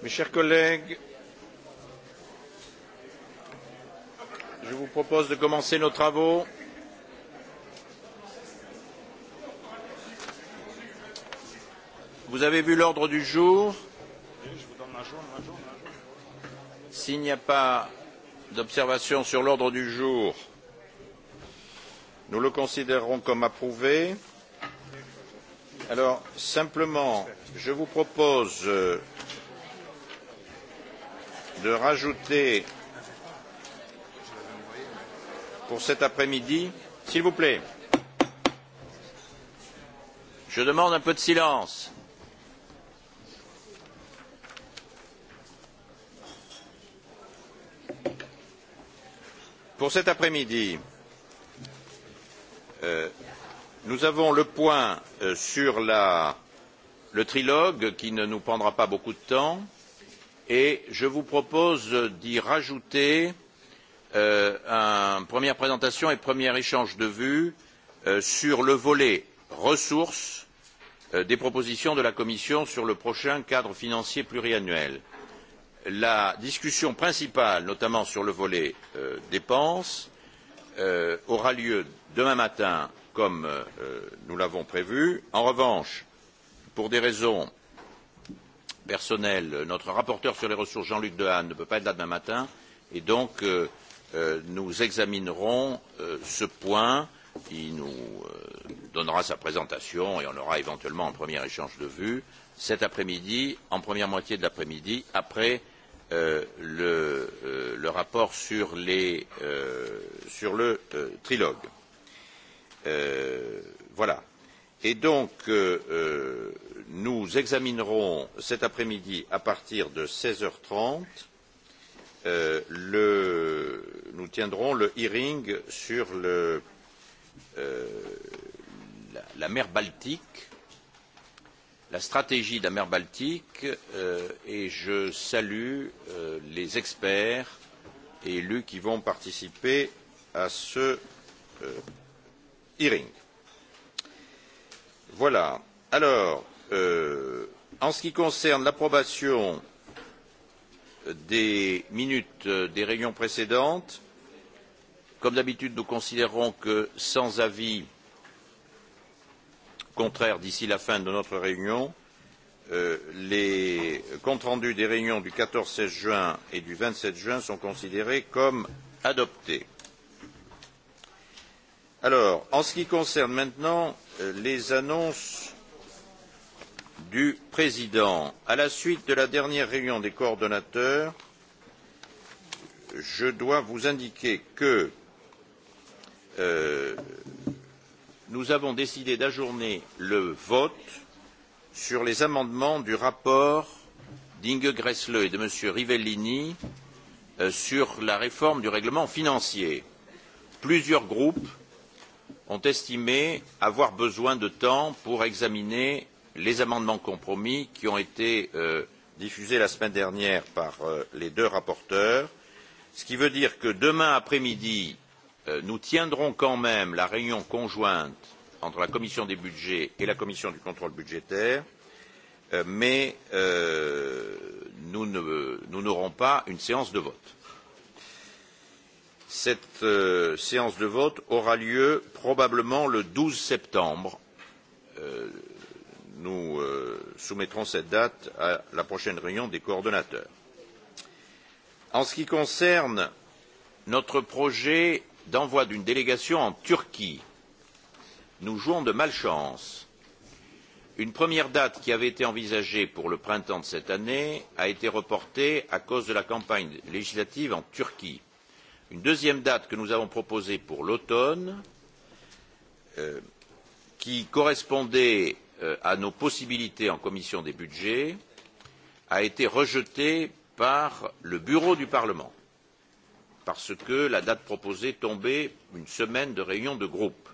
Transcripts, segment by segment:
Mes chers collègues, je vous propose de commencer nos travaux. Vous avez vu l'ordre du jour. S'il n'y a pas d'observation sur l'ordre du jour, nous le considérerons comme approuvé. Alors, simplement, je vous propose euh, de rajouter pour cet après-midi, s'il vous plaît. Je demande un peu de silence. Pour cet après-midi, euh, nous avons le point euh, sur la, le trilogue qui ne nous prendra pas beaucoup de temps et je vous propose d'y rajouter euh, une première présentation et premier échange de vues euh, sur le volet ressources euh, des propositions de la Commission sur le prochain cadre financier pluriannuel. La discussion principale, notamment sur le volet euh, dépenses, euh, aura lieu demain matin comme euh, nous l'avons prévu. En revanche, pour des raisons personnel, notre rapporteur sur les ressources, Jean-Luc Dehaene, ne peut pas être là demain matin, et donc euh, euh, nous examinerons euh, ce point. Il nous euh, donnera sa présentation et on aura éventuellement un premier échange de vues cet après-midi, en première moitié de l'après-midi, après euh, le, euh, le rapport sur, les, euh, sur le euh, trilogue. Euh, voilà. Et donc, euh, euh, nous examinerons cet après-midi, à partir de seize h trente, euh, nous tiendrons le hearing sur le, euh, la, la, mer Baltique, la stratégie de la mer Baltique, euh, et je salue euh, les experts et élus qui vont participer à ce hearing. Voilà. Alors, euh, en ce qui concerne l'approbation des minutes euh, des réunions précédentes, comme d'habitude, nous considérons que sans avis contraire d'ici la fin de notre réunion, euh, les comptes rendus des réunions du 14-16 juin et du 27 juin sont considérés comme adoptés. Alors, en ce qui concerne maintenant les annonces du président. À la suite de la dernière réunion des coordonnateurs, je dois vous indiquer que euh, nous avons décidé d'ajourner le vote sur les amendements du rapport d'Inge Gressle et de M. Rivellini euh, sur la réforme du règlement financier. Plusieurs groupes ont estimé avoir besoin de temps pour examiner les amendements de compromis qui ont été euh, diffusés la semaine dernière par euh, les deux rapporteurs, ce qui veut dire que demain après-midi, euh, nous tiendrons quand même la réunion conjointe entre la commission des budgets et la commission du contrôle budgétaire, euh, mais euh, nous n'aurons pas une séance de vote. Cette euh, séance de vote aura lieu probablement le 12 septembre. Euh, nous euh, soumettrons cette date à la prochaine réunion des coordonnateurs. En ce qui concerne notre projet d'envoi d'une délégation en Turquie, nous jouons de malchance. Une première date qui avait été envisagée pour le printemps de cette année a été reportée à cause de la campagne législative en Turquie. Une deuxième date que nous avons proposée pour l'automne, euh, qui correspondait euh, à nos possibilités en commission des budgets, a été rejetée par le bureau du Parlement, parce que la date proposée tombait une semaine de réunion de groupe.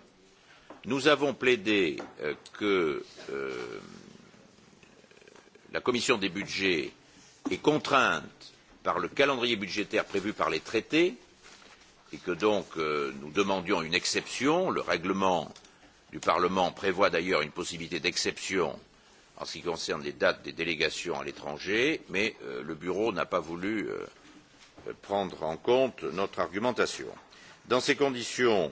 Nous avons plaidé euh, que euh, la commission des budgets est contrainte par le calendrier budgétaire prévu par les traités et que donc euh, nous demandions une exception. Le règlement du Parlement prévoit d'ailleurs une possibilité d'exception en ce qui concerne les dates des délégations à l'étranger, mais euh, le Bureau n'a pas voulu euh, prendre en compte notre argumentation. Dans ces conditions,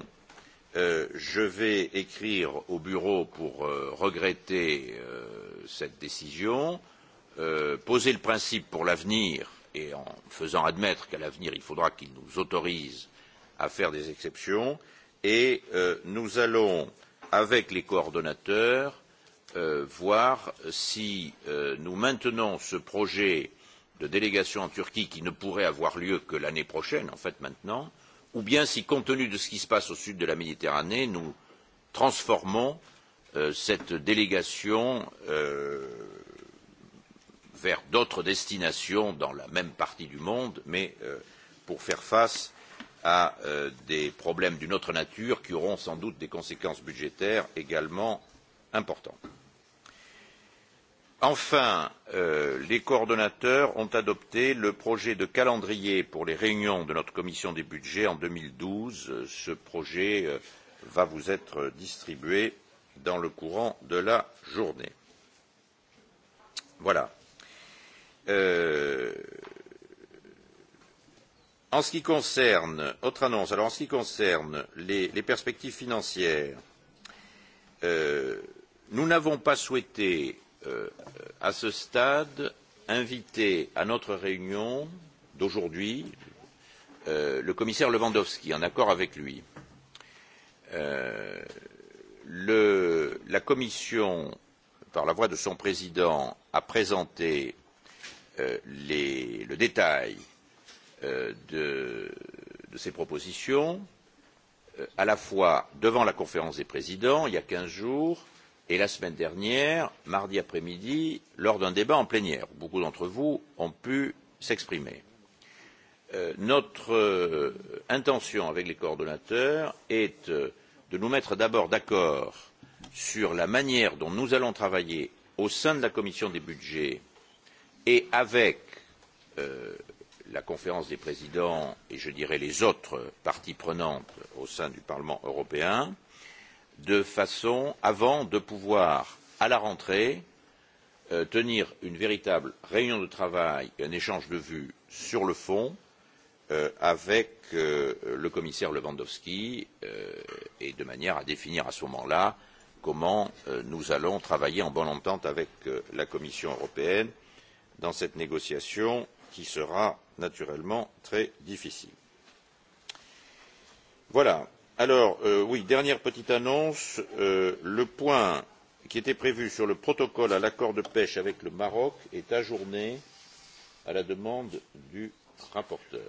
euh, je vais écrire au Bureau pour euh, regretter euh, cette décision, euh, poser le principe pour l'avenir et en faisant admettre qu'à l'avenir il faudra qu'il nous autorise à faire des exceptions et euh, nous allons, avec les coordonnateurs, euh, voir si euh, nous maintenons ce projet de délégation en Turquie qui ne pourrait avoir lieu que l'année prochaine, en fait maintenant, ou bien si, compte tenu de ce qui se passe au sud de la Méditerranée, nous transformons euh, cette délégation euh, vers d'autres destinations dans la même partie du monde, mais euh, pour faire face à euh, des problèmes d'une autre nature qui auront sans doute des conséquences budgétaires également importantes. Enfin, euh, les coordonnateurs ont adopté le projet de calendrier pour les réunions de notre commission des budgets en deux mille douze. Ce projet euh, va vous être distribué dans le courant de la journée. Voilà. Euh, En ce qui concerne, autre annonce, alors en ce qui concerne les, les perspectives financières, euh, nous n'avons pas souhaité euh, à ce stade inviter à notre réunion d'aujourd'hui euh, le commissaire Lewandowski, en accord avec lui. Euh, le, la Commission, par la voix de son président, a présenté euh, les, le détail Euh, de, de ces propositions, euh, à la fois devant la conférence des présidents, il y a quinze jours, et la semaine dernière, mardi après-midi, lors d'un débat en plénière. Où beaucoup d'entre vous ont pu s'exprimer. Euh, notre euh, intention avec les coordonnateurs est euh, de nous mettre d'abord d'accord sur la manière dont nous allons travailler au sein de la commission des budgets et avec euh, la conférence des présidents et je dirais les autres parties prenantes au sein du Parlement européen, de façon avant de pouvoir, à la rentrée, euh, tenir une véritable réunion de travail et un échange de vues sur le fond euh, avec euh, le commissaire Lewandowski euh, et de manière à définir à ce moment-là comment euh, nous allons travailler en bonne entente avec euh, la Commission européenne dans cette négociation qui sera naturellement très difficile. Voilà. Alors, euh, oui, dernière petite annonce. Euh, le point qui était prévu sur le protocole à l'accord de pêche avec le Maroc est ajourné à la demande du rapporteur.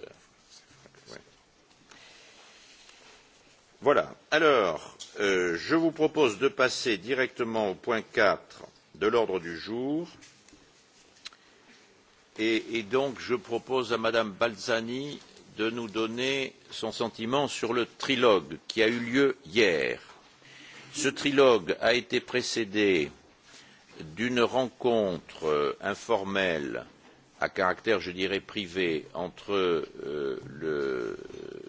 Voilà. Alors, euh, je vous propose de passer directement au point 4 de l'ordre du jour. Et, et donc, je propose à Madame Balzani de nous donner son sentiment sur le trilogue qui a eu lieu hier. Ce trilogue a été précédé d'une rencontre euh, informelle à caractère, je dirais, privé entre euh, le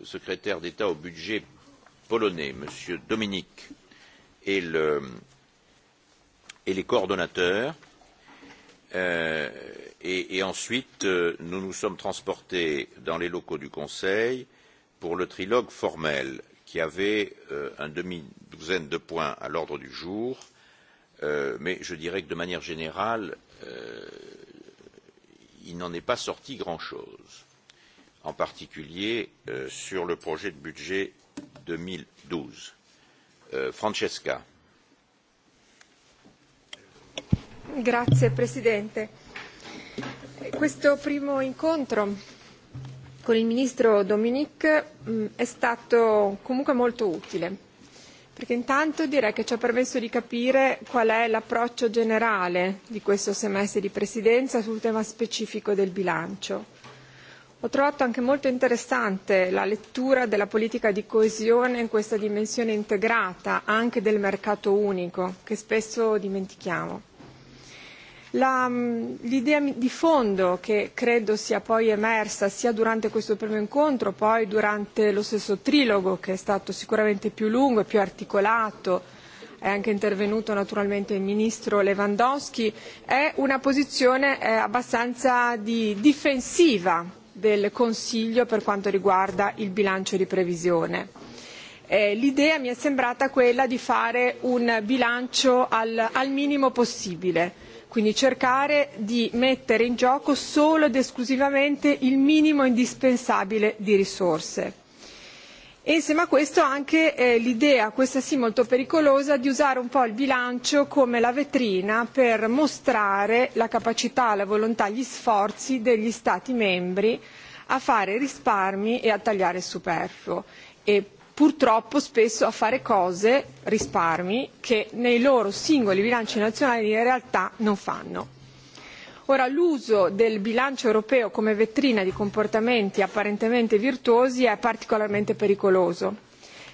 secrétaire d'État au budget polonais, M. Dominique, et, le, et les coordonnateurs, Euh, et, et ensuite, euh, nous nous sommes transportés dans les locaux du Conseil pour le trilogue formel qui avait euh, un demi-douzaine de points à l'ordre du jour, euh, mais je dirais que de manière générale, euh, il n'en est pas sorti grand-chose, en particulier euh, sur le projet de budget 2012. Euh, Francesca. Grazie Presidente. Questo primo incontro con il Ministro Dominic mh, mm, è stato comunque molto utile, perché intanto direi che ci ha permesso di capire qual è l'approccio generale di questo semestre di Presidenza sul tema specifico del bilancio. Ho trovato anche molto interessante la lettura della politica di coesione in questa dimensione integrata anche del mercato unico, che spesso dimentichiamo. Mm, l'idea di fondo che credo sia poi emersa sia durante questo primo incontro, poi durante lo stesso trilogo che è stato sicuramente più lungo e più articolato, è anche intervenuto naturalmente il ministro Lewandowski, è una posizione eh, abbastanza di difensiva del Consiglio per quanto riguarda il bilancio di previsione. Eh, l'idea mi è sembrata quella di fare un bilancio al minimo possibile quindi cercare di mettere in gioco solo ed esclusivamente il minimo indispensabile di risorse. E insieme a questo anche eh, l'idea, questa sì molto pericolosa, di usare un po' il bilancio come la vetrina per mostrare la capacità, la volontà, gli sforzi degli Stati membri a fare risparmi e a tagliare il superfluo. E purtroppo spesso a fare cose, risparmi, che nei loro singoli bilanci nazionali in realtà non fanno. Ora, l'uso del bilancio europeo come vetrina di comportamenti apparentemente virtuosi è particolarmente pericoloso,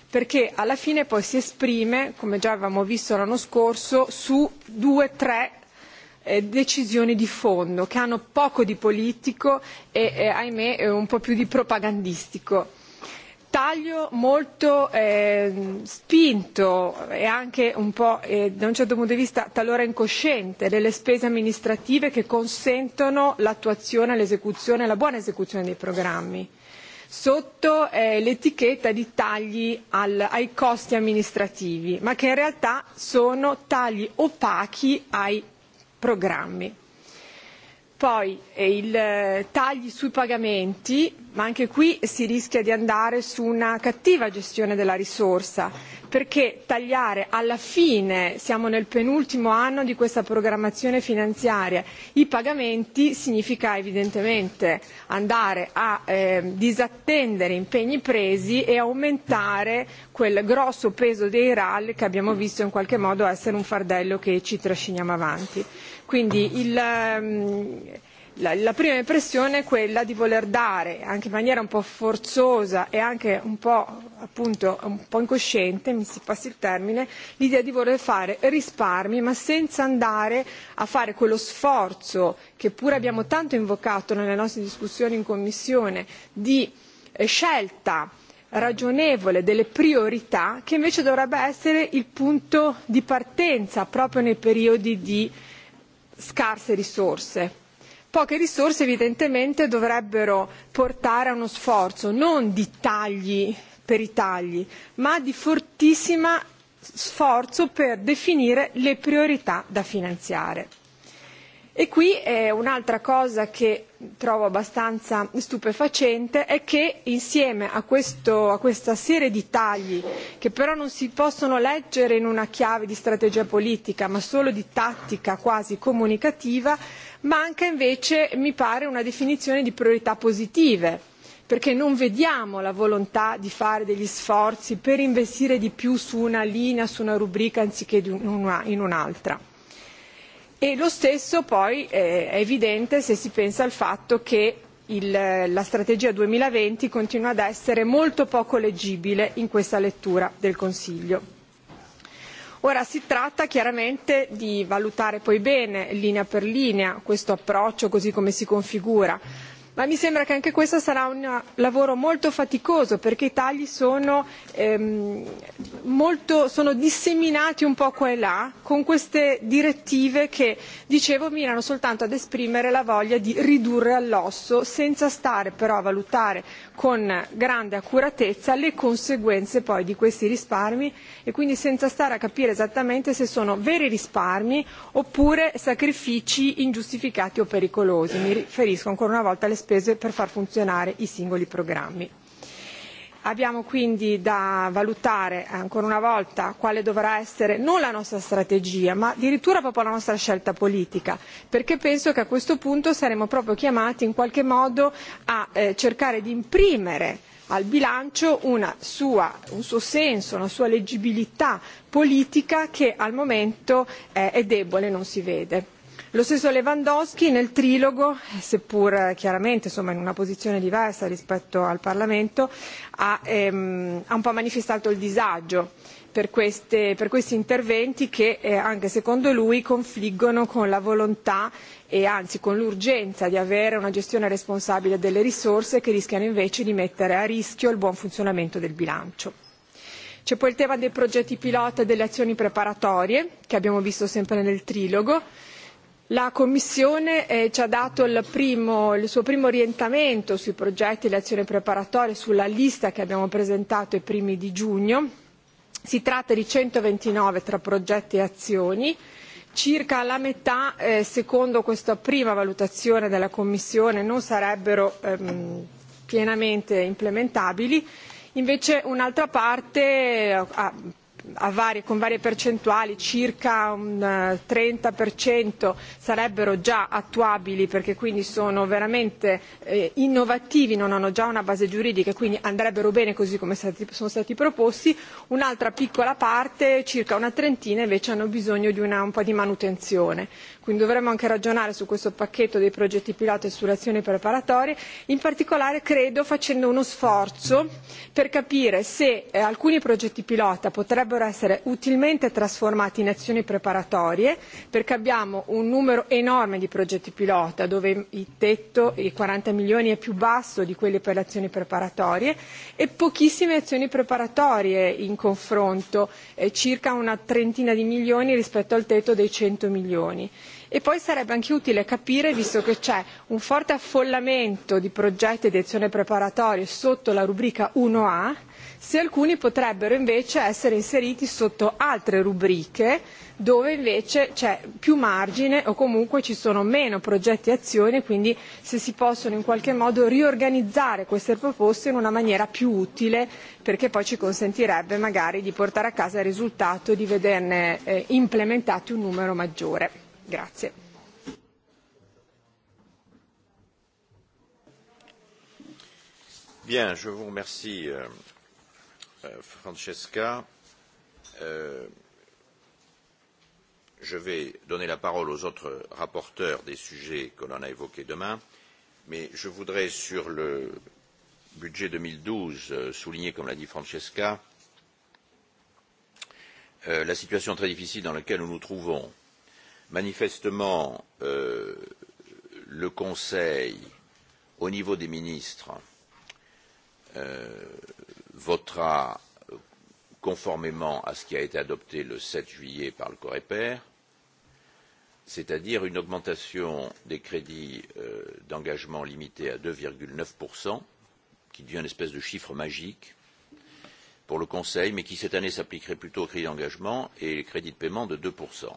perché alla fine poi si esprime, come già avevamo visto l'anno scorso, su due, tre eh, decisioni di fondo, che hanno poco di politico e, eh, ahimè, eh, un po' più di propagandistico taglio molto eh, spinto e anche un po' eh, da un certo punto di vista talora incosciente delle spese amministrative che consentono l'attuazione, l'esecuzione e la buona esecuzione dei programmi sotto eh, l'etichetta di tagli al, ai costi amministrativi, ma che in realtà sono tagli opachi ai programmi. Poi eh, i eh, tagli sui pagamenti, ma anche qui si rischia di andare su una cattiva gestione della risorsa, perché tagliare alla fine, siamo nel penultimo anno di questa programmazione finanziaria, i pagamenti significa evidentemente andare a eh, disattendere impegni presi e aumentare quel grosso peso dei RAL che abbiamo visto in qualche modo essere un fardello che ci trasciniamo avanti. Quindi il, ehm, la, la prima impressione è quella di voler dare, anche in maniera un po' forzosa e anche un po', appunto, un po incosciente, mi si passi il termine, l'idea di voler fare risparmi, ma senza andare a fare quello sforzo che pure abbiamo tanto invocato nelle nostre discussioni in Commissione di eh, scelta ragionevole delle priorità che invece dovrebbe essere il punto di partenza proprio nei periodi di scarse risorse. Poche risorse evidentemente dovrebbero portare a uno sforzo non di tagli per i tagli, ma di fortissimo sforzo per definire le priorità da finanziare. E qui eh, un'altra cosa che trovo abbastanza stupefacente è che insieme a, questo, a questa serie di tagli, che però non si possono leggere in una chiave di strategia politica, ma solo di tattica quasi comunicativa, manca invece, mi pare, una definizione di priorità positive perché non vediamo la volontà di fare degli sforzi per investire di più su una linea, su una rubrica anziché in un'altra. E lo stesso poi eh, è evidente se si pensa al fatto che il, la strategia 2020 continua ad essere molto poco leggibile in questa lettura del Consiglio. Ora si tratta chiaramente di valutare poi bene linea per linea questo approccio così come si configura ma mi sembra che anche questo sarà un lavoro molto faticoso perché i tagli sono, ehm, molto, sono disseminati un po' qua e là con queste direttive che, dicevo, mirano soltanto ad esprimere la voglia di ridurre all'osso senza stare però a valutare con grande accuratezza le conseguenze poi di questi risparmi e quindi senza stare a capire esattamente se sono veri risparmi oppure sacrifici ingiustificati o pericolosi. Mi riferisco ancora una volta alle spese per far funzionare i singoli programmi. Abbiamo quindi da valutare ancora una volta quale dovrà essere non la nostra strategia, ma addirittura proprio la nostra scelta politica, perché penso che a questo punto saremo proprio chiamati in qualche modo a eh, cercare di imprimere al bilancio una sua, un suo senso, una sua leggibilità politica che al momento eh, è debole, non si vede. Lo stesso Lewandowski nel trilogo, seppur eh, chiaramente insomma, in una posizione diversa rispetto al Parlamento, ha, ehm, ha un po' manifestato il disagio per, queste, per questi interventi che eh, anche secondo lui confliggono con la volontà e anzi con l'urgenza di avere una gestione responsabile delle risorse che rischiano invece di mettere a rischio il buon funzionamento del bilancio. C'è poi il tema dei progetti pilota e delle azioni preparatorie che abbiamo visto sempre nel trilogo La Commissione eh, ci ha dato il, primo, il suo primo orientamento sui progetti e le azioni preparatorie sulla lista che abbiamo presentato i primi di giugno. Si tratta di 129 tra progetti e azioni circa la metà, eh, secondo questa prima valutazione della Commissione, non sarebbero ehm, pienamente implementabili. Invece un'altra parte eh, a varie, con varie percentuali, circa un 30% eh, sarebbero già attuabili perché quindi sono veramente eh, innovativi, non hanno già una base giuridica e quindi andrebbero bene così come stati, sono stati proposti, un'altra piccola parte, circa una trentina, invece hanno bisogno di una, un po' di manutenzione. Quindi dovremmo anche ragionare su questo pacchetto dei progetti pilota e sulle azioni preparatorie, in particolare credo facendo uno sforzo per capire se eh, alcuni progetti pilota potrebbero essere utilmente trasformati in azioni preparatorie, perché abbiamo un numero enorme di progetti pilota dove il tetto, i 40 milioni, è e più basso di quelli per le azioni preparatorie e pochissime azioni preparatorie in confronto, eh, circa una trentina di milioni rispetto al tetto dei 100 milioni. E poi sarebbe anche utile capire, visto che c'è un forte affollamento di progetti di azione preparatoria sotto la rubrica 1A, se alcuni potrebbero invece essere inseriti sotto altre rubriche dove invece c'è più margine o comunque ci sono meno progetti e azioni e quindi se si possono in qualche modo riorganizzare queste proposte in una maniera più utile perché poi ci consentirebbe magari di portare a casa il risultato di vederne eh, implementati un numero maggiore. Grazie. Bien, je vous remercie, euh, euh, Francesca. Euh, je vais donner la parole aux autres rapporteurs des sujets que l'on a évoqués demain, mais je voudrais, sur le budget 2012, euh, souligner, comme l'a dit Francesca, euh, la situation très difficile dans laquelle nous nous trouvons Manifestement, euh, le Conseil, au niveau des ministres, euh, votera conformément à ce qui a été adopté le 7 juillet par le Coreper, c'est-à-dire une augmentation des crédits euh, d'engagement limitée à 2,9%, qui devient une espèce de chiffre magique pour le Conseil, mais qui cette année s'appliquerait plutôt aux crédits d'engagement et les crédits de paiement de 2%.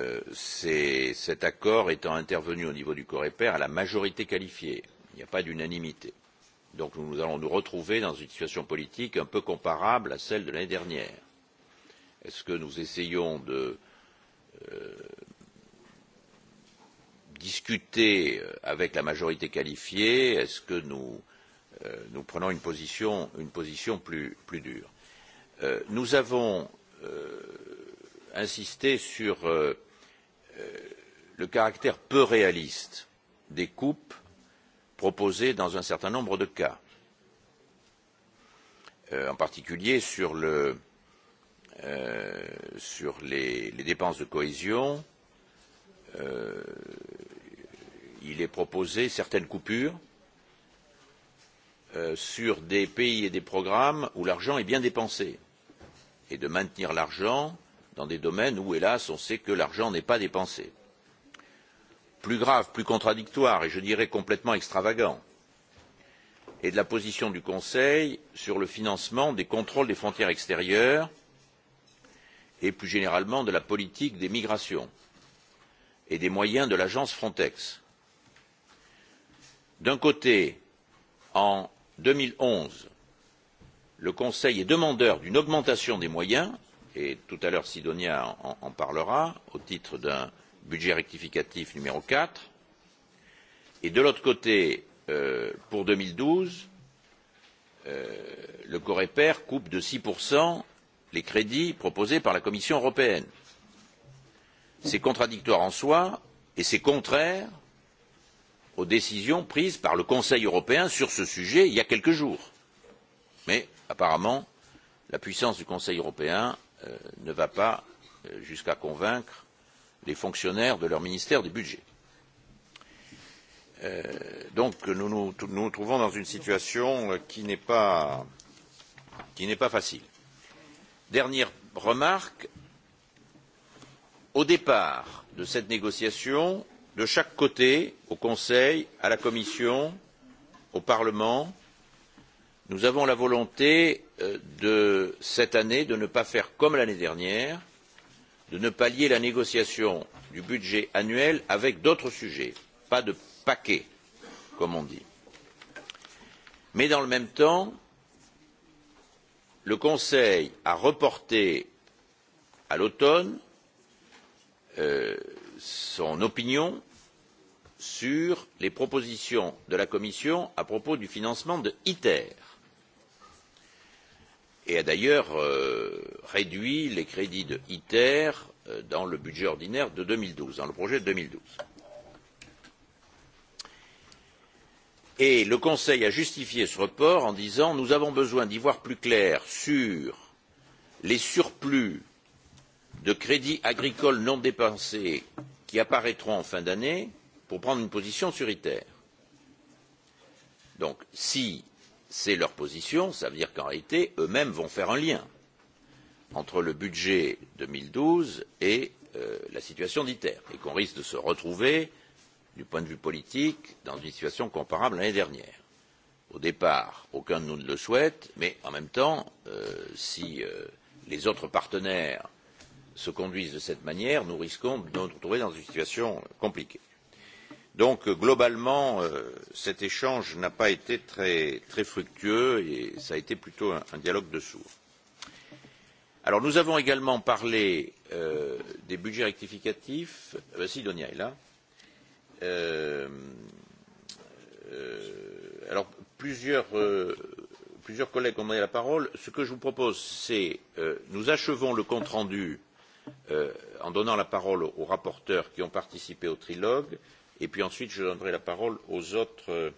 Euh, cet accord étant intervenu au niveau du Coreper à la majorité qualifiée. Il n'y a pas d'unanimité. Donc nous allons nous retrouver dans une situation politique un peu comparable à celle de l'année dernière. Est-ce que nous essayons de euh, discuter euh, avec la majorité qualifiée Est-ce que nous, euh, nous prenons une position, une position plus, plus dure euh, Nous avons euh, insisté sur euh, Euh, le caractère peu réaliste des coupes proposées dans un certain nombre de cas, euh, en particulier sur, le, euh, sur les, les, dépenses de cohésion. il est proposé certaines coupures sur des pays et des programmes où l'argent est bien dépensé et de maintenir l'argent euh, dans des domaines où, hélas, on sait que l'argent n'est pas dépensé. Plus grave, plus contradictoire et je dirais complètement extravagant est de la position du Conseil sur le financement des contrôles des frontières extérieures et plus généralement de la politique des migrations et des moyens de l'agence Frontex. D'un côté, en deux mille onze, le Conseil est demandeur d'une augmentation des moyens et tout à l'heure Sidonia en, en parlera, au titre d'un budget rectificatif numéro 4. Et de l'autre côté, euh, pour 2012, euh, le Coreper coupe de 6% les crédits proposés par la Commission européenne. C'est contradictoire en soi et c'est contraire aux décisions prises par le Conseil européen sur ce sujet il y a quelques jours. Mais apparemment, la puissance du Conseil européen Euh, ne va pas euh, jusqu'à convaincre les fonctionnaires de leur ministère du budget. Euh, donc nous nous, nous nous trouvons dans une situation qui n'est pas, qui n'est pas facile. Dernière remarque, au départ de cette négociation, de chaque côté, au Conseil, à la Commission, au Parlement, Nous avons la volonté euh, de cette année de ne pas faire comme l'année dernière, de ne pas lier la négociation du budget annuel avec d'autres sujets, pas de paquet, comme on dit. Mais dans le même temps, le Conseil a reporté à l'automne euh, son opinion sur les propositions de la Commission à propos du financement de ITER et a d'ailleurs euh, réduit les crédits de ITER euh, dans le budget ordinaire de 2012, dans le projet de 2012. Et le Conseil a justifié ce report en disant nous avons besoin d'y voir plus clair sur les surplus de crédits agricoles non dépensés qui apparaîtront en fin d'année pour prendre une position sur ITER. Donc, si c'est leur position, ça veut dire qu'en réalité, eux-mêmes vont faire un lien entre le budget 2012 et euh, la situation d'ITER, et qu'on risque de se retrouver, du point de vue politique, dans une situation comparable l'année dernière. Au départ, aucun de nous ne le souhaite, mais en même temps, euh, si euh, les autres partenaires se conduisent de cette manière, nous risquons de nous retrouver dans une situation compliquée. Donc globalement, euh, cet échange n'a pas été très, très fructueux et cela a été plutôt un, dialogue de sourds. Alors nous avons également parlé euh, des budgets rectificatifs. Euh, Sidonia est là. Euh, euh, alors plusieurs, euh, plusieurs collègues ont demandé la parole. Ce que je vous propose, c'est euh, nous achevons le compte rendu euh, en donnant la parole aux rapporteurs qui ont participé au trilogue. Et puis ensuite, je donnerai la parole aux autres,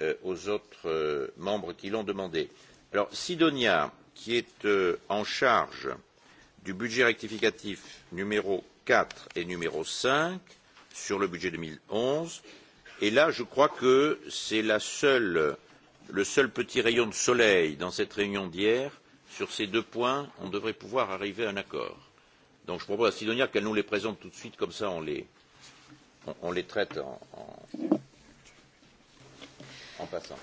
euh, aux autres euh, membres qui l'ont demandé. Alors, Sidonia, qui est euh, en charge du budget rectificatif numéro 4 et numéro 5 sur le budget 2011, et là, je crois que c'est la seule, le seul petit rayon de soleil dans cette réunion d'hier. Sur ces deux points, on devrait pouvoir arriver à un accord. Donc, je propose à Sidonia qu'elle nous les présente tout de suite, comme ça, on les, on, on les traite en, en, en passant.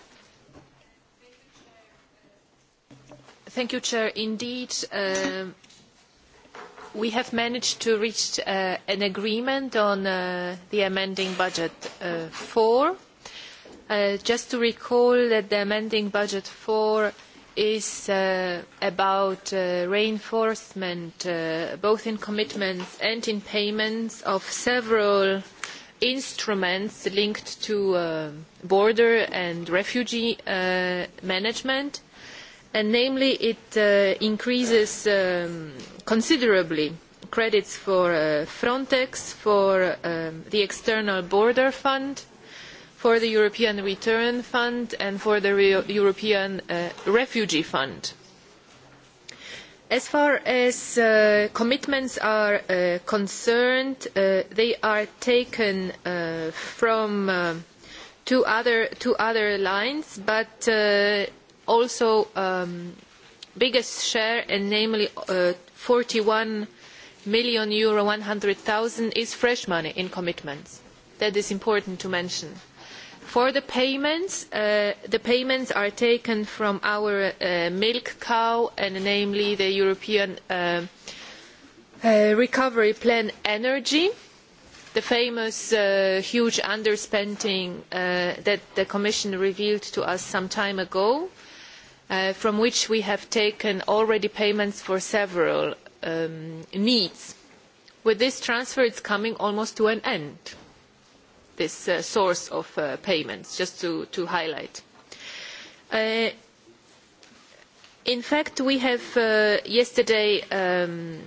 Thank you, Chair. Indeed, uh, we have managed to reach uh, an agreement on uh, the amending budget uh, 4. Uh, just to recall that the amending budget 4 is uh, about uh, reinforcement, uh, both in commitments and in payments, of several instruments linked to uh, border and refugee uh, management, and namely it uh, increases um, considerably credits for uh, Frontex, for um, the External Border Fund, for the European Return Fund, and for the Re European uh, Refugee Fund. As far as uh, commitments are uh, concerned, uh, they are taken uh, from uh, two, other, two other lines, but uh, also um, biggest share, and namely uh, 41 million euro 100,000 is fresh money in commitments. That is important to mention. For the payments, uh, the payments are taken from our uh, milk cow, and namely the European uh, uh Recovery Plan Energy, the famous uh, huge underspending uh, that the Commission revealed to us some time ago, from which we have taken already payments for several um, needs. With this transfer, it is coming almost to an end this uh, source of uh, payments, just to, to highlight. Uh, in fact, we have uh, yesterday um,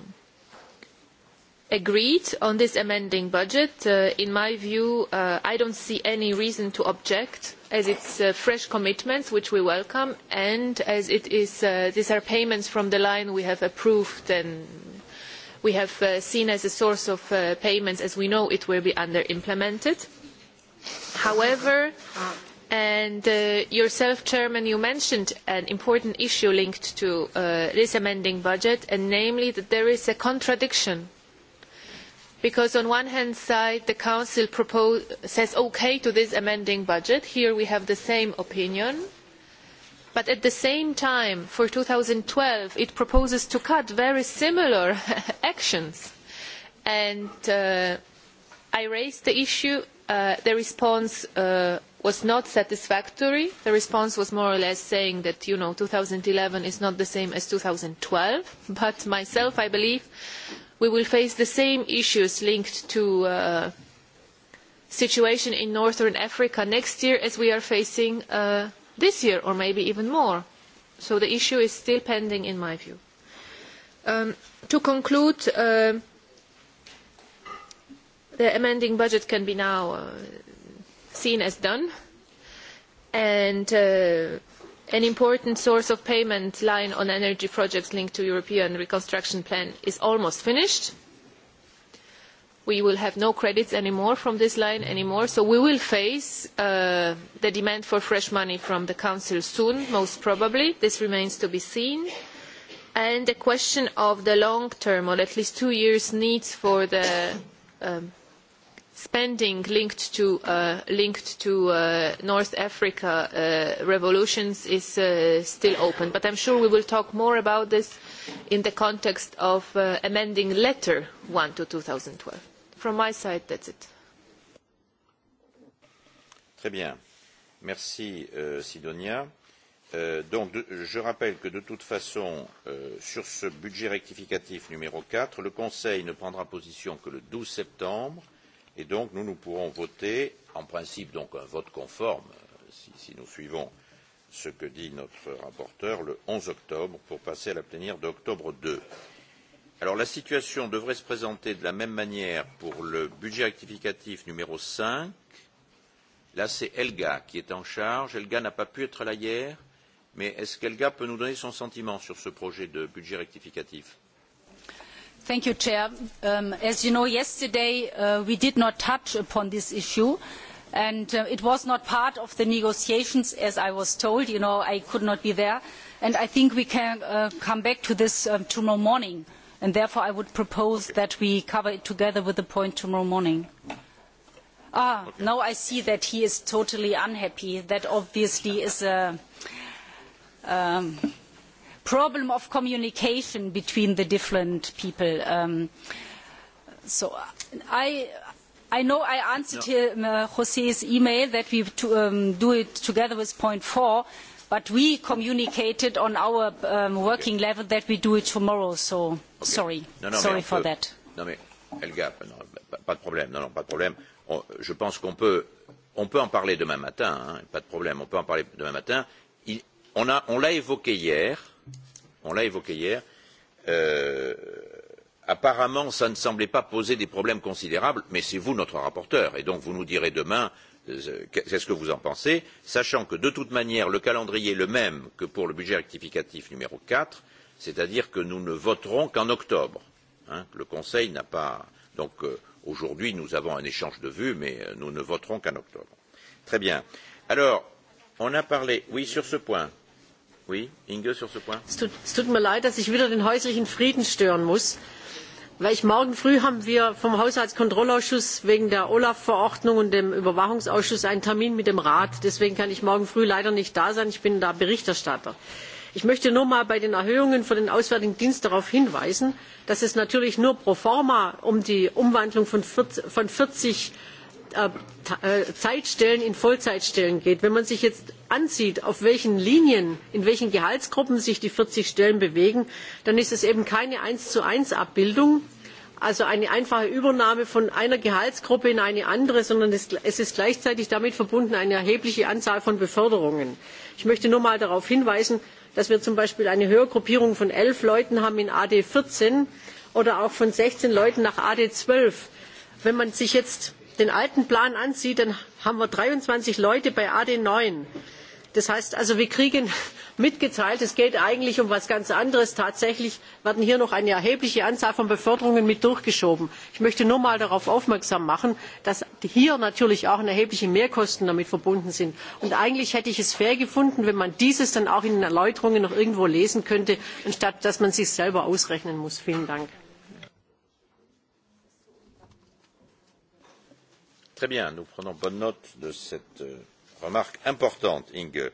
agreed on this amending budget. Uh, in my view, uh, I don't see any reason to object as it's uh, fresh commitments, which we welcome, and as it is, uh, these are payments from the line we have approved and we have uh, seen as a source of uh, payments as we know it will be under implemented. However, and uh, yourself, Chairman, you mentioned an important issue linked to uh, this amending budget, and namely that there is a contradiction. Because on one hand side, the Council propose, says okay to this amending budget. Here we have the same opinion But at the same time, for twelve it proposes to cut very similar actions. And uh, I raised the issue. Uh, the response uh, was not satisfactory. The response was more or less saying that, you know, eleven is not the same as twelve, But myself, I believe we will face the same issues linked to uh, situation in northern Africa next year as we are facing uh, this year or maybe even more. So the issue is still pending in my view. Um, to conclude, uh, the amending budget can be now uh, seen as done and uh, an important source of payment line on energy projects linked to European reconstruction plan is almost finished we will have no credits anymore from this line anymore. So we will face uh, the demand for fresh money from the Council soon, most probably. This remains to be seen. And the question of the long term, or at least two years needs for the um, spending linked to, uh, linked to uh, North Africa uh, revolutions is uh, still open. But I'm sure we will talk more about this in the context of uh, amending letter 1 to 2012. From my side, that's it. Très bien. Merci, euh, Sidonia. Euh, donc, de, je rappelle que de toute façon, euh, sur ce budget rectificatif numéro 4, le Conseil ne prendra position que le 12 septembre et donc nous, nous pourrons voter, en principe, donc un vote conforme, euh, si, si nous suivons ce que dit notre rapporteur, le 11 octobre pour passer à la plénière d'octobre 2. Alors la situation devrait se présenter de la même manière pour le budget rectificatif numéro 5. Là, c'est Elga qui est en charge. Elga n'a pas pu être là hier, mais est-ce qu'Elga peut nous donner son sentiment sur ce projet de budget rectificatif Thank you, Chair. Um, as you know, yesterday uh, we did not touch upon this issue and uh, it was not part of the negotiations as I was told. You know, I could not be there and I think we can uh, come back to this um, tomorrow morning and therefore I would propose that we cover it together with the point tomorrow morning. Ah, okay. now I see that he is totally unhappy. That obviously is a um, problem of communication between the different people. Um, so I, I know I answered no. him, uh, Jose's email that we to, um, do it together with point four, But we communicated on our um, working level that we do it tomorrow, so okay. sorry. Non, non, sorry for peut, that. Non, mais Elga, non, pas, pas de problème. Non, non, pas de problème. On, je pense qu'on peut, on peut en parler demain matin, hein, pas de problème. On peut en parler demain matin. Il, on a, on l'a évoqué hier. On l'a évoqué hier. Euh, apparemment, ça ne semblait pas poser des problèmes considérables, mais c'est vous notre rapporteur, et donc vous nous direz demain Euh, qu'est-ce que vous en pensez, sachant que de toute manière le calendrier est le même que pour le budget rectificatif numéro quatre, c'est-à-dire que nous ne voterons qu'en octobre. Hein, le Conseil n'a pas. Donc euh, aujourd'hui nous avons un échange de vues, mais euh, nous ne voterons qu'en octobre. Très bien. Alors, on a parlé. Oui, sur ce point. Oui, Inge, sur ce point. Es tut, es tut mir leid, dass ich wieder den häuslichen Frieden stören muss weil ich morgen früh haben wir vom Haushaltskontrollausschuss wegen der Olaf-Verordnung und dem Überwachungsausschuss einen Termin mit dem Rat. Deswegen kann ich morgen früh leider nicht da sein. Ich bin da Berichterstatter. Ich möchte nur mal bei den Erhöhungen für den Auswärtigen Dienst darauf hinweisen, dass es natürlich nur pro forma um die Umwandlung von 40, von 40 Äh, äh, Zeitstellen in Vollzeitstellen geht, wenn man sich jetzt ansieht, auf welchen Linien, in welchen Gehaltsgruppen sich die vierzig Stellen bewegen, dann ist es eben keine eins zu eins Abbildung, also eine einfache Übernahme von einer Gehaltsgruppe in eine andere, sondern es, es ist gleichzeitig damit verbunden eine erhebliche Anzahl von Beförderungen. Ich möchte nur mal darauf hinweisen, dass wir zum Beispiel eine Höhergruppierung von elf Leuten haben in AD vierzehn oder auch von sechzehn Leuten nach AD zwölf. Wenn man sich jetzt den alten Plan ansieht, dann haben wir 23 Leute bei AD9. Das heißt also, wir kriegen mitgeteilt, es geht eigentlich um etwas ganz anderes. Tatsächlich werden hier noch eine erhebliche Anzahl von Beförderungen mit durchgeschoben. Ich möchte nur mal darauf aufmerksam machen, dass hier natürlich auch erhebliche Mehrkosten damit verbunden sind. Und eigentlich hätte ich es fair gefunden, wenn man dieses dann auch in den Erläuterungen noch irgendwo lesen könnte, anstatt dass man es sich selber ausrechnen muss. Vielen Dank. Très bien, nous prenons bonne note de cette euh, remarque importante, Inge.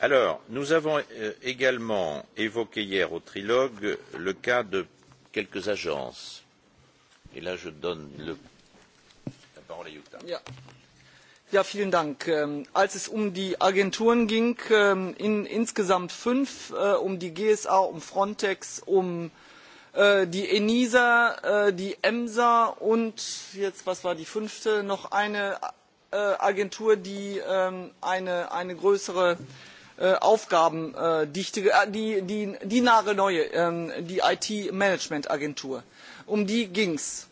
Alors, nous avons euh, également évoqué hier au trilogue le cas de quelques agences. Et là, je donne le... la parole à Jutta. Yeah. Ja, vielen Dank. Ähm, als es um die Agenturen ging, ähm, in insgesamt fünf, äh, um die GSA, um Frontex, um äh, Äh, die enisa äh, die emsa und jetzt was war die fünfte noch eine äh, agentur die ähm, eine, eine größere aufgabendichte die, die, die nagelneue ähm, die it management agentur um die ging es.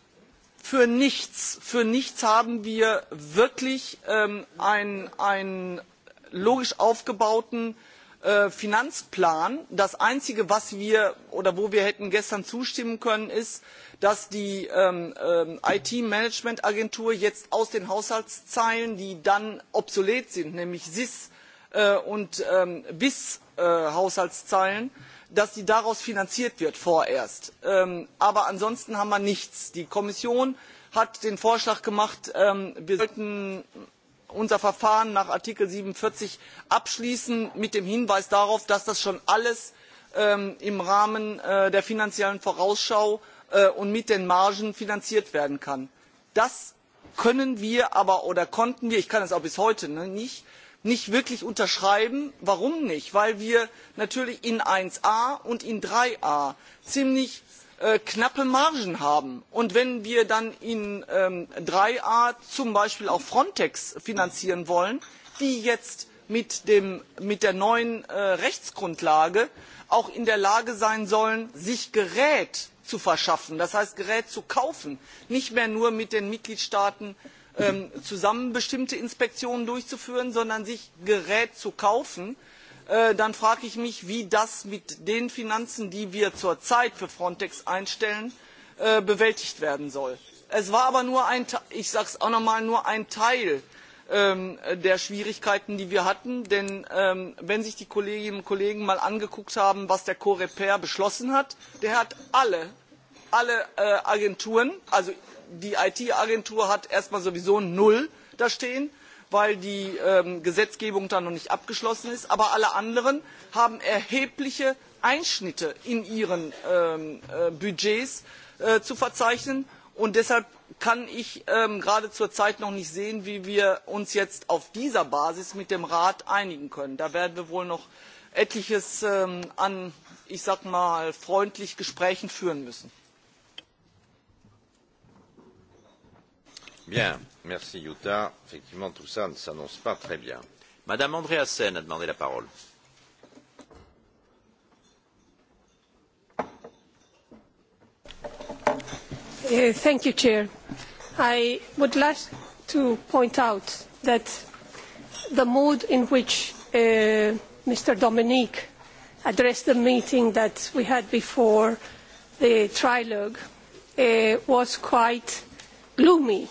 für nichts für nichts haben wir wirklich ähm, einen logisch aufgebauten Äh, Finanzplan. Das Einzige, was wir oder wo wir hätten gestern zustimmen können, ist, dass die ähm, ähm IT-Management-Agentur jetzt aus den Haushaltszeilen, die dann obsolet sind, nämlich SIS äh, und ähm, BIS-Haushaltszeilen, äh, dass die daraus finanziert wird vorerst. Ähm, aber ansonsten haben wir nichts. Die Kommission hat den Vorschlag gemacht, ähm, wir sollten unser Verfahren nach Artikel 47 abschließen mit dem Hinweis darauf, dass das schon alles ähm, im Rahmen äh, der finanziellen Vorausschau äh, und mit den Margen finanziert werden kann. Das können wir aber oder konnten wir, ich kann es auch bis heute ne, nicht, nicht wirklich unterschreiben. Warum nicht? Weil wir natürlich in eins a und in drei a ziemlich Äh, knappe Margen haben. Und wenn wir dann in ähm, 3a zum Beispiel auch Frontex finanzieren wollen, die jetzt mit, dem, mit der neuen äh, Rechtsgrundlage auch in der Lage sein sollen, sich Gerät zu verschaffen, das heißt Gerät zu kaufen, nicht mehr nur mit den Mitgliedstaaten ähm, zusammen bestimmte Inspektionen durchzuführen, sondern sich Gerät zu kaufen, Äh, dann frage ich mich, wie das mit den Finanzen, die wir zurzeit für Frontex einstellen, äh, bewältigt werden soll. Es war aber nur ein, ich sage es auch nochmal, nur ein Teil ähm, der Schwierigkeiten, die wir hatten. Denn ähm, wenn sich die Kolleginnen und Kollegen mal angeguckt haben, was der Coreper beschlossen hat, der hat alle, alle äh, Agenturen, also die IT-Agentur hat erstmal sowieso null da stehen weil die ähm, Gesetzgebung da noch nicht abgeschlossen ist. Aber alle anderen haben erhebliche Einschnitte in ihren ähm, äh, Budgets äh, zu verzeichnen. Und deshalb kann ich ähm, gerade zurzeit noch nicht sehen, wie wir uns jetzt auf dieser Basis mit dem Rat einigen können. Da werden wir wohl noch etliches ähm, an, ich sag mal, freundlich Gesprächen führen müssen. Bien. Merci Jutta. Effectivement, tout ça ne s'annonce pas très bien. Madame Andréassen a demandé la parole. Uh, thank you, Chair. I would like to point out that the mood in which uh, Mr. Dominique addressed the meeting that we had before the trilogue uh, was quite gloomy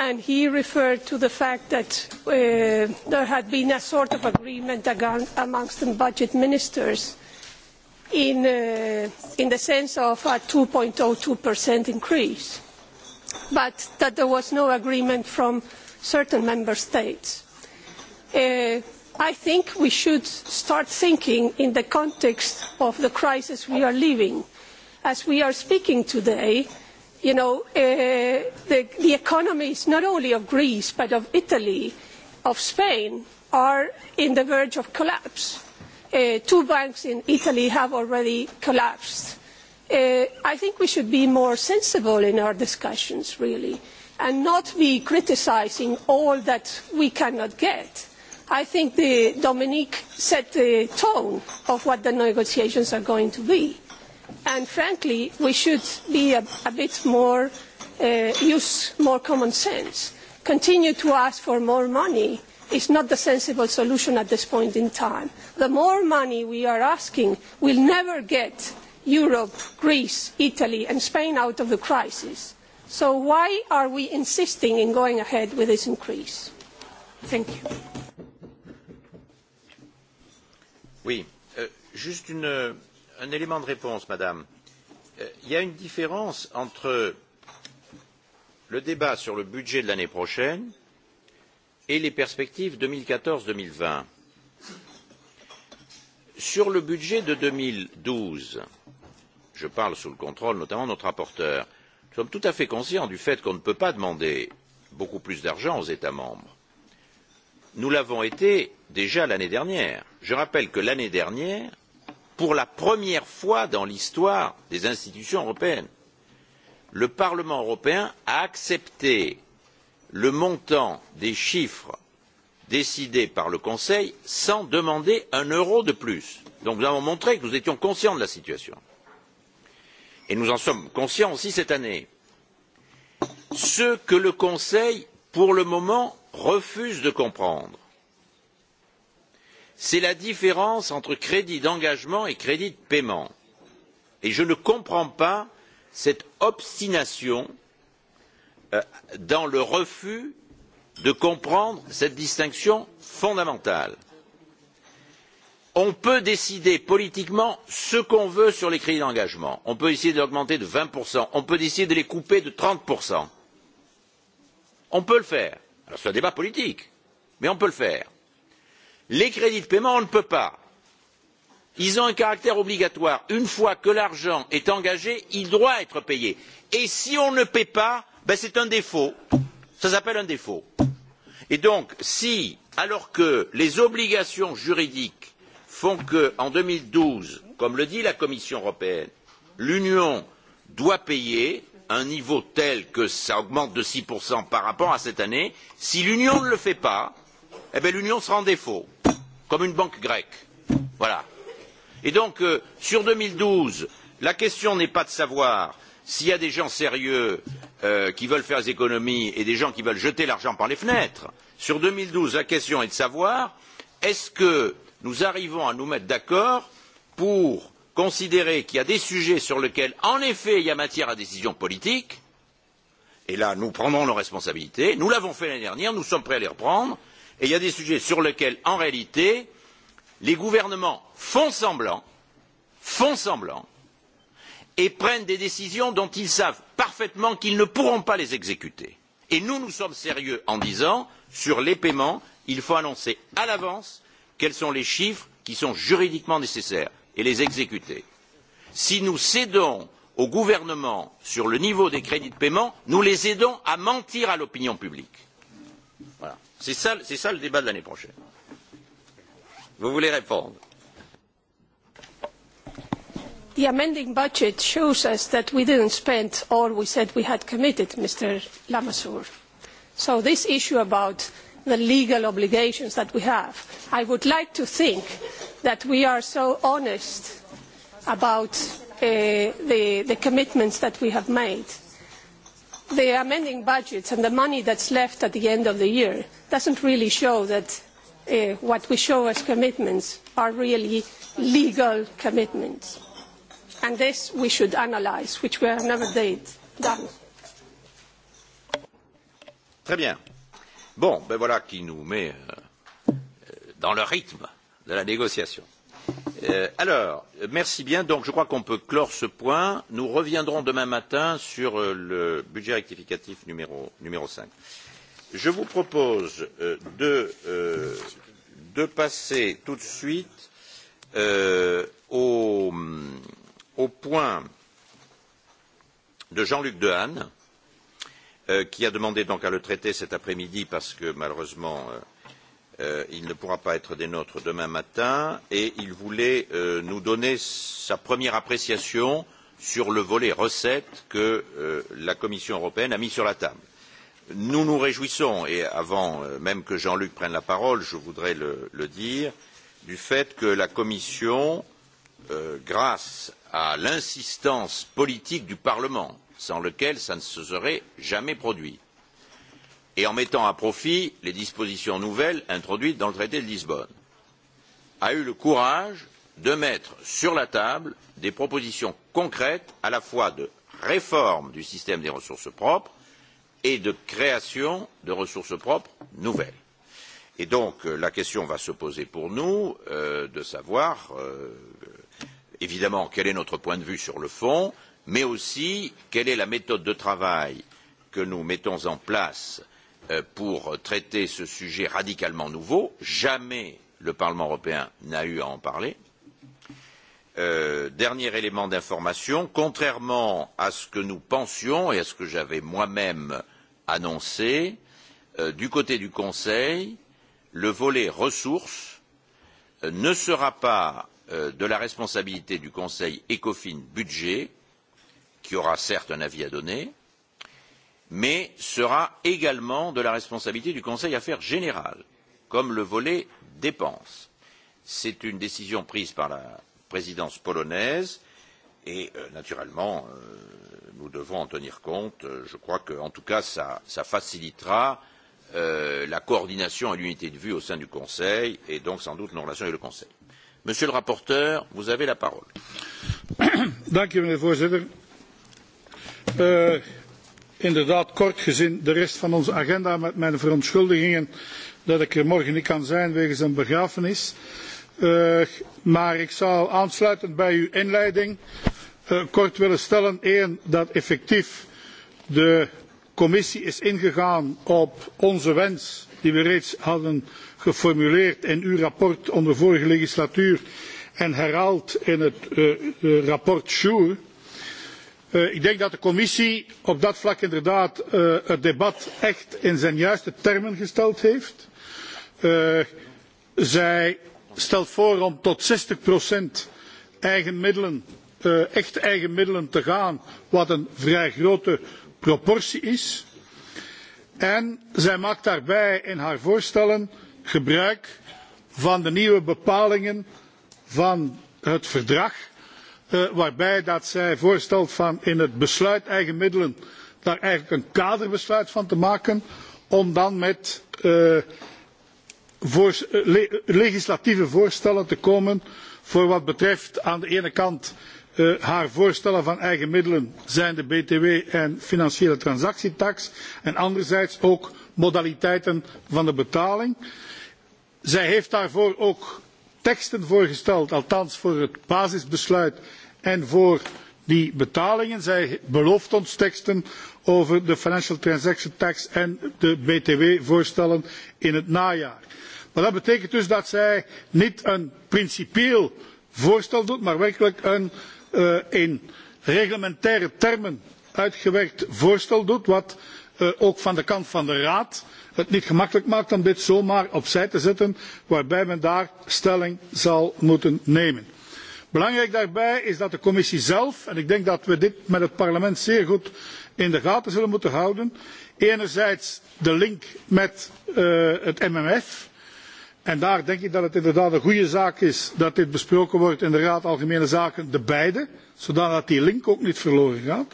and he referred to the fact that uh, there had been a sort of agreement amongst the budget ministers in, uh, in the sense of a two 2.02% increase, but that there was no agreement from certain member states. Uh, I think we should start thinking in the context of the crisis we are living. As we are speaking today, you know, uh, the, the economies not only of Greece but of Italy, of Spain, are in the verge of collapse. Uh, two banks in Italy have already collapsed. Uh, I think we should be more sensible in our discussions, really, and not be criticising all that we cannot get. I think the, Dominique set the tone of what the negotiations are going to be. And frankly, we should be a, a bit more, uh, use more common sense. Continue to ask for more money is not the sensible solution at this point in time. The more money we are asking will never get Europe, Greece, Italy and Spain out of the crisis. So why are we insisting in going ahead with this increase? Thank you. Oui, euh, juste une, euh, un élément de réponse, Madame. Euh, il y a une différence entre le débat sur le budget de l'année prochaine et les perspectives deux mille quatorze deux mille vingt. Sur le budget de deux mille douze, je parle sous le contrôle notamment de notre rapporteur, nous sommes tout à fait conscients du fait qu'on ne peut pas demander beaucoup plus d'argent aux États membres. Nous l'avons été déjà l'année dernière. Je rappelle que l'année dernière, pour la première fois dans l'histoire des institutions européennes, le Parlement européen a accepté le montant des chiffres décidés par le Conseil sans demander un euro de plus. Donc nous avons montré que nous étions conscients de la situation. Et nous en sommes conscients aussi cette année. Ce que le Conseil, pour le moment, refuse de comprendre, c'est la différence entre crédit d'engagement et crédit de paiement. Et je ne comprends pas cette obstination euh, dans le refus de comprendre cette distinction fondamentale. On peut décider politiquement ce qu'on veut sur les crédits d'engagement. On peut décider de l'augmenter de vingt, on peut décider de les couper de trente. On peut le faire. Alors c'est un débat politique, mais on peut le faire. Les crédits de paiement, on ne peut pas. Ils ont un caractère obligatoire. Une fois que l'argent est engagé, il doit être payé. Et si on ne paie pas, ben c'est un défaut. Ça s'appelle un défaut. Et donc, si, alors que les obligations juridiques font que, en deux mille douze, comme le dit la Commission européenne, l'Union doit payer un niveau tel que cela augmente de six par rapport à cette année, si l'Union ne le fait pas, eh l'Union sera en défaut comme une banque grecque. Voilà. Et donc, euh, sur deux mille douze, la question n'est pas de savoir s'il y a des gens sérieux euh, qui veulent faire des économies et des gens qui veulent jeter l'argent par les fenêtres. Sur deux mille douze, la question est de savoir est-ce que nous arrivons à nous mettre d'accord pour considérer qu'il y a des sujets sur lesquels, en effet, il y a matière à décision politique, et là, nous prendrons nos responsabilités, nous l'avons fait l'année dernière, nous sommes prêts à les reprendre, Et il y a des sujets sur lesquels, en réalité, les gouvernements font semblant, font semblant, et prennent des décisions dont ils savent parfaitement qu'ils ne pourront pas les exécuter. Et nous, nous sommes sérieux en disant, sur les paiements, il faut annoncer à l'avance quels sont les chiffres qui sont juridiquement nécessaires et les exécuter. Si nous cédons au gouvernement sur le niveau des crédits de paiement, nous les aidons à mentir à l'opinion publique. C'est ça, ça le débat de l'année prochaine. Vous voulez répondre The amending budget shows us that we didn't spend all we said we had committed, Mr. Lamassoure. So this issue about the legal obligations that we have, I would like to think that we are so honest about uh, the, the commitments that we have made the amending budgets and the money that is left at the end of the year does not really show that uh, what we show as commitments are really legal commitments. And this we should analyse, which we have never did, done. Très bien. Bon, ben voilà qui nous met euh, dans le rythme de la négociation. Euh, alors, merci bien. Donc, je crois qu'on peut clore ce point. Nous reviendrons demain matin sur euh, le budget rectificatif numéro, numéro 5. Je vous propose euh, de, euh, de passer tout de suite euh, au, au point de Jean-Luc Dehaene, euh, qui a demandé donc à le traiter cet après-midi parce que malheureusement. Euh, euh, il ne pourra pas être des nôtres demain matin, et il voulait euh, nous donner sa première appréciation sur le volet recettes que euh, la Commission européenne a mis sur la table. Nous nous réjouissons, et avant euh, même que Jean-Luc prenne la parole, je voudrais le, le dire, du fait que la Commission, euh, grâce à l'insistance politique du Parlement, sans lequel ça ne se serait jamais produit, et en mettant à profit les dispositions nouvelles introduites dans le traité de Lisbonne, a eu le courage de mettre sur la table des propositions concrètes à la fois de réforme du système des ressources propres et de création de ressources propres nouvelles. Et donc euh, la question va se poser pour nous euh, de savoir euh, évidemment quel est notre point de vue sur le fond, mais aussi quelle est la méthode de travail que nous mettons en place Euh, pour traiter ce sujet radicalement nouveau. Jamais le Parlement européen n'a eu à en parler. Euh, dernier élément d'information, contrairement à ce que nous pensions et à ce que j'avais moi-même annoncé, euh, du côté du Conseil, le volet ressources euh, ne sera pas euh, de la responsabilité du Conseil ECOFIN budget, qui aura certes un avis à donner, mais sera également de la responsabilité du Conseil Affaires Générales, comme le volet dépenses. C'est une décision prise par la présidence polonaise et euh, naturellement euh, nous devons en tenir compte. Euh, je crois que, en tout cas, ça, ça facilitera euh, la coordination et l'unité de vue au sein du Conseil et donc sans doute nos relations avec le Conseil. Monsieur le rapporteur, vous avez la parole. inderdaad kort gezien de rest van onze agenda met mijn verontschuldigingen dat ik er morgen niet kan zijn wegens een begrafenis. Uh, maar ik zou aansluitend bij uw inleiding uh, kort willen stellen. één dat effectief de commissie is ingegaan op onze wens die we reeds hadden geformuleerd in uw rapport onder vorige legislatuur en herhaald in het uh, rapport Sure Eh, ik denk dat de commissie op dat vlak inderdaad eh, het debat echt in zijn juiste termen gesteld heeft. Eh, zij stelt voor om tot zestig eigen middelen, echt eigen middelen te gaan, wat een vrij grote proportie is. En zij maakt daarbij in haar voorstellen gebruik van de nieuwe bepalingen van het verdrag Eh, waarbij dat zij voorstelt van in het besluit eigen middelen daar eigenlijk een kaderbesluit van te maken om dan met eh, voor, eh, le, legislatieve voorstellen te komen voor wat betreft aan de ene kant uh, haar voorstellen van eigen middelen zijn de btw en financiële transactietaks en anderzijds ook modaliteiten van de betaling. Zij heeft daarvoor ook teksten voorgesteld, althans voor het basisbesluit en voor die betalingen, zij belooft ons teksten over de Financial Transaction Tax en de BTW-voorstellen in het najaar. Maar dat betekent dus dat zij niet een principieel voorstel doet, maar werkelijk een uh, in reglementaire termen uitgewerkt voorstel doet, wat uh, ook van de kant van de Raad het niet gemakkelijk maakt om dit zomaar opzij te zetten, waarbij men daar stelling zal moeten nemen. Belangrijk daarbij is dat de commissie zelf, en ik denk dat we dit met het parlement zeer goed in de gaten zullen moeten houden, enerzijds de link met uh, het MMF, en daar denk ik dat het inderdaad een goede zaak is dat dit besproken wordt in de Raad Algemene Zaken, de beide, zodat die link ook niet verloren gaat.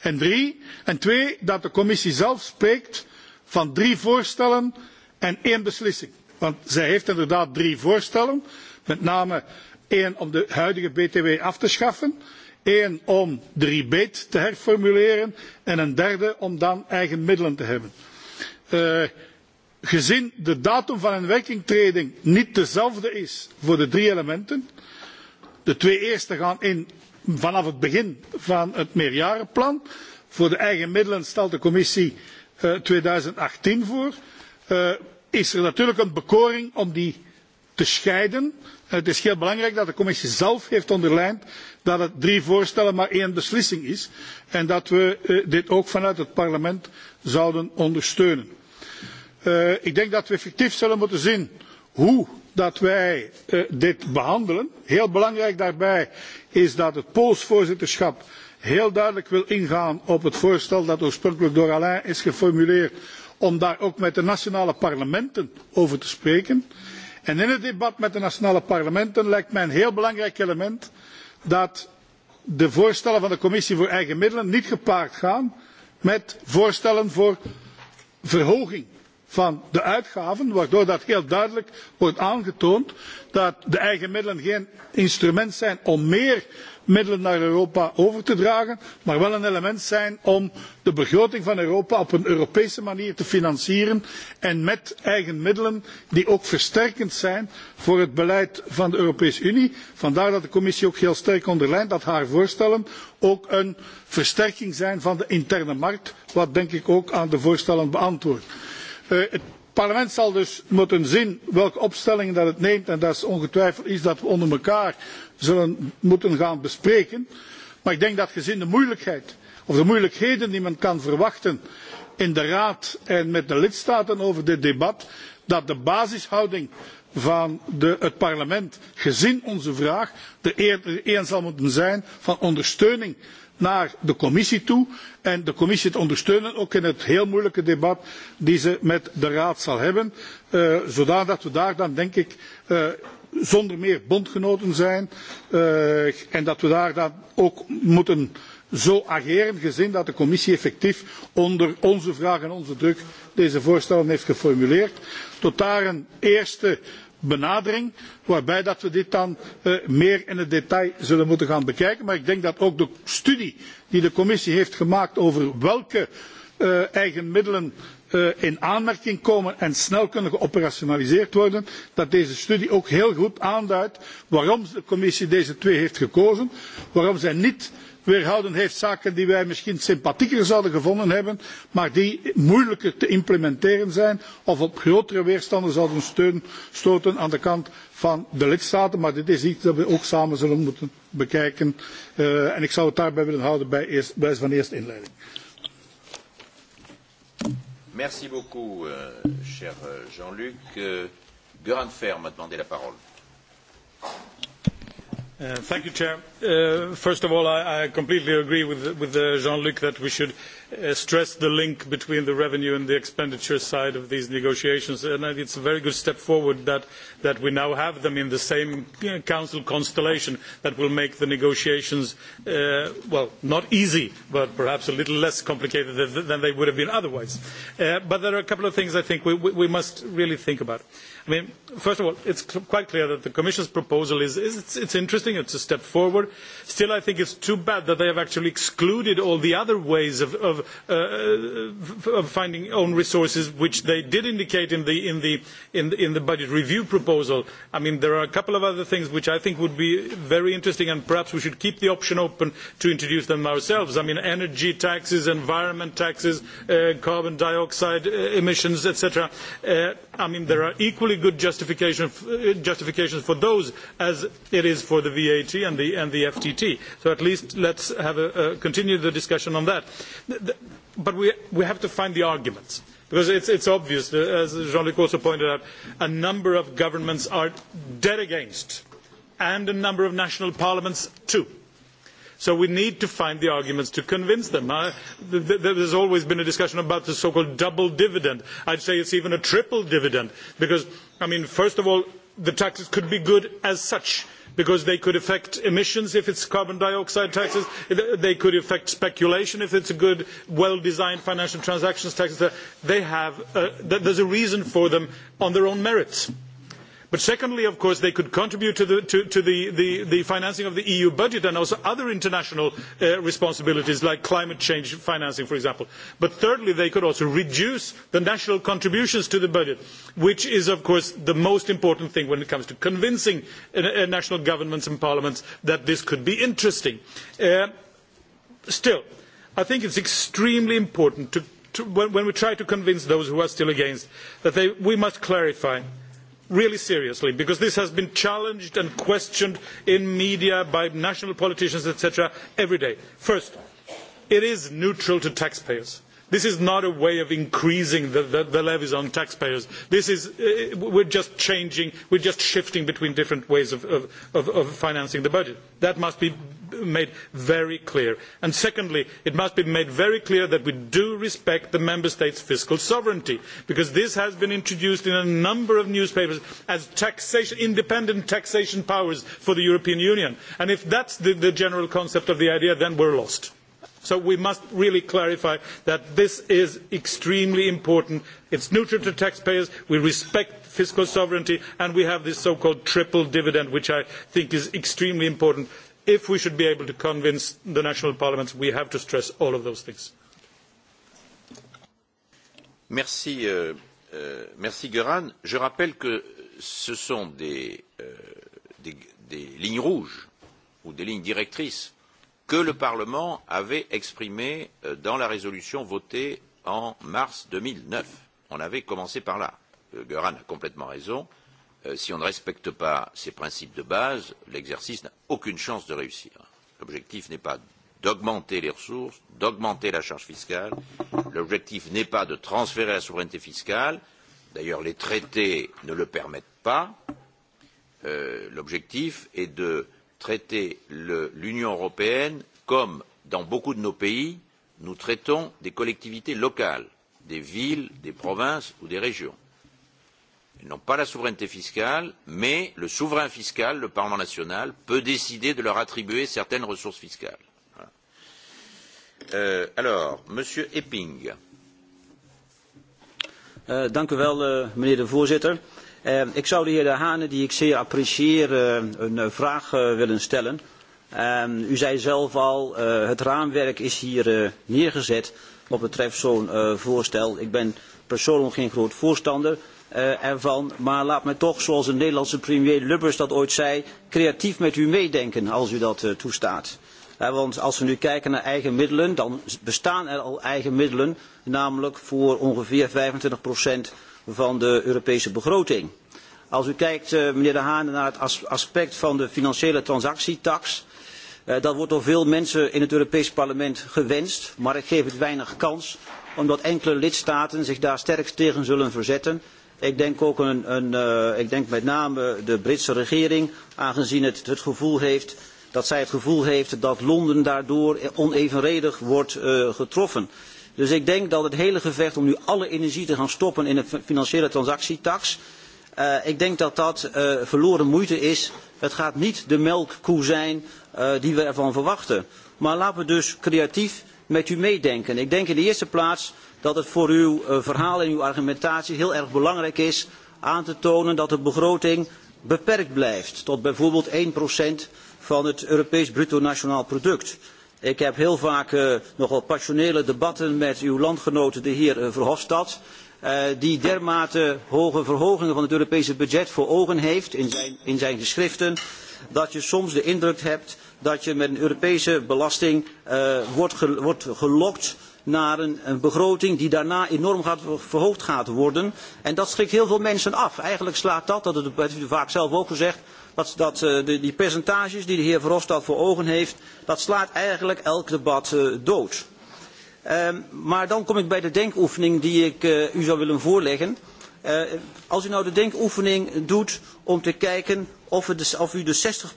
En, drie, en twee, dat de commissie zelf spreekt van drie voorstellen en één beslissing. Want zij heeft inderdaad drie voorstellen. Met name één om de huidige BTW af te schaffen, één om de rebate te herformuleren en een derde om dan eigen middelen te hebben. Uh, gezien de datum van inwerkingtreding niet dezelfde is voor de drie elementen, de twee eerste gaan in vanaf het begin van het meerjarenplan. Voor de eigen middelen stelt de commissie uh, eh, 2018 voor. Uh, is er natuurlijk een bekoring om die te scheiden. Eh, het is heel belangrijk dat de commissie zelf heeft onderlijnd dat het drie voorstellen maar één beslissing is en dat we eh, dit ook vanuit het parlement zouden ondersteunen. Uh, ik denk dat we effectief zullen moeten zien hoe dat wij uh, dit behandelen. Heel belangrijk daarbij is dat het Pools voorzitterschap heel duidelijk wil ingaan op het voorstel dat oorspronkelijk door Alain is geformuleerd om daar ook met de nationale parlementen over te spreken. En in het debat met de nationale parlementen lijkt mij een heel belangrijk element dat de voorstellen van de commissie voor eigen middelen niet gepaard gaan met voorstellen voor verhoging van de uitgaven, waardoor dat heel duidelijk wordt aangetoond dat de eigen middelen geen instrument zijn om meer middelen naar Europa over te dragen, maar wel een element zijn om de begroting van Europa op een Europese manier te financieren en met eigen middelen die ook versterkend zijn voor het beleid van de Europese Unie. Vandaar dat de commissie ook heel sterk onderlijnt dat haar voorstellen ook een versterking zijn van de interne markt, wat denk ik ook aan de voorstellen beantwoordt. Eh, het parlement zal dus moeten zien welke opstelling dat het neemt en dat is ongetwijfeld iets dat we onder elkaar zullen moeten gaan bespreken. Maar ik denk dat gezien de moeilijkheid of de moeilijkheden die men kan verwachten in de raad en met de lidstaten over dit debat, dat de basishouding van de, het parlement gezien onze vraag de eerder eer zal moeten zijn van ondersteuning naar de commissie toe en de commissie te ondersteunen, ook in het heel moeilijke debat die ze met de raad zal hebben, uh, eh, zodat we daar dan denk ik uh, zonder meer bondgenoten zijn uh, en dat we daar dan ook moeten zo ageren, gezien dat de commissie effectief onder onze vraag en onze druk deze voorstellen heeft geformuleerd. Tot daar een eerste benadering, waarbij dat we dit dan uh, meer in het detail zullen moeten gaan bekijken. Maar ik denk dat ook de studie die de commissie heeft gemaakt over welke uh, eh, eigen middelen uh, eh, in aanmerking komen en snel kunnen geoperationaliseerd worden, dat deze studie ook heel goed aanduidt waarom de commissie deze twee heeft gekozen, waarom zij niet weerhouden heeft zaken die wij misschien sympathieker zouden gevonden hebben, maar die moeilijker te implementeren zijn of op grotere weerstanden zouden steun, stoten aan de kant van de lidstaten. Maar dit is iets dat we ook samen zullen moeten bekijken. Uh, en ik zou het daarbij willen houden bij, wijze van eerste inleiding. Merci beaucoup, eh, cher Jean-Luc. Eh, m'a demandé la parole. Uh, thank you, Chair. Uh, first of all, I, I completely agree with, with uh, Jean-Luc that we should Uh, stressed the link between the revenue and the expenditure side of these negotiations, and it is a very good step forward that, that, we now have them in the same council constellation that will make the negotiations, uh, well, not easy, but perhaps a little less complicated than, than they would have been otherwise. Uh, but there are a couple of things I think we, we, we must really think about. I mean, first of all, it is quite clear that the Commission's proposal is, is it's, it's interesting, it's a step forward. Still, I think it is too bad that they have actually excluded all the other ways of, of uh, of finding own resources, which they did indicate in the, in, the, in, the, in the budget review proposal. I mean, there are a couple of other things which I think would be very interesting, and perhaps we should keep the option open to introduce them ourselves. I mean, energy taxes, environment taxes, uh, carbon dioxide uh, emissions, etc. Uh, I mean, there are equally good justification, uh, justifications for those as it is for the VAT and the, and the FTT. So at least let's have a, uh, continue the discussion on that but we, we have to find the arguments. Because it's, it's obvious, uh, as Jean-Luc also pointed out, a number of governments are dead against, and a number of national parliaments too. So we need to find the arguments to convince them. Uh, there has always been a discussion about the so-called double dividend. I'd say it's even a triple dividend, because, I mean, first of all, the taxes could be good as such because they could affect emissions if it is carbon dioxide taxes, they could affect speculation if it is a good, well-designed financial transactions tax. They have, is there's a reason for them on their own merits. But secondly, of course, they could contribute to the, to, to the, the, the financing of the EU budget and also other international uh, responsibilities like climate change financing, for example. But thirdly, they could also reduce the national contributions to the budget, which is, of course, the most important thing when it comes to convincing uh, uh national governments and parliaments that this could be interesting. Uh, still, I think it is extremely important to, to, when, when, we try to convince those who are still against that they, we must clarify. Mm really seriously because this has been challenged and questioned in media by national politicians etc every day first it is neutral to taxpayers This is not a way of increasing the, the, the levies on taxpayers. This is, uh, we're just changing, we're just shifting between different ways of, of, of, of financing the budget. That must be made very clear. And secondly, it must be made very clear that we do respect the member states' fiscal sovereignty, because this has been introduced in a number of newspapers as taxation, independent taxation powers for the European Union. And if that's the, the general concept of the idea, then we're lost. So we must really clarify that this is extremely important. It is neutral to taxpayers. We respect fiscal sovereignty and we have this so-called triple dividend, which I think is extremely important. If we should be able to convince the national parliaments, we have to stress all of those things. Merci, euh, euh, merci Göran. Je rappelle que ce sont des, euh, des, des lignes rouges ou des lignes directrices que le Parlement avait exprimé euh, dans la résolution votée en mars deux mille neuf. On avait commencé par là. Euh, Göran a complètement raison. Euh, si on ne respecte pas ces principes de base, l'exercice n'a aucune chance de réussir. L'objectif n'est pas d'augmenter les ressources, d'augmenter la charge fiscale. L'objectif n'est pas de transférer la souveraineté fiscale. D'ailleurs, les traités ne le permettent pas. Euh, L'objectif est de traiter l'Union européenne comme dans beaucoup de nos pays, nous traitons des collectivités locales, des villes, des provinces ou des régions. Elles n'ont pas la souveraineté fiscale, mais le souverain fiscal, le Parlement national, peut décider de leur attribuer certaines ressources fiscales. Voilà. Euh, alors, Monsieur Epping. Eh, dank u wel, eh, meneer de voorzitter. Ehm, ik zou de heer De Hane, die ik zeer apprecieer, eh, een eh, vraag eh, willen stellen. Ehm, u zei zelf al, het raamwerk is hier neergezet wat betreft zo'n voorstel. Ik ben persoonlijk geen groot voorstander ervan, maar laat mij toch, zoals de Nederlandse premier Lubbers dat ooit zei, creatief met u meedenken als u dat toestaat. Want als we nu kijken naar eigen middelen, dan bestaan er al eigen middelen, namelijk voor ongeveer 25 procent van de Europese begroting. Als u kijkt, eh, meneer De Haan, naar het aspect van de financiële transactietax, eh, dat wordt door veel mensen in het Europees Parlement gewenst, maar ik geef het weinig kans, omdat enkele lidstaten zich daar sterk tegen zullen verzetten. Ik denk, ook een, een, uh, ik denk met name de Britse regering, aangezien het, het gevoel heeft dat zij het gevoel heeft dat Londen daardoor onevenredig wordt uh, getroffen. Dus ik denk dat het hele gevecht om nu alle energie te gaan stoppen in een financiële transactietaks, uh, ik denk dat dat uh, verloren moeite is. Het gaat niet de melkkoe zijn uh, die we ervan verwachten. Maar laten we dus creatief met u meedenken. Ik denk in de eerste plaats dat het voor uw uh, verhaal en uw argumentatie heel erg belangrijk is aan te tonen dat de begroting beperkt blijft tot bijvoorbeeld 1% van het Europees bruto nationaal product. Ik heb heel vaak uh, nogal passionele debatten met uw landgenoten, de heer eh, Verhofstadt, uh, die dermate hoge verhogingen van het Europese budget voor ogen heeft in zijn, in zijn geschriften, dat je soms de indruk hebt dat je met een Europese belasting uh, wordt, ge wordt gelokt naar een, een begroting die daarna enorm gaat, verhoogd gaat worden. En dat schrikt heel veel mensen af. Eigenlijk slaat dat, dat heeft u vaak zelf ook gezegd, dat, dat eh, de, die percentages die de heer Verhofstadt voor ogen heeft, dat slaat eigenlijk elk debat eh, dood. Ehm, maar dan kom ik bij de denkoefening die ik eh, u zou willen voorleggen. als u nou de denkoefening doet om te kijken of, het, of u de 60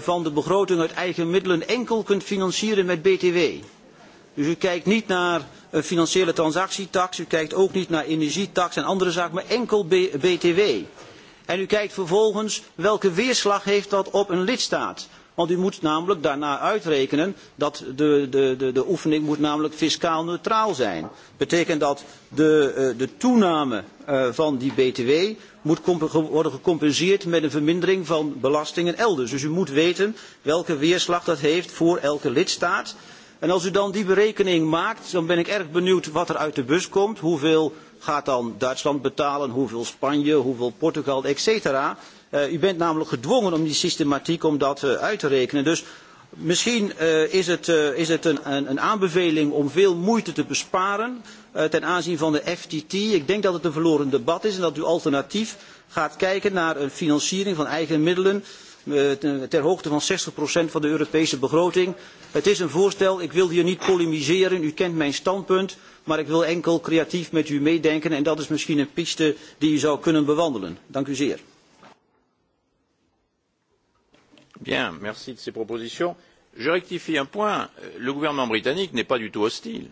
van de begroting uit eigen middelen enkel kunt financieren met BTW. Dus u kijkt niet naar een financiële transactietax, u kijkt ook niet naar energietax en andere zaken, maar enkel BTW. En u kijkt vervolgens welke weerslag heeft dat op een lidstaat. Want u moet namelijk daarna uitrekenen dat de, de, de, de oefening moet namelijk fiscaal neutraal zijn. Betekent dat de, eh, de toename eh, van die BTW moet worden gecompenseerd met een vermindering van belastingen elders. Dus u moet weten welke weerslag dat heeft voor elke lidstaat. En als u dan die berekening maakt, dan ben ik erg benieuwd wat er uit de bus komt, hoeveel gaat dan Duitsland betalen, hoeveel Spanje, hoeveel Portugal, etc. Uh, eh, u bent namelijk gedwongen om die systematiek om dat uh, uit te rekenen. Dus misschien uh, is het, uh, is het een, een, een aanbeveling om veel moeite te besparen uh, ten aanzien van de FTT. Ik denk dat het een verloren debat is en dat u alternatief gaat kijken naar een financiering van eigen middelen Eh, ter hoogte van 60% van de Europese begroting. Het is een voorstel, ik wil hier niet polemiseren, u kent mijn standpunt, maar ik wil enkel creatief met u meedenken en dat is misschien een piste die u zou kunnen bewandelen. Dank u zeer. Bien, merci de ces propositions. Je rectifie un point, le gouvernement britannique n'est pas du tout hostile.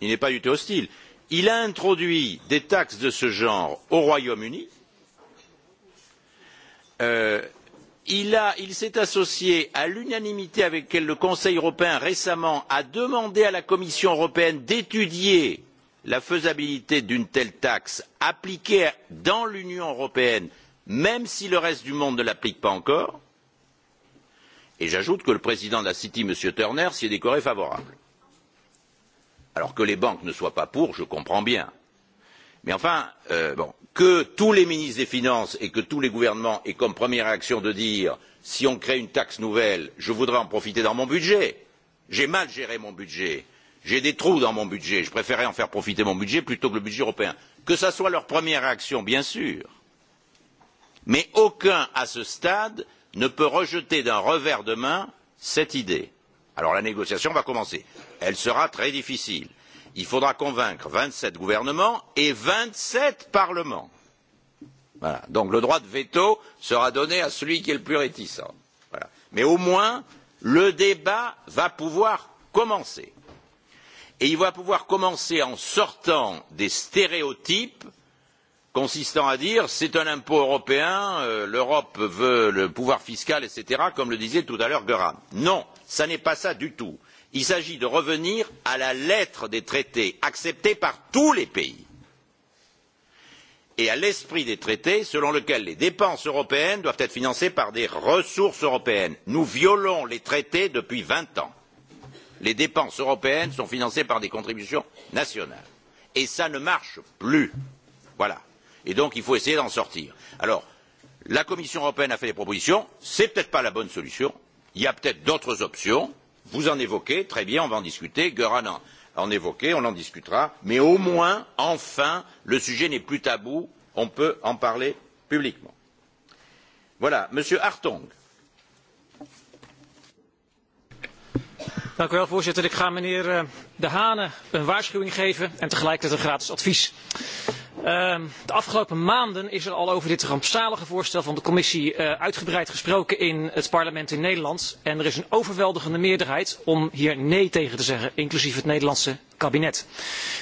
Il n'est pas du tout hostile. Il a introduit des taxes de ce genre au Royaume-Uni, Euh, il, il s'est associé à l'unanimité avec laquelle le Conseil européen récemment a demandé à la Commission européenne d'étudier la faisabilité d'une telle taxe appliquée dans l'Union européenne, même si le reste du monde ne l'applique pas encore. Et j'ajoute que le président de la City, M. Turner, s'y est décoré favorable. Alors que les banques ne soient pas pour, je comprends bien. Mais enfin, euh, bon, que tous les ministres des Finances et que tous les gouvernements aient comme première action de dire si on crée une taxe nouvelle, je voudrais en profiter dans mon budget. J'ai mal géré mon budget. J'ai des trous dans mon budget. Je préférais en faire profiter mon budget plutôt que le budget européen. Que ce soit leur première réaction, bien sûr. Mais aucun, à ce stade, ne peut rejeter d'un revers de main cette idée. Alors la négociation va commencer. Elle sera très difficile il faudra convaincre vingt sept gouvernements et vingt sept parlements. Voilà. Donc le droit de veto sera donné à celui qui est le plus réticent. Voilà. Mais au moins, le débat va pouvoir commencer. Et il va pouvoir commencer en sortant des stéréotypes consistant à dire c'est un impôt européen, euh, l'Europe veut le pouvoir fiscal, etc., comme le disait tout à l'heure Göran. Non, ça n'est pas ça du tout. Il s'agit de revenir à la lettre des traités acceptés par tous les pays et à l'esprit des traités selon lequel les dépenses européennes doivent être financées par des ressources européennes. Nous violons les traités depuis vingt ans. Les dépenses européennes sont financées par des contributions nationales. Et cela ne marche plus. Voilà. Et donc il faut essayer d'en sortir. Alors, la Commission européenne a fait des propositions, ce n'est peut-être pas la bonne solution, il y a peut-être d'autres options, Vous en évoquez, très bien, on va en discuter. Göran en, en on en discutera. Mais au moins, enfin, le sujet n'est plus tabou, on peut en parler publiquement. Voilà, Monsieur Hartong. Dank u wel, voorzitter. Ik ga meneer eh, De Hane eh, een waarschuwing geven en tegelijkertijd een gratis advies. Ehm, de afgelopen maanden is er al over dit rampzalige voorstel van de commissie eh, uitgebreid gesproken in het parlement in Nederland. En er is een overweldigende meerderheid om hier nee tegen te zeggen, inclusief het Nederlandse kabinet.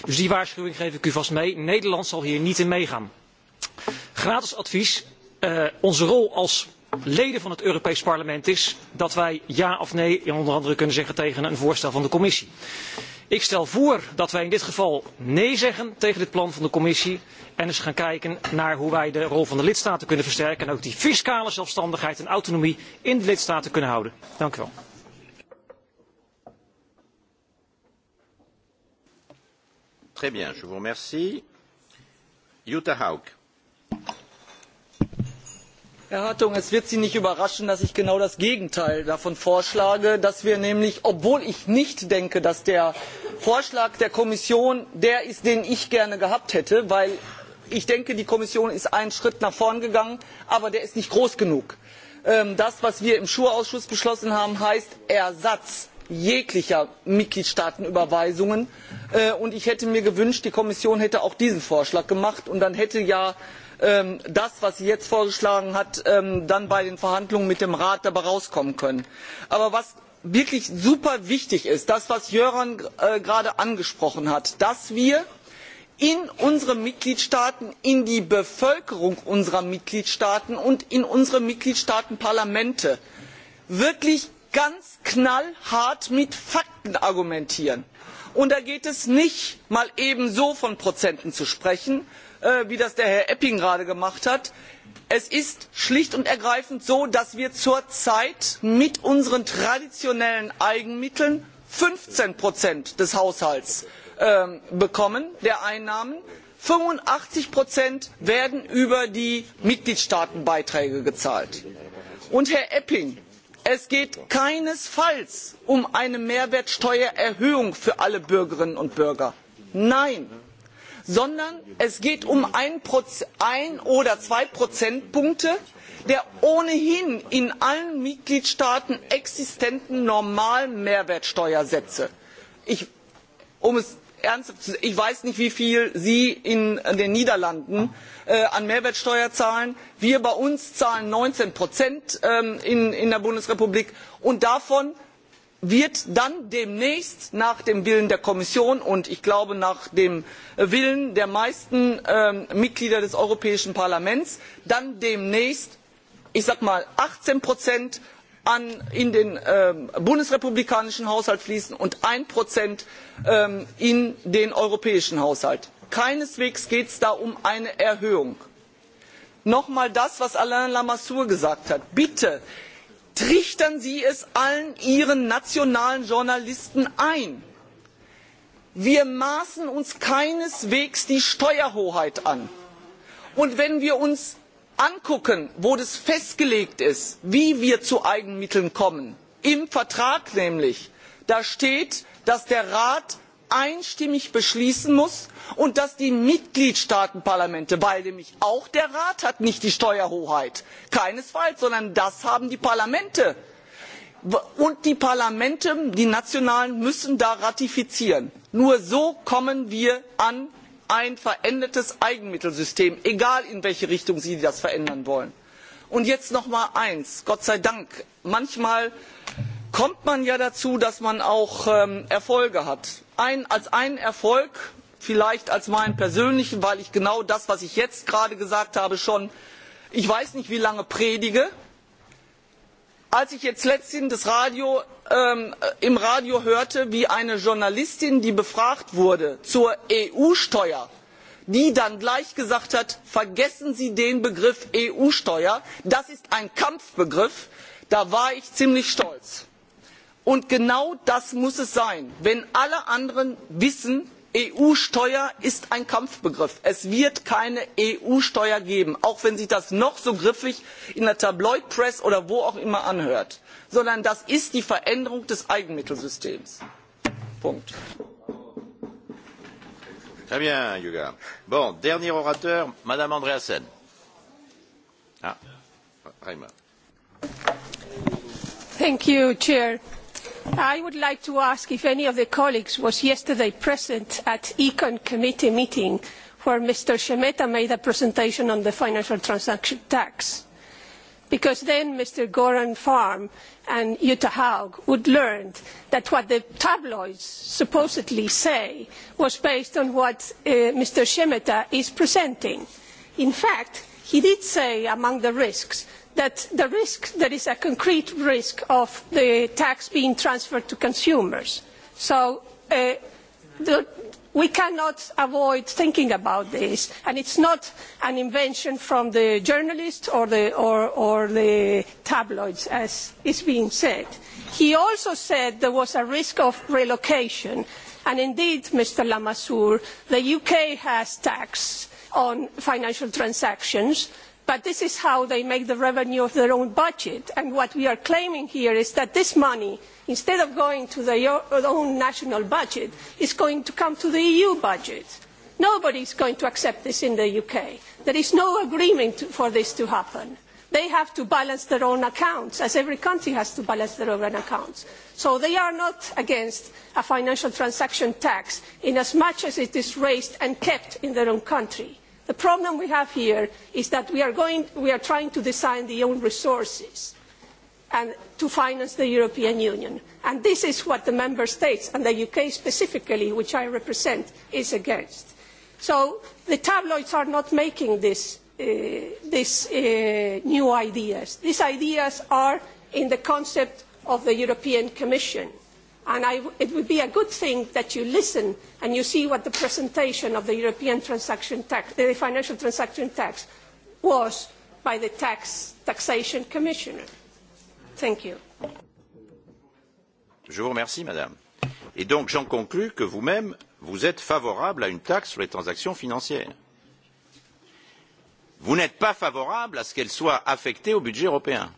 Dus die waarschuwing geef ik u vast mee. Nederland zal hier niet in meegaan. Gratis advies. Eh, onze rol als leden van het Europees Parlement is dat wij ja of nee onder andere kunnen zeggen tegen een voorstel van de commissie. Ik stel voor dat wij in dit geval nee zeggen tegen dit plan van de commissie en eens gaan kijken naar hoe wij de rol van de lidstaten kunnen versterken en ook die fiscale zelfstandigheid en autonomie in de lidstaten kunnen houden. Dank u wel. Très bien, je vous remercie. Jutta Haug. Herr Hartung, es wird Sie nicht überraschen, dass ich genau das Gegenteil davon vorschlage, dass wir nämlich, obwohl ich nicht denke, dass der Vorschlag der Kommission der ist, den ich gerne gehabt hätte, weil ich denke, die Kommission ist einen Schritt nach vorn gegangen, aber der ist nicht groß genug. Ähm, das, was wir im Ausschuss beschlossen haben, heißt Ersatz jeglicher Mitgliedstaatenüberweisungen. Äh, und ich hätte mir gewünscht, die Kommission hätte auch diesen Vorschlag gemacht. Und dann hätte ja Ähm, das, was sie jetzt vorgeschlagen hat, ähm, dann bei den Verhandlungen mit dem Rat dabei herauskommen können. Aber was wirklich super wichtig ist, das, was Jöran äh, gerade angesprochen hat, dass wir in unsere Mitgliedstaaten, in die Bevölkerung unserer Mitgliedstaaten und in unsere Mitgliedstaatenparlamente wirklich ganz knallhart mit Fakten argumentieren. Und da geht es nicht mal eben so von Prozenten zu sprechen, Äh, wie das der Herr Epping gerade gemacht hat. Es ist schlicht und ergreifend so, dass wir zurzeit mit unseren traditionellen Eigenmitteln 15 Prozent des Haushalts ähm, bekommen, der Einnahmen. 85 Prozent werden über die Mitgliedstaatenbeiträge gezahlt. Und Herr Epping, es geht keinesfalls um eine Mehrwertsteuererhöhung für alle Bürgerinnen und Bürger. Nein, sondern es geht um ein, ein oder zwei Prozentpunkte der ohnehin in allen Mitgliedstaaten existenten normalen Mehrwertsteuersätze. Ich, um es ernsthaft zu, ich weiß nicht, wie viel Sie in den Niederlanden äh, an Mehrwertsteuer zahlen. Wir bei uns zahlen neunzehn ähm, in, in der Bundesrepublik und davon wird dann demnächst nach dem Willen der Kommission und ich glaube nach dem Willen der meisten ähm, Mitglieder des Europäischen Parlaments dann demnächst, ich sag mal, 18 Prozent an, in den ähm, bundesrepublikanischen Haushalt fließen und ein Prozent ähm, in den europäischen Haushalt. Keineswegs geht es da um eine Erhöhung. Nochmal das, was Alain Lamassoure gesagt hat. Bitte, trichtern Sie es allen Ihren nationalen Journalisten ein. Wir maßen uns keineswegs die Steuerhoheit an. Und wenn wir uns angucken, wo das festgelegt ist, wie wir zu Eigenmitteln kommen, im Vertrag nämlich, da steht, dass der Rat einstimmig beschließen muss und dass die Mitgliedstaatenparlamente, weil nämlich auch der Rat hat nicht die Steuerhoheit, keinesfalls, sondern das haben die Parlamente. Und die Parlamente, die nationalen, müssen da ratifizieren. Nur so kommen wir an ein verändertes Eigenmittelsystem, egal in welche Richtung Sie das verändern wollen. Und jetzt noch mal eins, Gott sei Dank. Manchmal kommt man ja dazu, dass man auch ähm, Erfolge hat ein, als einen Erfolg, vielleicht als meinen persönlichen, weil ich genau das, was ich jetzt gerade gesagt habe, schon, ich weiß nicht wie lange predige. Als ich jetzt letztens das Radio, ähm, äh, im Radio hörte, wie eine Journalistin, die befragt wurde zur EU-Steuer, die dann gleich gesagt hat, vergessen Sie den Begriff EU-Steuer, das ist ein Kampfbegriff, da war ich ziemlich stolz. Und genau das muss es sein. Wenn alle anderen wissen, EU Steuer ist ein Kampfbegriff. Es wird keine EU Steuer geben, auch wenn sich das noch so griffig in der Tabloidpresse oder wo auch immer anhört, sondern das ist die Veränderung des Eigenmittelsystems. Punkt. Très bien, Yuga. Bon, dernier orateur, Madame Andreasen. Ah, Reimer. Thank you, Chair. I would like to ask if any of the colleagues was yesterday present at the Econ Committee meeting where Mr. Shemeta made a presentation on the financial transaction tax. Because then Mr. Goran Farm and Jutta Haug would learn that what the tabloids supposedly say was based on what uh, Mr. Shemeta is presenting. In fact, he did say among the risks that the risk, there is a concrete risk of the tax being transferred to consumers. So uh, the, we cannot avoid thinking about this. And it is not an invention from the journalists or the, or, or the tabloids, as is being said. He also said there was a risk of relocation. And indeed, Mr. Lamassoure, the UK has tax on financial transactions But this is how they make the revenue of their own budget. And what we are claiming here is that this money, instead of going to their own national budget, is going to come to the EU budget. Nobody is going to accept this in the UK. There is no agreement for this to happen. They have to balance their own accounts, as every country has to balance their own accounts. So they are not against a financial transaction tax in as much as it is raised and kept in their own country The problem we have here is that we are, going, we are trying to design the own resources and to finance the European Union. And this is what the Member States, and the UK specifically, which I represent, is against. So the tabloids are not making these uh, uh, new ideas. These ideas are in the concept of the European Commission – And I, it would be a good thing that you listen and you see what the presentation of the European transaction tax, the financial transaction tax, was by the tax taxation commissioner. Thank you. Je vous remercie, madame. Et donc, j'en conclus que vous-même, vous êtes favorable à une taxe sur les transactions financières. Vous n'êtes pas favorable à ce qu'elle soit affectée au budget européen.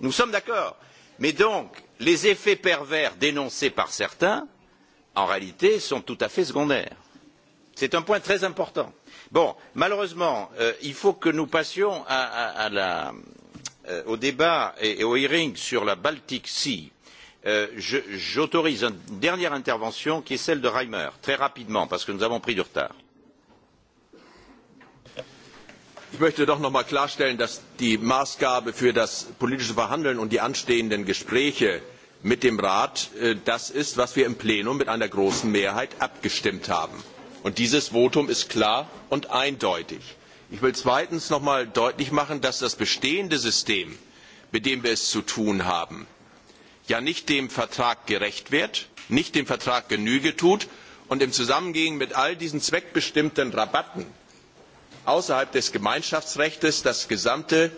Nous sommes d'accord. Mais donc, les effets pervers dénoncés par certains, en réalité, sont tout à fait secondaires. C'est un point très important. Bon, malheureusement, euh, il faut que nous passions à, à, à la, euh, au débat et, et au hearing sur la Baltic Sea. Euh, J'autorise une dernière intervention qui est celle de Reimer, très rapidement, parce que nous avons pris du retard. Ich möchte doch noch mal klarstellen, dass die Maßgabe für das politische Verhandeln und die anstehenden Gespräche mit dem Rat äh, das ist, was wir im Plenum mit einer großen Mehrheit abgestimmt haben. Und dieses Votum ist klar und eindeutig. Ich will zweitens noch einmal deutlich machen, dass das bestehende System, mit dem wir es zu tun haben, ja nicht dem Vertrag gerecht wird, nicht dem Vertrag Genüge tut und im Zusammenhang mit all diesen zweckbestimmten Rabatten, außerhalb des Gemeinschaftsrechts das gesamte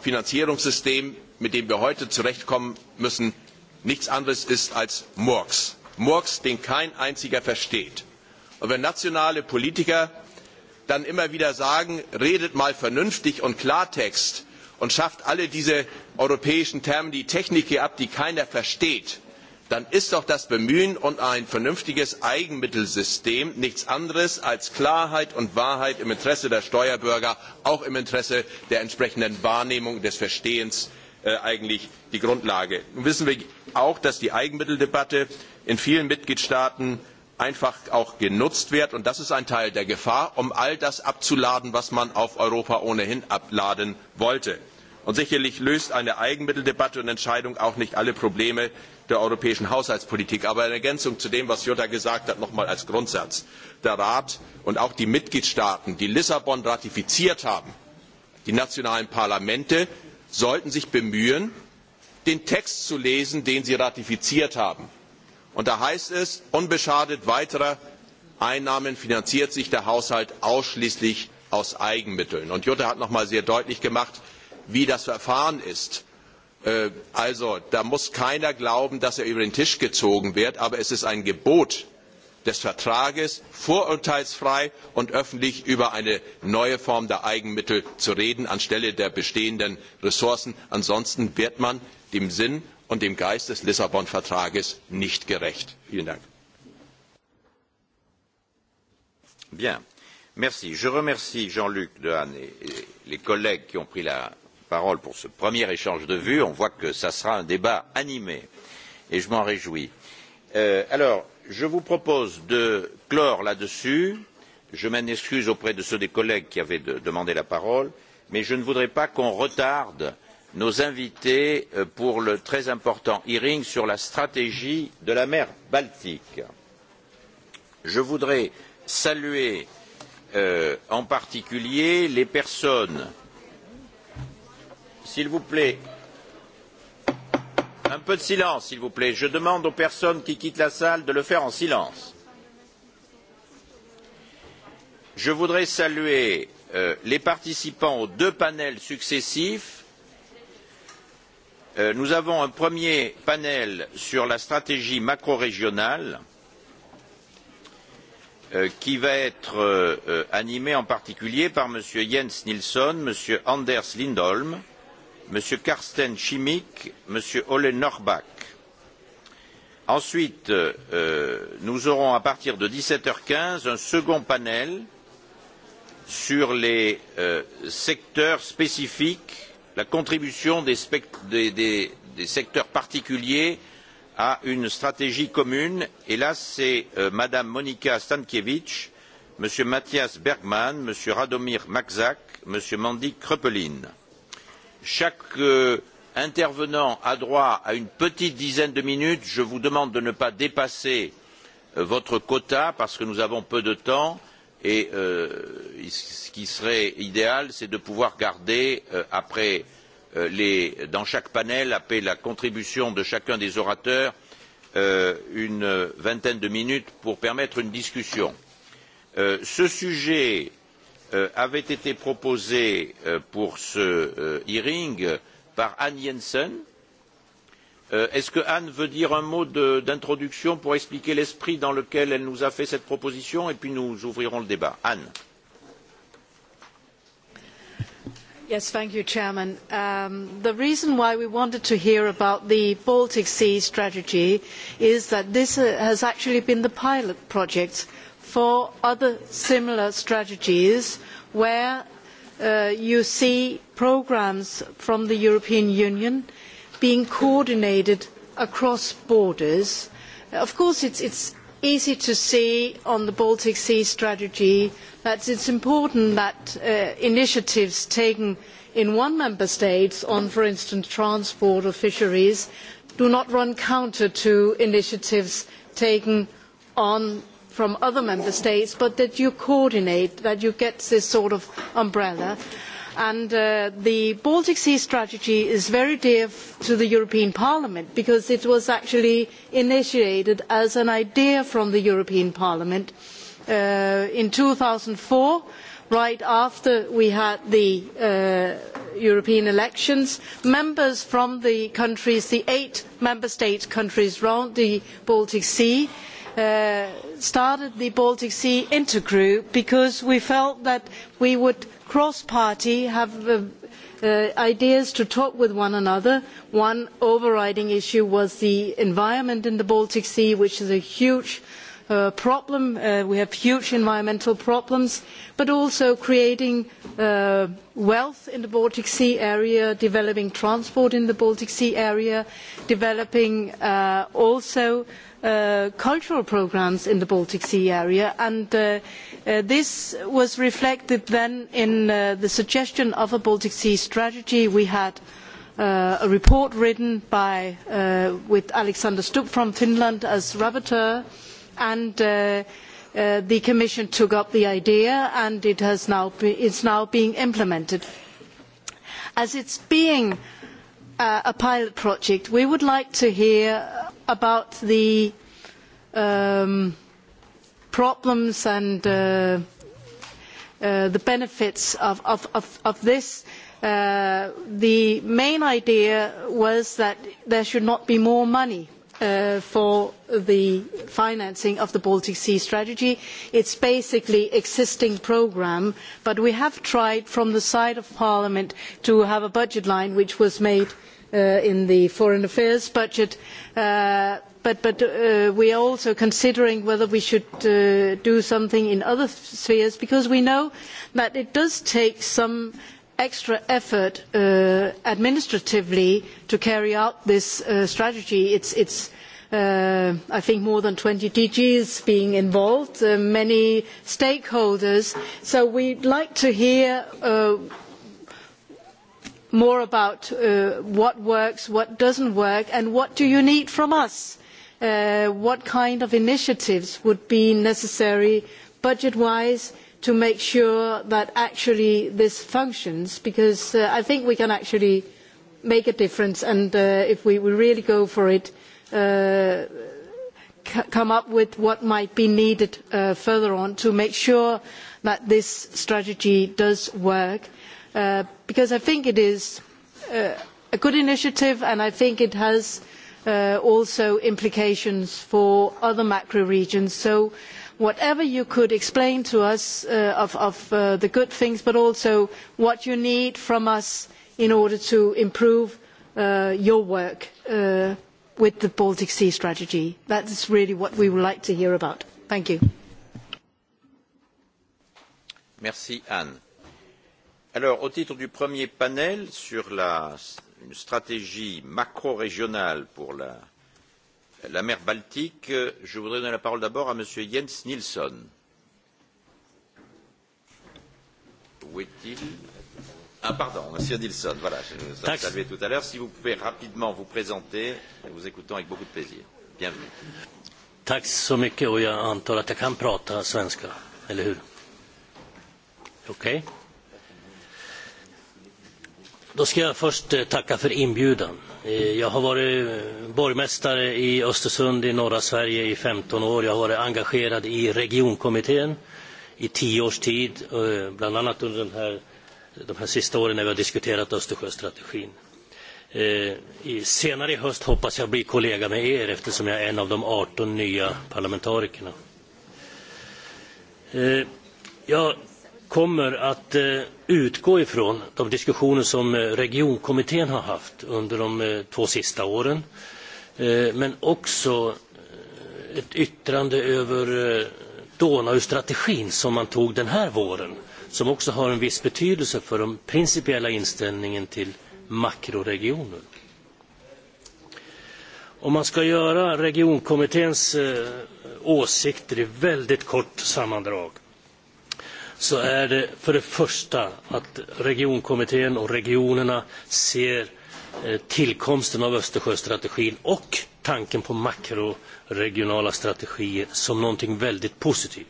Finanzierungssystem, mit dem wir heute zurechtkommen müssen, nichts anderes ist als Murks. Murks, den kein einziger versteht. Und wenn nationale Politiker dann immer wieder sagen, redet mal vernünftig und Klartext und schafft alle diese europäischen Termini, Techniki ab, die keiner versteht, dann ist doch das Bemühen um ein vernünftiges Eigenmittelsystem nichts anderes als Klarheit und Wahrheit im Interesse der Steuerbürger, auch im Interesse der entsprechenden Wahrnehmung des Verstehens äh, eigentlich die Grundlage. Nun wissen wir auch, dass die Eigenmitteldebatte in vielen Mitgliedstaaten einfach auch genutzt wird und das ist ein Teil der Gefahr, um all das abzuladen, was man auf Europa ohnehin abladen wollte. Und sicherlich löst eine Eigenmitteldebatte und Entscheidung auch nicht alle Probleme, der europäischen Haushaltspolitik. Aber in Ergänzung zu dem, was Jutta gesagt hat, nochmal als Grundsatz. Der Rat und auch die Mitgliedstaaten, die Lissabon ratifiziert haben, die nationalen Parlamente, sollten sich bemühen, den Text zu lesen, den sie ratifiziert haben. Und da heißt es, unbeschadet weiterer Einnahmen finanziert sich der Haushalt ausschließlich aus Eigenmitteln. Und Jutta hat noch einmal sehr deutlich gemacht, wie das Verfahren ist. Äh, also, da muss keiner glauben, dass er über den Tisch gezogen wird, aber es ist ein Gebot des Vertrages, vorurteilsfrei und öffentlich über eine neue Form der Eigenmittel zu reden, anstelle der bestehenden Ressourcen. Ansonsten wird man dem Sinn und dem Geist des Lissabon-Vertrages nicht gerecht. Vielen Dank. Bien. Merci. Je remercie Jean-Luc Dehaene et les collègues qui ont pris la parole pour ce premier échange de vues. On voit que ça sera un débat animé et je m'en réjouis. Euh, alors, je vous propose de clore là-dessus. Je m'en excuse auprès de ceux des collègues qui avaient de, demandé la parole, mais je ne voudrais pas qu'on retarde nos invités euh, pour le très important hearing sur la stratégie de la mer Baltique. Je voudrais saluer euh, en particulier les personnes S'il vous plaît. Un peu de silence, s'il vous plaît. Je demande aux personnes qui quittent la salle de le faire en silence. Je voudrais saluer euh, les participants aux deux panels successifs. Euh, nous avons un premier panel sur la stratégie macrorégionale euh, qui va être euh, euh, animé en particulier par M. Jens Nilsson, M. Anders Lindholm, Monsieur Karsten Chimik, Monsieur Ole Norbach. Ensuite, euh, nous aurons à partir de dix sept h quinze un second panel sur les euh, secteurs spécifiques, la contribution des, des, des, des, secteurs particuliers à une stratégie commune. Et là, c'est euh, Madame Monika Stankiewicz, M. Matthias Bergmann, M. Radomir Makzak, M. Mandy Kröpelin chaque euh, intervenant a droit à une petite dizaine de minutes. Je vous demande de ne pas dépasser euh, votre quota parce que nous avons peu de temps et euh, ce qui serait idéal, c'est de pouvoir garder euh, après euh, les, dans chaque panel, après la contribution de chacun des orateurs, une vingtaine de minutes pour permettre une discussion. ce sujet Euh, avait été proposé euh, pour ce euh, hearing par Anne Jensen. Est-ce que Anne veut dire un mot d'introduction pour expliquer l'esprit dans lequel elle nous a fait cette proposition et puis nous ouvrirons le débat. Anne. Yes, thank you, Chairman. Um, the reason why we wanted to hear about the Baltic Sea strategy is that this uh, has actually been the pilot project for other similar strategies where uh, you see programmes from the European Union being coordinated across borders. Of course, it is easy to see on the Baltic Sea strategy that it is important that uh, initiatives taken in one member state on, for instance, transport or fisheries do not run counter to initiatives taken on from other member states, but that you coordinate, that you get this sort of umbrella. And uh, the Baltic Sea strategy is very dear to the European Parliament because it was actually initiated as an idea from the European Parliament uh, in two thousand four, right after we had the uh, European elections. Members from the countries, the eight member state countries round the Baltic Sea, Uh, started the Baltic Sea Intergroup because we felt that we would cross-party have uh, uh, ideas to talk with one another. One overriding issue was the environment in the Baltic Sea, which is a huge uh, problem. Uh, we have huge environmental problems, but also creating uh, wealth in the Baltic Sea area, developing transport in the Baltic Sea area, developing uh, also Uh, cultural programmes in the Baltic Sea area, and uh, uh, this was reflected then in uh, the suggestion of a Baltic Sea strategy. We had uh, a report written by, with Alexander Stubb from Finland as rapporteur, and the Commission took up the idea, and it has now be, now being implemented. As it is being uh, a pilot project. We would like to hear about the um, problems and uh, uh, the benefits of, of, of, of this. Uh, the main idea was that there should not be more money Uh, for the financing of the Baltic Sea strategy. It is basically an existing programme, but we have tried from the side of Parliament to have a budget line which was made uh, in the Foreign Affairs budget. Uh, but, but uh, we are also considering whether we should uh, do something in other spheres because we know that it does take some uh, extra effort uh, administratively to carry out this uh, strategy. It's, it's uh, I think more than 20 DGs being involved, uh, many stakeholders. So we'd like to hear uh, more about uh, what works, what doesn't work, and what do you need from us? Uh, what kind of initiatives would be necessary budget-wise, to make sure that actually this functions because uh, I think we can actually make a difference and uh, if we, we really go for it, uh, come up with what might be needed uh, further on to make sure that this strategy does work uh, because I think it is uh, a good initiative and I think it has uh, also implications for other macro regions. So whatever you could explain to us uh, of, of uh, the good things, but also what you need from us in order to improve uh, your work uh, with the Baltic Sea strategy. That is really what we would like to hear about. Thank you. Merci, Anne. Alors, au titre du premier panel sur la, une stratégie macro-régionale pour la la mer Baltique, euh, je voudrais donner la parole d'abord à M. Jens Nilsson. Où est-il Ah, pardon, M. Nilsson, voilà, je vous ai salué tout à l'heure. Si vous pouvez rapidement vous présenter, nous vous écoutons avec beaucoup de plaisir. Bienvenue. Tack så mycket och jag antar att jag kan prata svenska, eller hur? Okej. Okay. Då ska jag först eh, tacka för inbjudan. Eh, jag har varit eh, borgmästare i Östersund i norra Sverige i 15 år. Jag har varit engagerad i regionkommittén i 10 års tid, bland annat under den här, de här sista åren när vi har diskuterat Östersjöstrategin. Senare i höst hoppas jag bli kollega med er eftersom jag är en av de 18 nya parlamentarikerna. Jag kommer att eh, utgå ifrån de diskussioner som eh, regionkommittén har haft under de eh, två sista åren, men också ett yttrande över Donaustrategin som man tog den här våren, som också har en viss betydelse för den principiella inställningen till makroregioner. Om man ska göra regionkommitténs åsikter i väldigt kort sammandrag så är det för det första att regionkommittén och regionerna ser eh, tillkomsten av Östersjöstrategin och tanken på makroregionala strategier som någonting väldigt positivt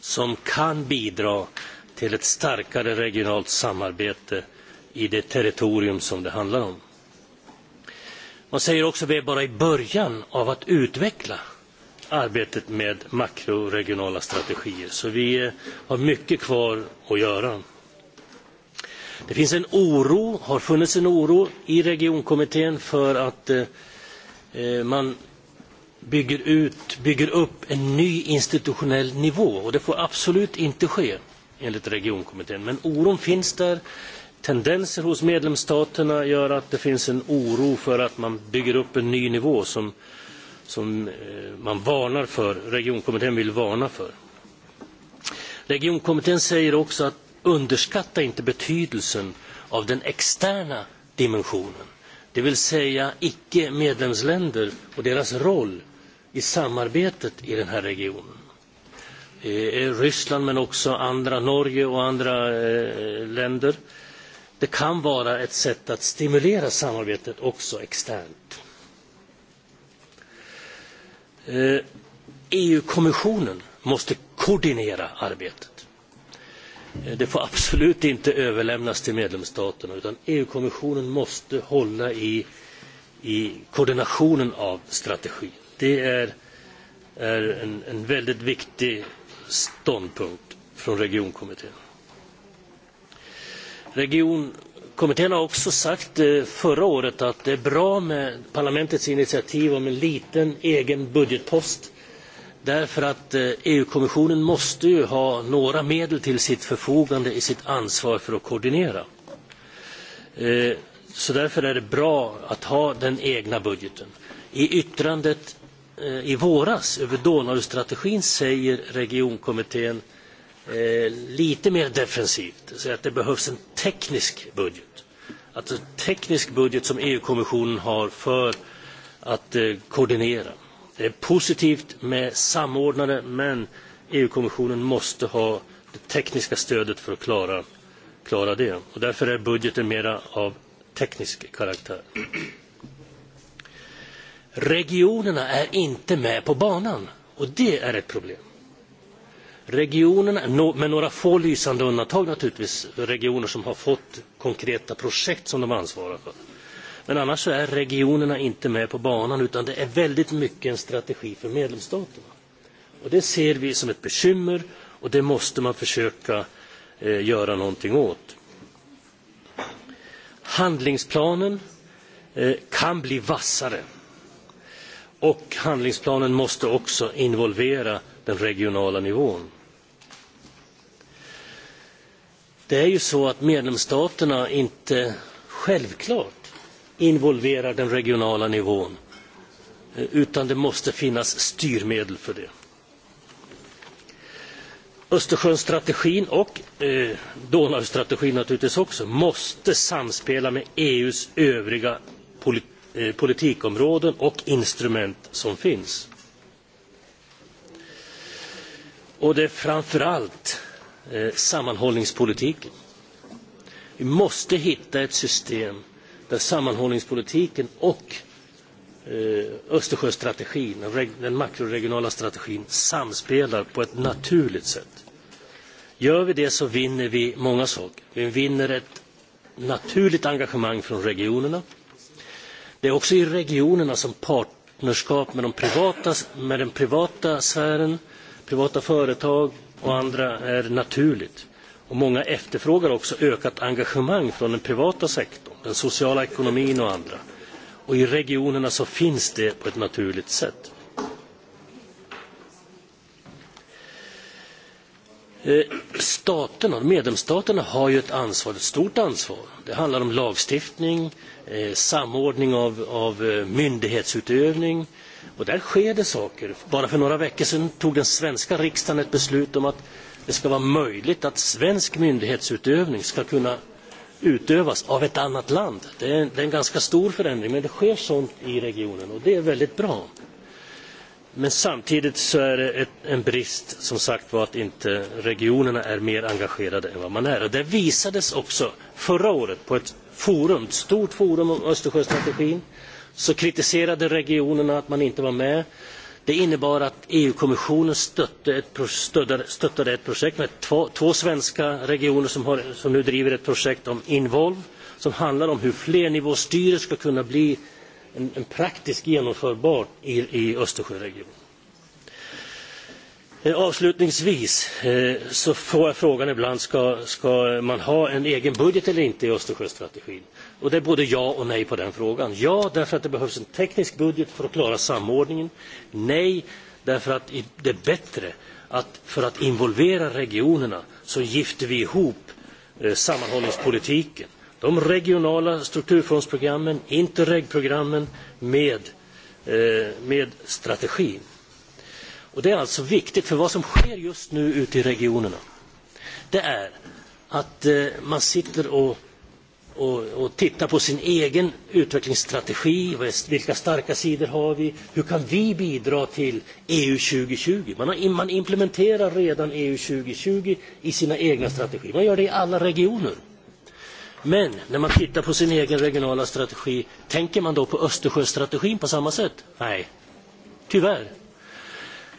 som kan bidra till ett starkare regionalt samarbete i det territorium som det handlar om. Man säger också att vi är bara i början av att utveckla arbetet med makroregionala strategier. Så vi eh, har mycket kvar att göra. Det finns en oro, har funnits en oro i regionkommittén för att eh, eh, man bygger, ut, bygger upp en ny institutionell nivå och det får absolut inte ske enligt regionkommittén. Men oron finns där. Tendenser hos medlemsstaterna gör att det finns en oro för att man bygger upp en ny nivå som som eh, man varnar för, regionkommittén vill varna för. Regionkommittén säger också att underskatta inte betydelsen av den externa dimensionen, det vill säga icke-medlemsländer och deras roll i samarbetet i den här regionen. Eh, eh, Ryssland men också andra, Norge och andra länder. Det kan vara ett sätt att stimulera samarbetet också externt. EU-kommissionen eh, e måste koordinera arbetet. Eh, det får absolut inte överlämnas till medlemsstaterna utan EU-kommissionen måste hålla i, i koordinationen av strategin. Det är, är en, en väldigt viktig ståndpunkt från regionkommittén. Region Kommittén har också sagt eh, förra året att det är bra med parlamentets initiativ om en liten egen budgetpost därför att eh, EU-kommissionen måste ju ha några medel till sitt förfogande i sitt ansvar för att koordinera. Eh, så därför är det bra att ha den egna budgeten. I yttrandet i våras över Donaustrategin säger regionkommittén lite mer defensivt, att det behövs en teknisk budget att en teknisk budget som EU-kommissionen har för att eh, koordinera. Det är positivt med samordnare men EU-kommissionen måste ha det tekniska stödet för att klara, klara det. Och därför är budgeten mera av teknisk karaktär. Regionerna är inte med på banan och det är ett problem. Regionerna, no, med några få lysande undantag naturligtvis, regioner som har fått konkreta projekt som de ansvarar för. Men annars så är regionerna inte med på banan utan det är väldigt mycket en strategi för medlemsstaterna. Och det ser vi som ett bekymmer och det måste man försöka eh, göra någonting åt. Handlingsplanen eh, kan bli vassare och handlingsplanen måste också involvera den regionala nivån. Det är ju så att medlemsstaterna inte självklart involverar den regionala nivån eh, utan det måste finnas styrmedel för det. strategin och eh, Donaustrategin naturligtvis också måste samspela med EUs övriga eh, politikområden och instrument som finns. Och det är framförallt eh, sammanhållningspolitiken. Vi måste hitta ett system där sammanhållningspolitiken och eh, Östersjöstrategin, den makroregionala strategin, samspelar på ett naturligt sätt. Gör vi det så vinner vi många saker. Vi vinner ett naturligt engagemang från regionerna. Det är också i regionerna som partnerskap med, de privata, med den privata sfären privata företag och andra är naturligt. Och många efterfrågar också ökat engagemang från den privata sektorn, den sociala ekonomin och andra. Och i regionerna så finns det på ett naturligt sätt. Eh, staterna, medlemsstaterna har ju ett ansvar, ett stort ansvar. Det handlar om lagstiftning, eh, samordning av, av eh, myndighetsutövning, Och där sker det saker. Bara för några veckor sedan tog den svenska riksdagen ett beslut om att det ska vara möjligt att svensk myndighetsutövning ska kunna utövas av ett annat land. Det är, en, det är en ganska stor förändring, men det sker sånt i regionen och det är väldigt bra. Men samtidigt så är det ett, en brist, som sagt var, att inte regionerna är mer engagerade än vad man är. Och det visades också förra året på ett forum, ett stort forum om Östersjöstrategin så kritiserade regionerna att man inte var med. Det innebar att EU-kommissionen stöttade ett, stöttade, ett projekt med två, två svenska regioner som, har, som nu driver ett projekt om Involv som handlar om hur flernivåstyre ska kunna bli en, en praktisk genomförbar i, i Östersjöregionen. Eh, avslutningsvis eh, så får jag frågan ibland ska, ska man ha en egen budget eller inte i Östersjöstrategin. Och det är både ja och nej på den frågan. Ja, därför att det behövs en teknisk budget för att klara samordningen. Nej, därför att det är bättre att för att involvera regionerna så gifter vi ihop eh, sammanhållningspolitiken. De regionala strukturfondsprogrammen, interregprogrammen med, eh, med strategin. Och det är alltså viktigt för vad som sker just nu ute i regionerna. Det är att eh, man sitter och och, titta på sin egen utvecklingsstrategi. Vilka starka sidor har vi? Hur kan vi bidra till EU 2020? Man, har, man implementerar redan EU 2020 i sina egna strategier. Man gör det i alla regioner. Men när man tittar på sin egen regionala strategi, tänker man då på Östersjöstrategin på samma sätt? Nej, tyvärr.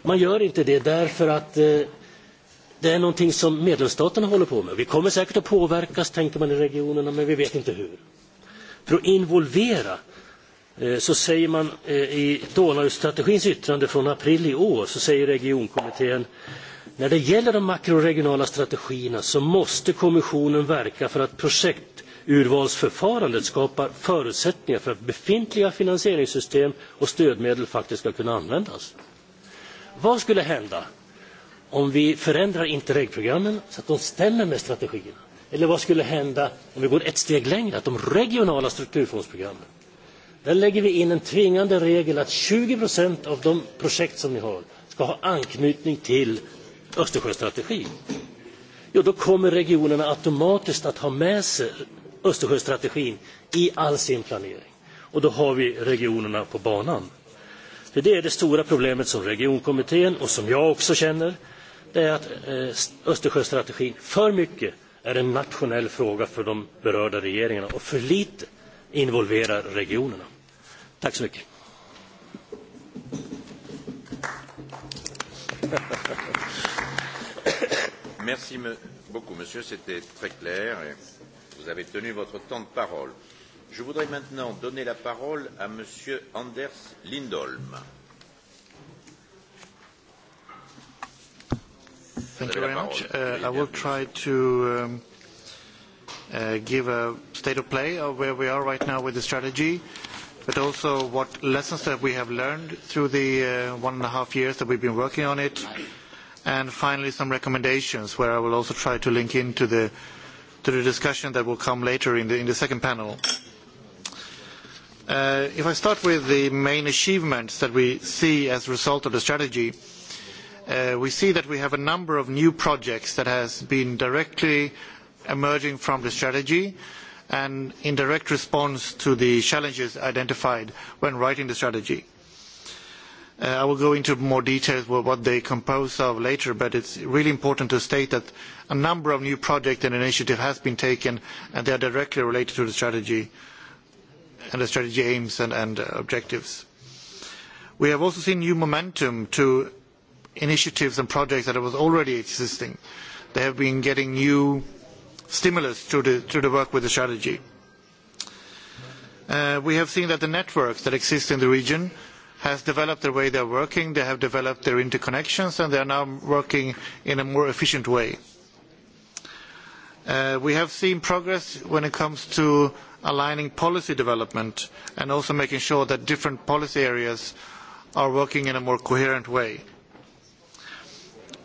Man gör inte det därför att eh, Det är någonting som medlemsstaterna håller på med. Vi kommer säkert att påverkas, tänker man i regionerna, men vi vet inte hur. För att involvera eh, så säger man eh, i Donaustrategins yttrande från april i år så säger regionkommittén när det gäller de makroregionala strategierna så måste kommissionen verka för att projekturvalsförfarandet skapar förutsättningar för att befintliga finansieringssystem och stödmedel faktiskt ska kunna användas. Vad skulle hända om vi förändrar interregprogrammen så att de stämmer med strategierna? Eller vad skulle hända om vi går ett steg längre, att de regionala strukturfondsprogrammen, där lägger vi in en tvingande regel att 20 procent av de projekt som ni har ska ha anknytning till Östersjöstrategin. Jo, då kommer regionerna automatiskt att ha med sig Östersjöstrategin i all sin planering. Och då har vi regionerna på banan. För det är det stora problemet som regionkommittén och som jag också känner det är att eh, Östersjöstrategin för mycket är en nationell fråga för de berörda regeringarna och för lite involverar regionerna. Tack så mycket. Merci beaucoup, monsieur. C'était très clair et vous avez tenu votre temps de parole. Je voudrais maintenant donner la parole à monsieur Anders Lindholm. Thank you very much. Uh, I will try to um, uh, give a state of play of where we are right now with the strategy, but also what lessons that we have learned through the uh, one and a half years that we've been working on it, and finally some recommendations where I will also try to link into the to the discussion that will come later in the, in the second panel. Uh, if I start with the main achievements that we see as a result of the strategy, Uh, we see that we have a number of new projects that have been directly emerging from the strategy and in direct response to the challenges identified when writing the strategy. Uh, I will go into more details with what they compose of later, but it is really important to state that a number of new projects and initiatives have been taken, and they are directly related to the strategy and the strategy aims and, and objectives. We have also seen new momentum to initiatives and projects that was already existing. They have been getting new stimulus to the, to the work with the strategy. Uh, we have seen that the networks that exist in the region has developed the way they are working, they have developed their interconnections, and they are now working in a more efficient way. Uh, we have seen progress when it comes to aligning policy development and also making sure that different policy areas are working in a more coherent way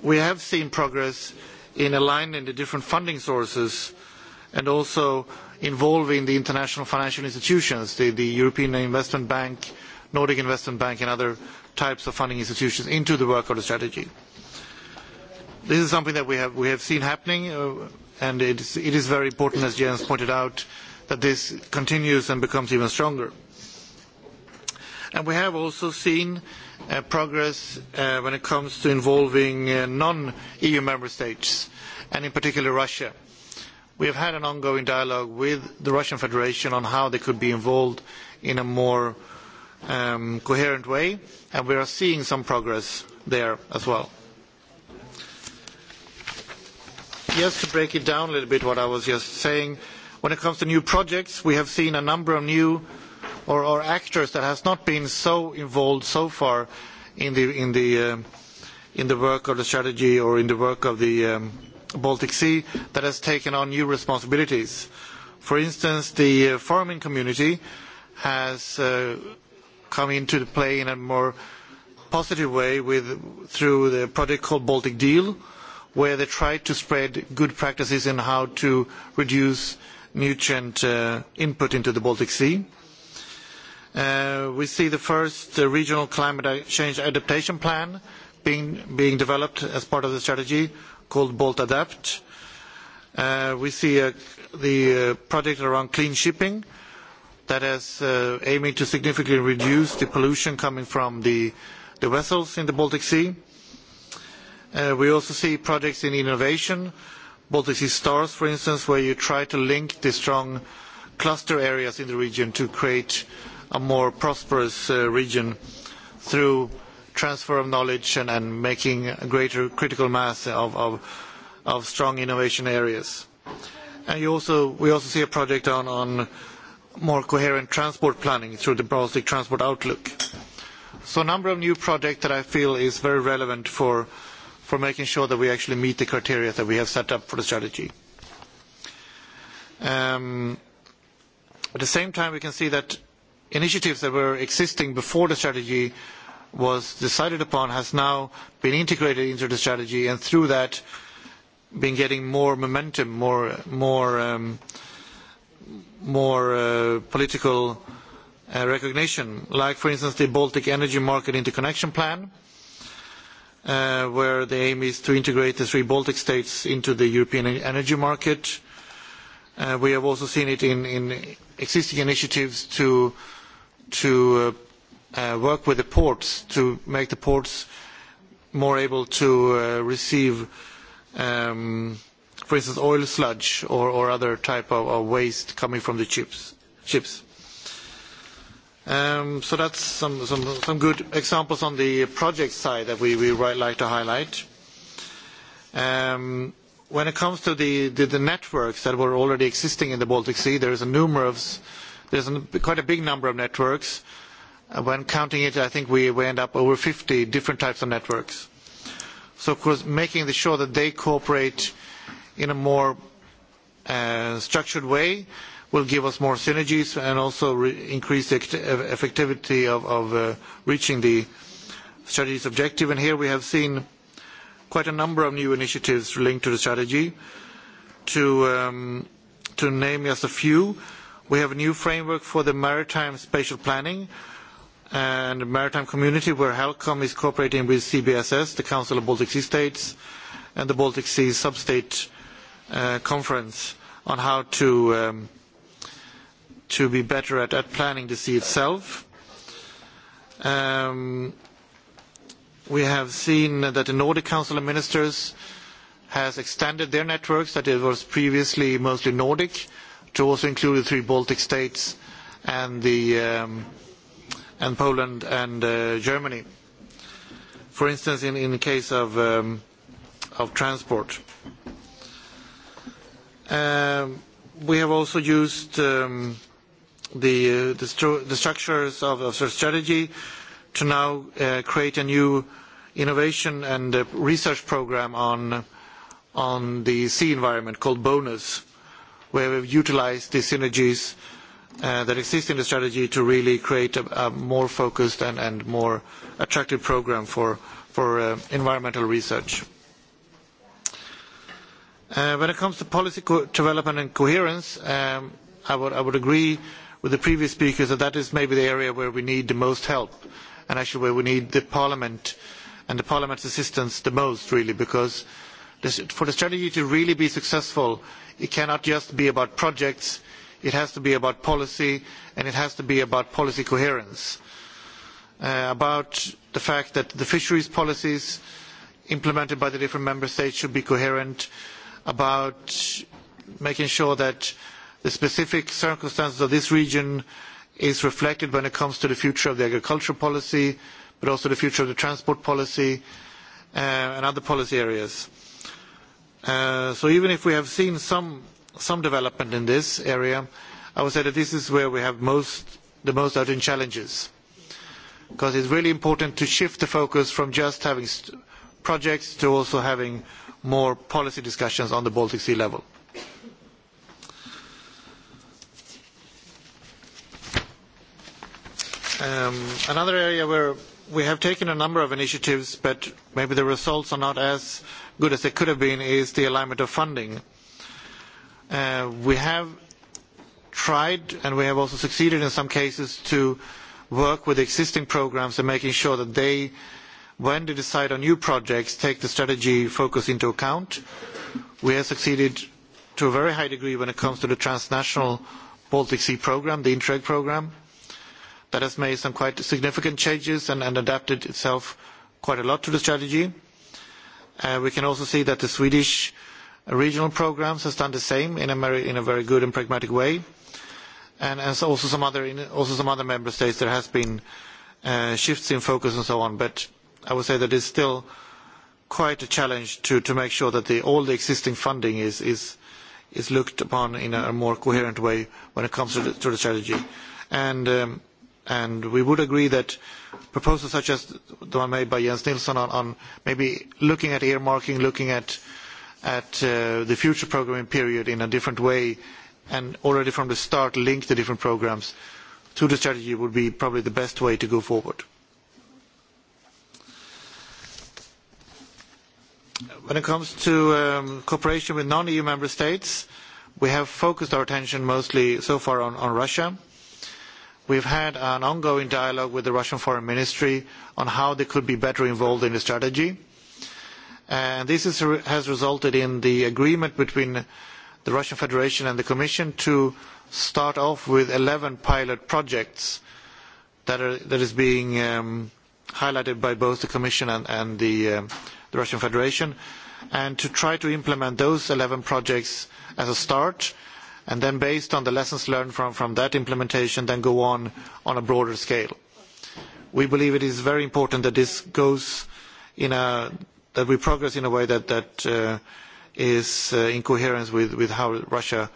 we have seen progress in aligning the different funding sources and also involving the international financial institutions, the, the European Investment Bank, Nordic Investment Bank and other types of funding institutions into the work of the strategy. This is something that we have, we have seen happening uh, and it is, it is very important, as Jens pointed out, that this continues and becomes even stronger. And we have also seen uh, progress uh, when it comes to involving uh, non-EU member states, and in particular Russia. We have had an ongoing dialogue with the Russian Federation on how they could be involved in a more um, coherent way, and we are seeing some progress there as well. Just to break it down a little bit what I was just saying, when it comes to new projects, we have seen a number of new projects or, or actors that has not been so involved so far in the, in the, uh, in the work of the strategy or in the work of the um, Baltic Sea that has taken on new responsibilities. For instance, the uh, farming community has uh, come into play in a more positive way with, through the project called Baltic Deal, where they try to spread good practices in how to reduce nutrient uh, input into the Baltic Sea. Uh, we see the first uh, regional climate change adaptation plan being, being developed as part of the strategy called Bolt Adapt. Uh, we see uh, the uh, project around clean shipping that is uh, aiming to significantly reduce the pollution coming from the, the vessels in the Baltic Sea. Uh, we also see projects in innovation, Baltic Sea Stars, for instance, where you try to link the strong cluster areas in the region to create uh, a more prosperous uh, region through transfer of knowledge and, and making a greater critical mass of, of, of strong innovation areas. And also, we also see a project on, on more coherent transport planning through the Baltic Transport Outlook. So a number of new projects that I feel is very relevant for, for making sure that we actually meet the criteria that we have set up for the strategy. Um, at the same time, we can see that initiatives that were existing before the strategy was decided upon has now been integrated into the strategy and through that been getting more momentum, more, more, um, more uh, political uh, recognition, like for instance the Baltic Energy Market Interconnection Plan, uh, where the aim is to integrate the three Baltic states into the European energy market. Uh, we have also seen it in, in existing initiatives to uh, to uh, uh, work with the ports to make the ports more able to uh, receive, um, for instance, oil sludge or, or other type of, of, waste coming from the chips. chips. Um, so that's some, some, some good examples on the project side that we, we like to highlight. Um, when it comes to the, the, the networks that were already existing in the Baltic Sea, there is a numerous uh, There is quite a big number of networks. Uh, when counting it, I think we, we end up over 50 different types of networks. So, of course, making sure that they cooperate in a more uh, structured way will give us more synergies and also re increase the effectivity of, of uh, reaching the strategy's objective. And here we have seen quite a number of new initiatives linked to the strategy. To, um, to name just a few, We have a new framework for the maritime spatial planning and maritime community where HALCOM is cooperating with CBSS, the Council of Baltic Sea States, and the Baltic Sea Sub-State uh, Conference on how to, um, to be better at, at planning the sea itself. Um, we have seen that the Nordic Council of Ministers has extended their networks that it was previously mostly Nordic to also include the three Baltic states and, the, um, and Poland and uh, Germany. For instance, in, in the case of, um, of transport. Um, we have also used um, the, uh, the, stru the structures of, of the strategy to now uh, create a new innovation and uh, research program on, on the sea environment called BONUS where we've utilised the synergies uh, that exist in the strategy to really create a, a more focused and, and more attractive programme for, for uh, environmental research. Uh, when it comes to policy development and coherence, um, I, would, I would agree with the previous speakers that that is maybe the area where we need the most help and actually where we need the Parliament and the Parliament's assistance the most, really, because this, for the strategy to really be successful, It cannot just be about projects, it has to be about policy, and it has to be about policy coherence. Uh, about the fact that the fisheries policies implemented by the different member states should be coherent, about making sure that the specific circumstances of this region is reflected when it comes to the future of the agricultural policy, but also the future of the transport policy uh, and other policy areas. Uh, so even if we have seen some, some development in this area, I would say that this is where we have most, the most urgent challenges. Because it is really important to shift the focus from just having projects to also having more policy discussions on the Baltic Sea level. Um, another area where we have taken a number of initiatives, but maybe the results are not as good as it could have been is the alignment of funding. Uh, we have tried and we have also succeeded in some cases to work with existing programs and making sure that they, when they decide on new projects, take the strategy focus into account. We have succeeded to a very high degree when it comes to the transnational Baltic Sea programme, the Interreg programme. That has made some quite significant changes and, and adapted itself quite a lot to the strategy. Uh, we can also see that the Swedish regional programs has done the same in a very, in a very good and pragmatic way. And, as also, some other, in, also some other member states there has been uh, shifts in focus and so on. But I would say that it's still quite a challenge to, to make sure that the, all the existing funding is, is, is looked upon in a more coherent way when it comes to the, to the strategy. And um, And we would agree that proposals such as the one made by Jens Nilsson on, on maybe looking at earmarking, looking at, at uh, the future programming period in a different way, and already from the start link the different programs to the strategy would be probably the best way to go forward. When it comes to um, cooperation with non-EU member states, we have focused our attention mostly so far on, on Russia We have had an ongoing dialogue with the Russian Foreign Ministry on how they could be better involved in the strategy. And this is, has resulted in the agreement between the Russian Federation and the Commission to start off with eleven pilot projects that, are, that is being um, highlighted by both the Commission and, and the, uh, the Russian Federation, and to try to implement those eleven projects as a start and then based on the lessons learned from, from that implementation, then go on on a broader scale. We believe it is very important that this goes in a, that we progress in a way that, that uh, is uh, in coherence with, with how Russia,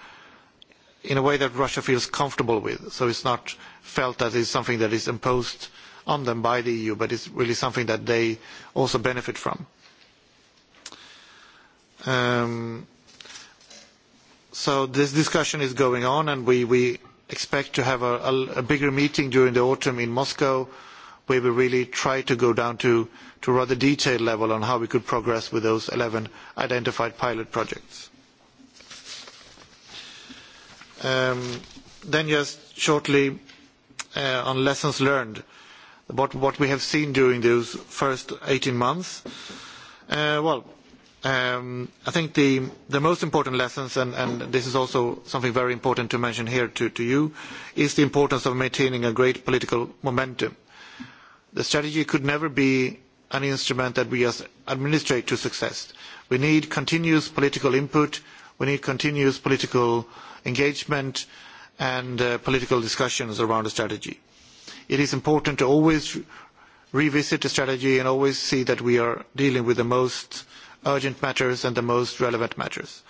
in a way that Russia feels comfortable with. So it's not felt that it's something that is imposed on them by the EU, but it's really something that they also benefit from. Um, so this discussion is going on, and we, expect to have a, bigger meeting during the autumn in Moscow, where we really try to go down to, a rather detailed level on how we could progress with those 11 identified pilot projects. Um, then just shortly uh, on lessons learned, what, what we have seen during those first 18 months. Uh, well, Um, I think the, the most important lessons, and, and this is also something very important to mention here to, to you, is the importance of maintaining a great political momentum. The strategy could never be an instrument that we just administrate to success. We need continuous political input, we need continuous political engagement and uh, political discussions around the strategy. It is important to always revisit the strategy and always see that we are dealing with the most urgent matters and the most relevant matters.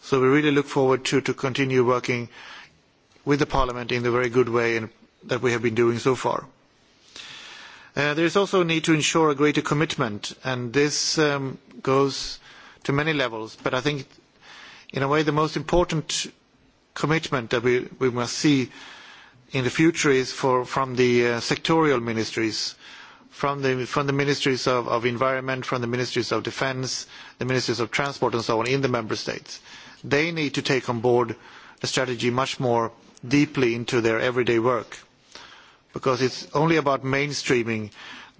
So we really look forward to, to continue working with the Parliament in the very good way in, that we have been doing so far. Uh, there is also a need to ensure a greater commitment, and this um, goes to many levels, but I think in a way the most important commitment that we, we must see in the future is for, from the uh, sectorial ministries uh, from the, from the ministries of, of environment, from the ministries of defence, the ministries of transport and so on in the member states. They need to take on board the strategy much more deeply into their everyday work because it's only about mainstreaming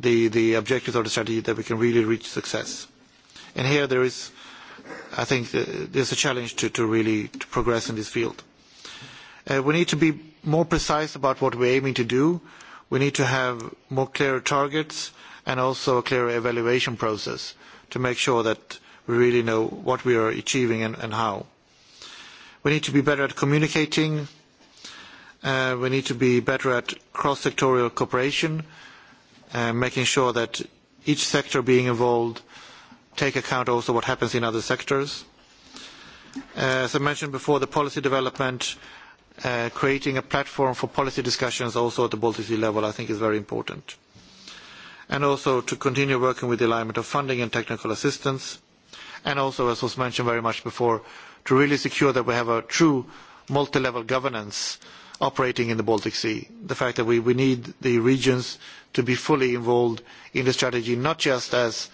the, the objectives of the strategy that we can really reach success. And here there is, I think, uh, there's a challenge to, to really to progress in this field. Uh, we need to be more precise about what we're aiming to do We need to have more clearer targets and also a clearer evaluation process to make sure that we really know what we are achieving and, and how. We need to be better at communicating. Uh, we need to be better at cross-sectorial cooperation, uh, making sure that each sector being involved take account also what happens in other sectors. Uh, as I mentioned before, the policy development uh, creating a platform for policy discussions also at the Baltic Sea level I think is very important. And also to continue working with the alignment of funding and technical assistance. And also, as was mentioned very much before, to really secure that we have a true multi-level governance operating in the Baltic Sea. The fact that we, we need the regions to be fully involved in the strategy, not just as,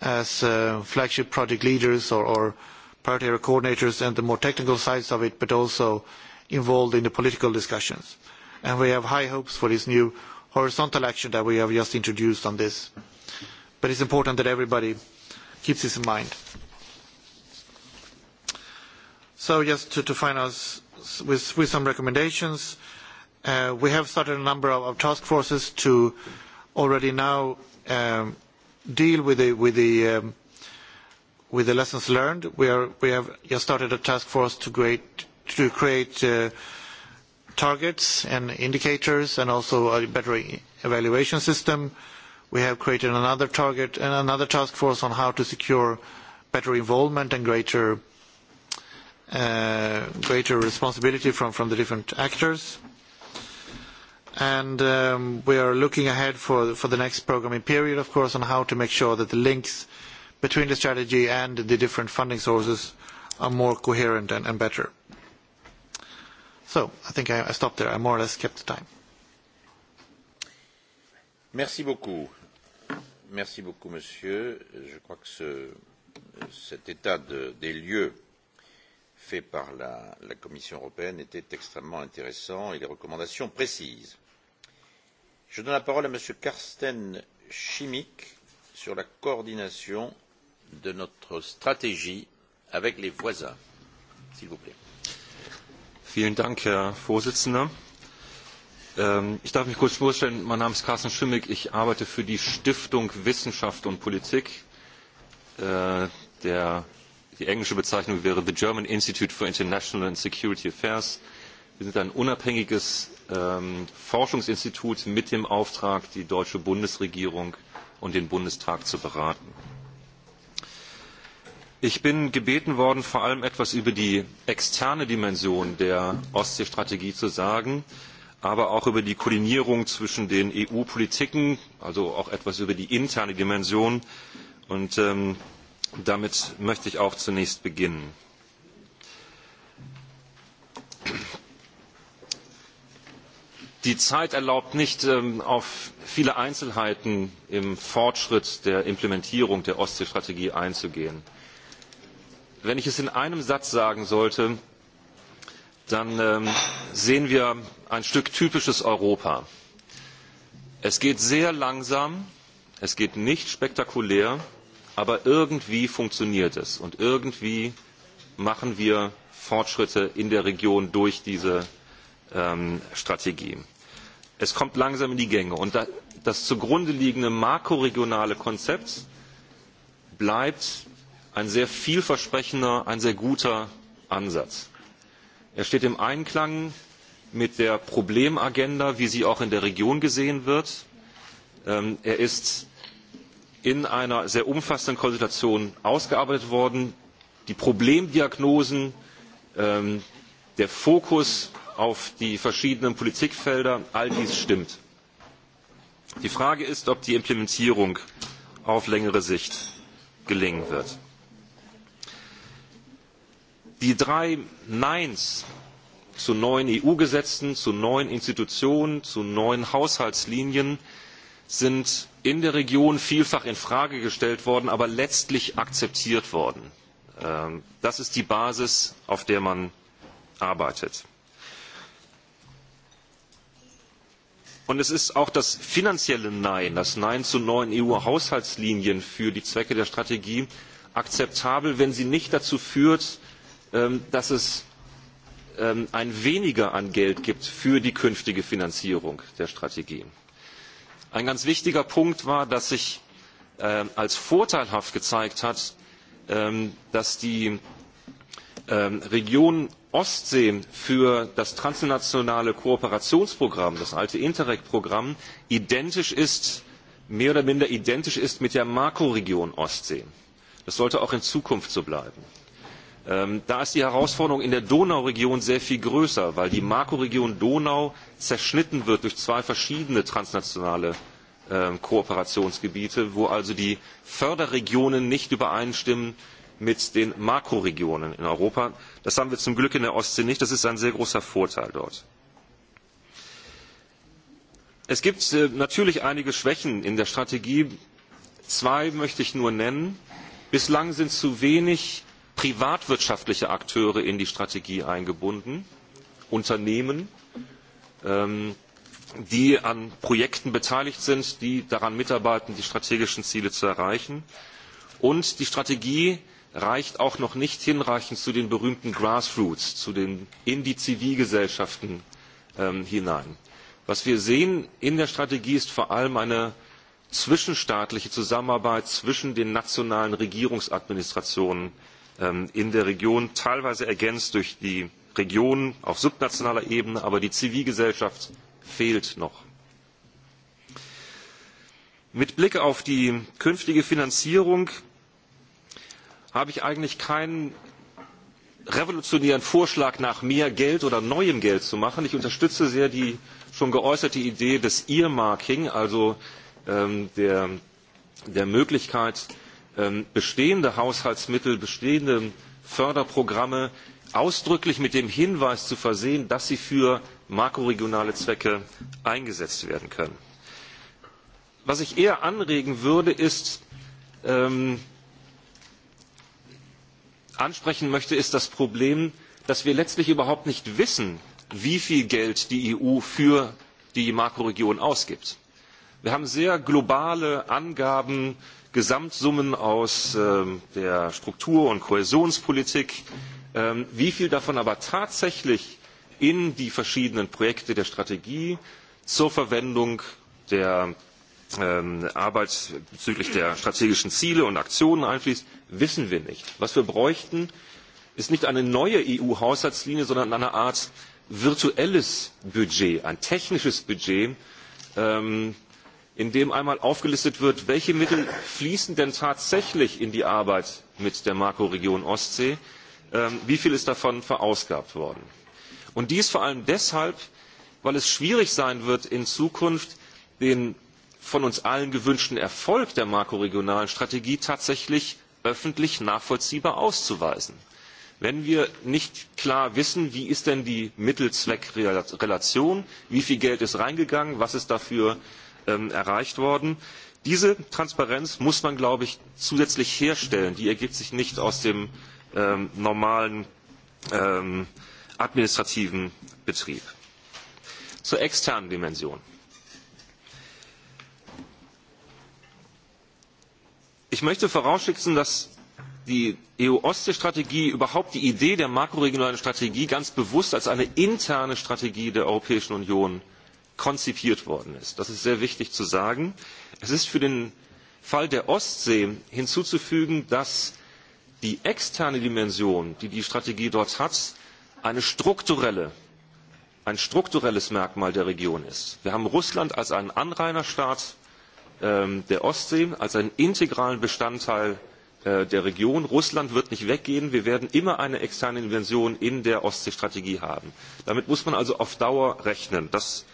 as uh, flagship project leaders or, or priority area coordinators and the more technical sides of it, but also involved in the political discussions. And we have high hopes for this new horizontal action that we have just introduced on this. But it is important that everybody keeps this in mind. So just to, to finalize with, with some recommendations, uh, we have started a number of, of task forces to already now um, deal with the, with, the, um, with the lessons learned. We, are, we have just started a task force to create to create uh, targets and indicators and also a better e-, evaluation system. We have created another target and another task force on how to secure better involvement and greater, uh, greater responsibility from, from the different actors. And um, we are looking ahead for, for the next programming period, of course, on how to make sure that the links between the strategy and the different funding sources are more coherent and, and better. So I think I, I stopped there. I more or less kept the time. Merci beaucoup. Merci beaucoup, monsieur. Je crois que ce, cet état de, des lieux fait par la, la Commission européenne était extrêmement intéressant et les recommandations précises. Je donne la parole à monsieur Karsten Schimik sur la coordination de notre stratégie avec les voisins, s'il vous plaît. Vielen Dank, Herr Vorsitzender. Ähm, ich darf mich kurz vorstellen. Mein Name ist Carsten Schimmig. Ich arbeite für die Stiftung Wissenschaft und Politik. Äh, der, die englische Bezeichnung wäre The German Institute for International and Security Affairs. Wir sind ein unabhängiges ähm, Forschungsinstitut mit dem Auftrag, die deutsche Bundesregierung und den Bundestag zu beraten. Ich bin gebeten worden, vor allem etwas über die externe Dimension der Ostseestrategie zu sagen, aber auch über die Koordinierung zwischen den EU-Politiken, also auch etwas über die interne Dimension. Und ähm, damit möchte ich auch zunächst beginnen. Die Zeit erlaubt nicht, ähm, auf viele Einzelheiten im Fortschritt der Implementierung der Ostseestrategie einzugehen. Wenn ich es in einem Satz sagen sollte, dann ähm, sehen wir ein Stück typisches Europa. Es geht sehr langsam, es geht nicht spektakulär, aber irgendwie funktioniert es und irgendwie machen wir Fortschritte in der Region durch diese ähm, Strategie. Es kommt langsam in die Gänge und da, das zugrunde liegende makroregionale Konzept bleibt ein sehr vielversprechender, ein sehr guter Ansatz. Er steht im Einklang mit der Problemagenda, wie sie auch in der Region gesehen wird. Ähm, er ist in einer sehr umfassenden Konsultation ausgearbeitet worden. Die Problemdiagnosen, ähm, der Fokus auf die verschiedenen Politikfelder, all dies stimmt. Die Frage ist, ob die Implementierung auf längere Sicht gelingen wird. Die drei Neins zu neuen EU-Gesetzen, zu neuen Institutionen, zu neuen Haushaltslinien sind in der Region vielfach in Frage gestellt worden, aber letztlich akzeptiert worden. Ähm, das ist die Basis, auf der man arbeitet. Und es ist auch das finanzielle Nein, das Nein zu neuen EU-Haushaltslinien für die Zwecke der Strategie akzeptabel, wenn sie nicht dazu führt, Ähm, dass es ähm, ein weniger an Geld gibt für die künftige Finanzierung der Strategie. Ein ganz wichtiger Punkt war, dass sich ähm, als vorteilhaft gezeigt hat, dass die Region Ostsee für das transnationale Kooperationsprogramm, das alte Interreg-Programm, identisch ist, mehr oder minder identisch ist mit der Makroregion Ostsee. Das sollte auch in Zukunft so bleiben. Ähm, da ist die Herausforderung in der Donauregion sehr viel größer, weil die Makroregion Donau zerschnitten wird durch zwei verschiedene transnationale ähm, Kooperationsgebiete, wo also die Förderregionen nicht übereinstimmen mit den Makroregionen in Europa. Das haben wir zum Glück in der Ostsee nicht. Das ist ein sehr großer Vorteil dort. Es gibt äh, natürlich einige Schwächen in der Strategie. Zwei möchte ich nur nennen. Bislang sind zu wenig privatwirtschaftliche Akteure in die Strategie eingebunden, Unternehmen, ähm, die an Projekten beteiligt sind, die daran mitarbeiten, die strategischen Ziele zu erreichen. Und die Strategie reicht auch noch nicht hinreichend zu den berühmten Grassroots, zu den, in die Zivilgesellschaften ähm, hinein. Was wir sehen in der Strategie ist vor allem eine zwischenstaatliche Zusammenarbeit zwischen den nationalen Regierungsadministrationen Ähm, in der Region, teilweise ergänzt durch die Regionen auf subnationaler Ebene, aber die Zivilgesellschaft fehlt noch. Mit Blick auf die künftige Finanzierung habe ich eigentlich keinen revolutionären Vorschlag nach mehr Geld oder neuem Geld zu machen. Ich unterstütze sehr die schon geäußerte Idee des Earmarking, also ähm, der, der Möglichkeit, Ähm, bestehende Haushaltsmittel, bestehende Förderprogramme ausdrücklich mit dem Hinweis zu versehen, dass sie für makroregionale Zwecke eingesetzt werden können. Was ich eher anregen würde, ist, ähm, ansprechen möchte, ist das Problem, dass wir letztlich überhaupt nicht wissen, wie viel Geld die EU für die Makroregion ausgibt. Wir haben sehr globale Angaben Gesamtsummen aus ähm, der Struktur- und Kohäsionspolitik, ähm, wie viel davon aber tatsächlich in die verschiedenen Projekte der Strategie zur Verwendung der ähm, Arbeit bezüglich der strategischen Ziele und Aktionen einfließt, wissen wir nicht. Was wir bräuchten, ist nicht eine neue EU-Haushaltslinie, sondern eine Art virtuelles Budget, ein technisches Budget, in dem einmal aufgelistet wird, welche Mittel fließen denn tatsächlich in die Arbeit mit der Makroregion Ostsee, ähm, wie viel ist davon verausgabt worden. Und dies vor allem deshalb, weil es schwierig sein wird, in Zukunft den von uns allen gewünschten Erfolg der makroregionalen Strategie tatsächlich öffentlich nachvollziehbar auszuweisen. Wenn wir nicht klar wissen, wie ist denn die Mittelzweckrelation, wie viel Geld ist reingegangen, was ist dafür Ähm, erreicht worden. Diese Transparenz muss man, glaube ich, zusätzlich herstellen. Die ergibt sich nicht aus dem ähm, normalen ähm, administrativen Betrieb. Zur externen Dimension. Ich möchte vorausschicken, dass die EU-Ostsee-Strategie überhaupt die Idee der makroregionalen Strategie ganz bewusst als eine interne Strategie der Europäischen Union konzipiert worden ist. Das ist sehr wichtig zu sagen. Es ist für den Fall der Ostsee hinzuzufügen, dass die externe Dimension, die die Strategie dort hat, strukturelle, ein strukturelles Merkmal der Region ist. Wir haben Russland als einen Anrainerstaat ähm, der Ostsee, als einen integralen Bestandteil äh, der Region. Russland wird nicht weggehen. Wir werden immer eine externe Dimension in der Ostseestrategie haben. Damit muss man also auf Dauer rechnen. Das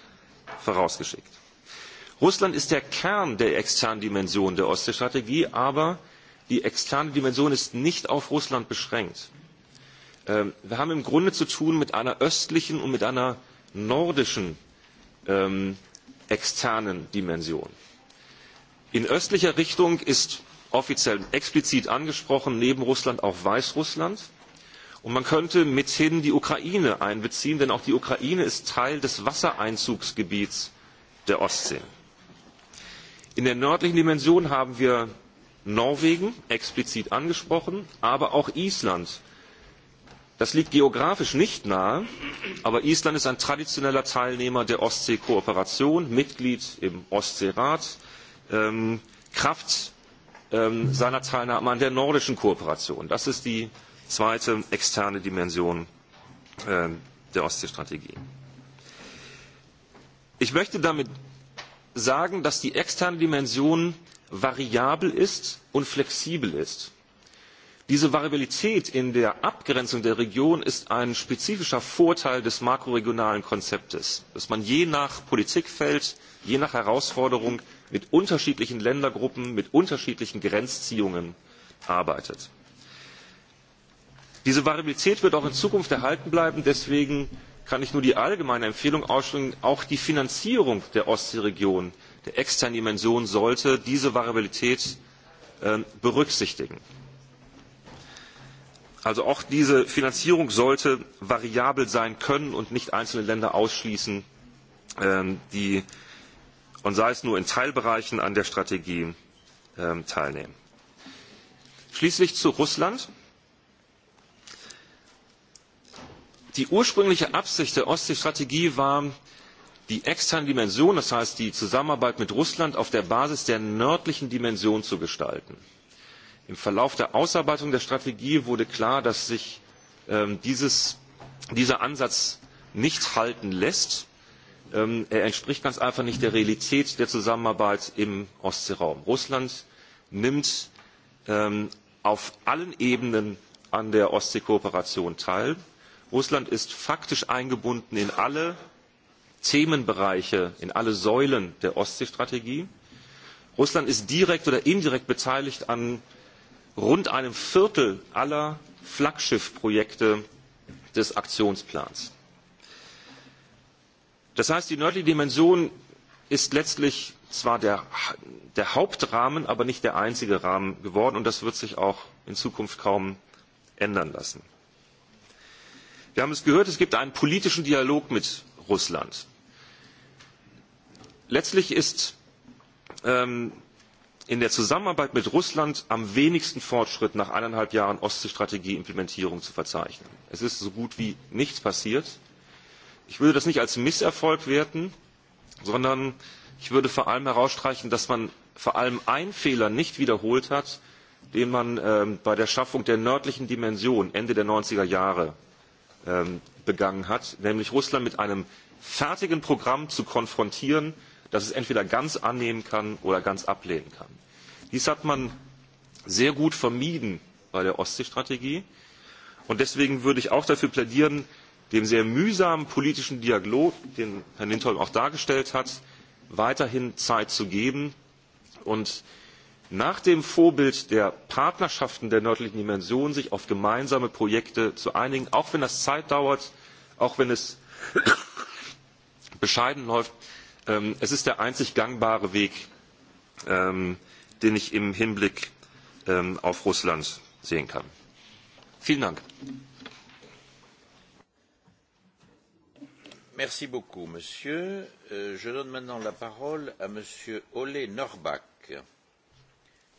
vorausgeschickt. Russland ist der Kern der externen Dimension der Ostseestrategie, aber die externe Dimension ist nicht auf Russland beschränkt. Ähm, wir haben im Grunde zu tun mit einer östlichen und mit einer nordischen ähm, externen Dimension. In östlicher Richtung ist offiziell explizit angesprochen neben Russland auch Weißrussland. Und man könnte mithin die Ukraine einbeziehen, denn auch die Ukraine ist Teil des Wassereinzugsgebiets der Ostsee. In der nördlichen Dimension haben wir Norwegen explizit angesprochen, aber auch Island. Das liegt geografisch nicht nahe, aber Island ist ein traditioneller Teilnehmer der Ostsee-Kooperation, Mitglied im Ostseerat, ähm, Kraft ähm, seiner Teilnahme an der nordischen Kooperation. Das ist die Zweite externe Dimension äh, der Ostseestrategie. Ich möchte damit sagen, dass die externe Dimension variabel ist und flexibel ist. Diese Variabilität in der Abgrenzung der Region ist ein spezifischer Vorteil des makroregionalen Konzeptes, dass man je nach Politikfeld, je nach Herausforderung mit unterschiedlichen Ländergruppen, mit unterschiedlichen Grenzziehungen arbeitet. Diese Variabilität wird auch in Zukunft erhalten bleiben. Deswegen kann ich nur die allgemeine Empfehlung aussprechen, auch die Finanzierung der Ostseeregion, der externen Dimension, sollte diese Variabilität äh, berücksichtigen. Also auch diese Finanzierung sollte variabel sein können und nicht einzelne Länder ausschließen, äh, die, und sei es nur in Teilbereichen an der Strategie äh, teilnehmen. Schließlich zu Russland. Die ursprüngliche Absicht der Ostseestrategie war, die externe Dimension, das heißt die Zusammenarbeit mit Russland, auf der Basis der nördlichen Dimension zu gestalten. Im Verlauf der Ausarbeitung der Strategie wurde klar, dass sich ähm, dieses, dieser Ansatz nicht halten lässt. Ähm, er entspricht ganz einfach nicht der Realität der Zusammenarbeit im Ostseeraum. Russland nimmt ähm, auf allen Ebenen an der Ostseekooperation teil. Russland ist faktisch eingebunden in alle Themenbereiche, in alle Säulen der Ostseestrategie. Russland ist direkt oder indirekt beteiligt an rund einem Viertel aller Flaggschiffprojekte des Aktionsplans. Das heißt, die nördliche Dimension ist letztlich zwar der, der, Hauptrahmen, aber nicht der einzige Rahmen geworden und das wird sich auch in Zukunft kaum ändern lassen. Wir haben es gehört, es gibt einen politischen Dialog mit Russland. Letztlich ist ähm, in der Zusammenarbeit mit Russland am wenigsten Fortschritt nach eineinhalb Jahren strategie implementierung zu verzeichnen. Es ist so gut wie nichts passiert. Ich würde das nicht als Misserfolg werten, sondern ich würde vor allem herausstreichen, dass man vor allem einen Fehler nicht wiederholt hat, den man ähm, bei der Schaffung der nördlichen Dimension Ende der 90er Jahre Ähm, begangen hat, nämlich Russland mit einem fertigen Programm zu konfrontieren, das es entweder ganz annehmen kann oder ganz ablehnen kann. Dies hat man sehr gut vermieden bei der Ostseestrategie. Und deswegen würde ich auch dafür plädieren, dem sehr mühsamen politischen Dialog, den Herr Lindholm auch dargestellt hat, weiterhin Zeit zu geben und nach dem Vorbild der Partnerschaften der nördlichen Dimension sich auf gemeinsame Projekte zu einigen, auch wenn das Zeit dauert, auch wenn es bescheiden läuft. Ähm, es ist der einzig gangbare Weg, ähm, den ich im Hinblick ähm, auf Russland sehen kann. Vielen Dank. Merci beaucoup, Monsieur. Euh, je donne maintenant la parole à Monsieur Ole Norbach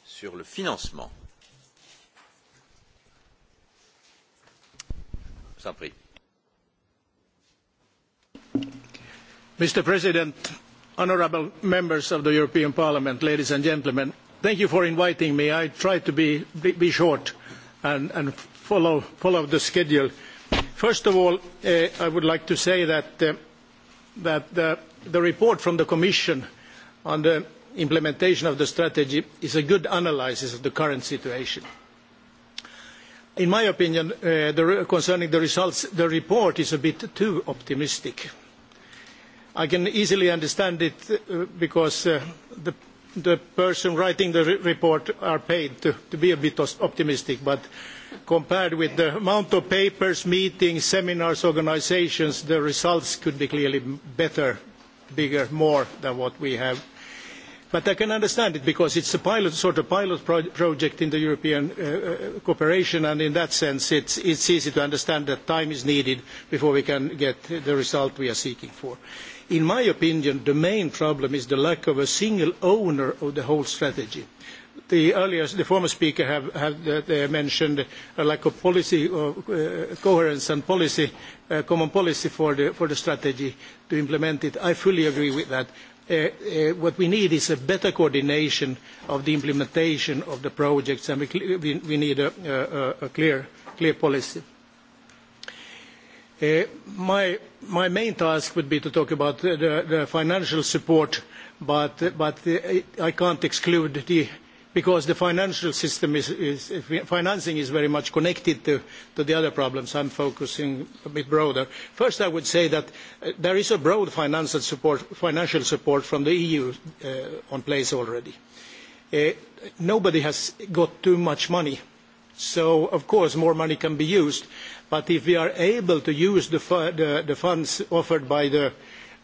sur le financement. Mr. President, honourable members of the European Parliament, ladies and gentlemen, thank you for inviting me. I try to be, be, be short and, and follow, follow, the schedule. First of all, uh, I would like to say that, uh, that the, the report from the Commission on the implementation of the strategy is a good analysis of the current situation. In my opinion, uh, the concerning the results, the report is a bit too optimistic. I can easily understand it uh, because uh, the, the, person writing the re report are paid to, to, be a bit optimistic, but compared with the amount of papers, meetings, seminars, organisations, the results could be clearly better, bigger, more than what we have But I can understand it because it is a pilot, sort of pilot pro project in the European uh, uh cooperation, and in that sense, it is easy to understand that time is needed before we can get the result we are seeking for. In my opinion, the main problem is the lack of a single owner of the whole strategy. The, earlier, the former speaker have, have uh, mentioned a lack of policy or, uh, uh, coherence and policy, uh, common policy for the, for the strategy to implement it. I fully agree with that. Uh, uh, what we need is a better coordination of the implementation of the projects and we, we, we need a, a, a clear, clear policy. Uh, my, my main task would be to talk about the, the financial support, but, but uh, I can't exclude the because the financial system is, is financing is very much connected to, to the other problems. I'm focusing a bit broader. First, I would say that uh, there is a broad financial support, financial support from the EU uh, on place already. Uh, nobody has got too much money. So, of course, more money can be used. But if we are able to use the, fu the, the funds offered by the,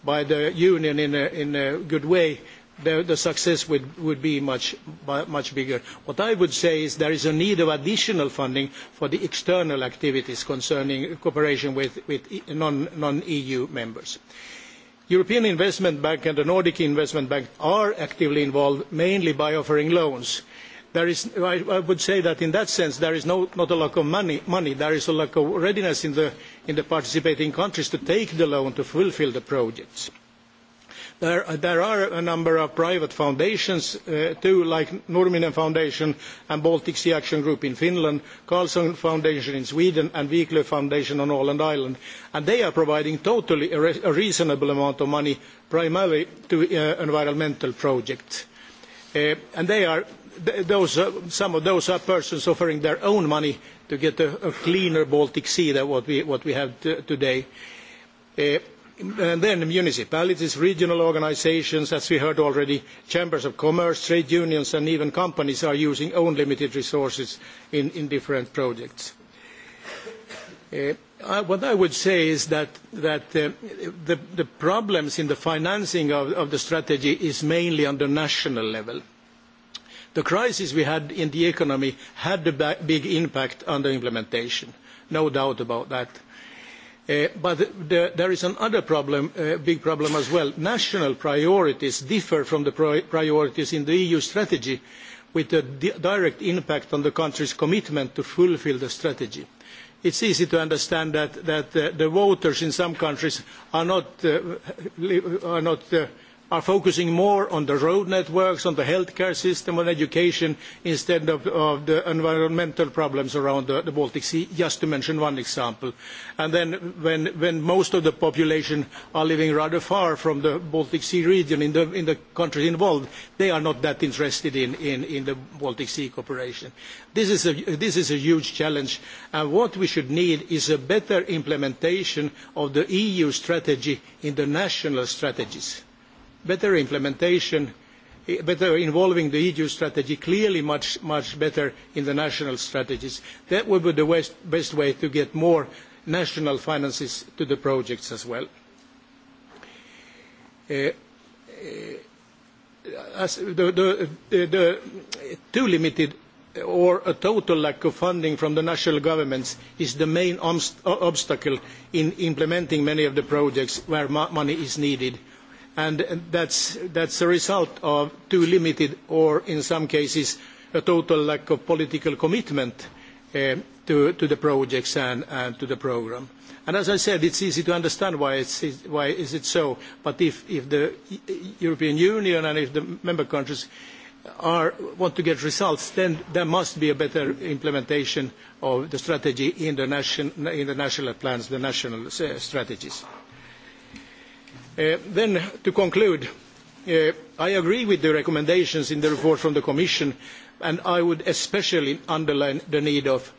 by the Union in a, in a good way, the, the success would, would be much, much bigger. What I would say is there is a need of additional funding for the external activities concerning cooperation with, with e, non, non-EU members. European Investment Bank and the Nordic Investment Bank are actively involved mainly by offering loans. There is, I, I would say that in that sense there is no, not a lack of money, money, there is a lack of readiness in the, in the participating countries to take the loan to fulfil the projects. There, there are a number of private foundations uh, too, like Nurminen Foundation and Baltic Sea Action Group in Finland, Carlson Foundation in Sweden, and Wiklö Foundation on Åland Island. And they are providing totally a, re a reasonable amount of money, primarily to uh, environmental projects. Uh, and they are those uh, some of those are persons offering their own money to get a, a cleaner Baltic Sea than what we what we have today. Uh, and uh, then municipalities, regional organisations, as we heard already, chambers of commerce, trade unions and even companies are using own limited resources in, in different projects. Uh, I, what I would say is that, that uh, the, the problems in the financing of, of the strategy is mainly on the national level. The crisis we had in the economy had a big impact on the implementation, no doubt about that. Uh, but there is another problem, uh, big problem as well. National priorities differ from the pri priorities in the EU strategy with a di direct impact on the country's commitment to fulfil the strategy. It is easy to understand that, that uh, the voters in some countries are not, are not are focusing more on the road networks, on the healthcare system, on education, instead of, the environmental problems around the, Baltic Sea, just to mention one example. And then when, most of the population are living rather far from the Baltic Sea region in the, countries involved, they are not that interested in, the Baltic Sea cooperation. this is a huge challenge, and what we should need is a better implementation of the EU strategy in the national strategies better implementation, eh, better involving the EU strategy clearly much, much better in the national strategies. That would be the best, best way to get more national finances to the projects as well. Uh, as the, the, the too limited or a total lack of funding from the national governments is the main obstacle in implementing many of the projects where money is needed and that's, that's a result of too limited or in some cases a total lack of political commitment uh, to, to, the projects and, and to the programme. And as I said, it's easy to understand why, it's, why is it so. But if, if the e-, European Union and if the member countries are, want to get results, then there must be a better implementation of the strategy in the, nation, in the national plans, the national eh, strategies. Uh, then to conclude, uh, I agree with the recommendations in the report from the Commission and I would especially underline the need of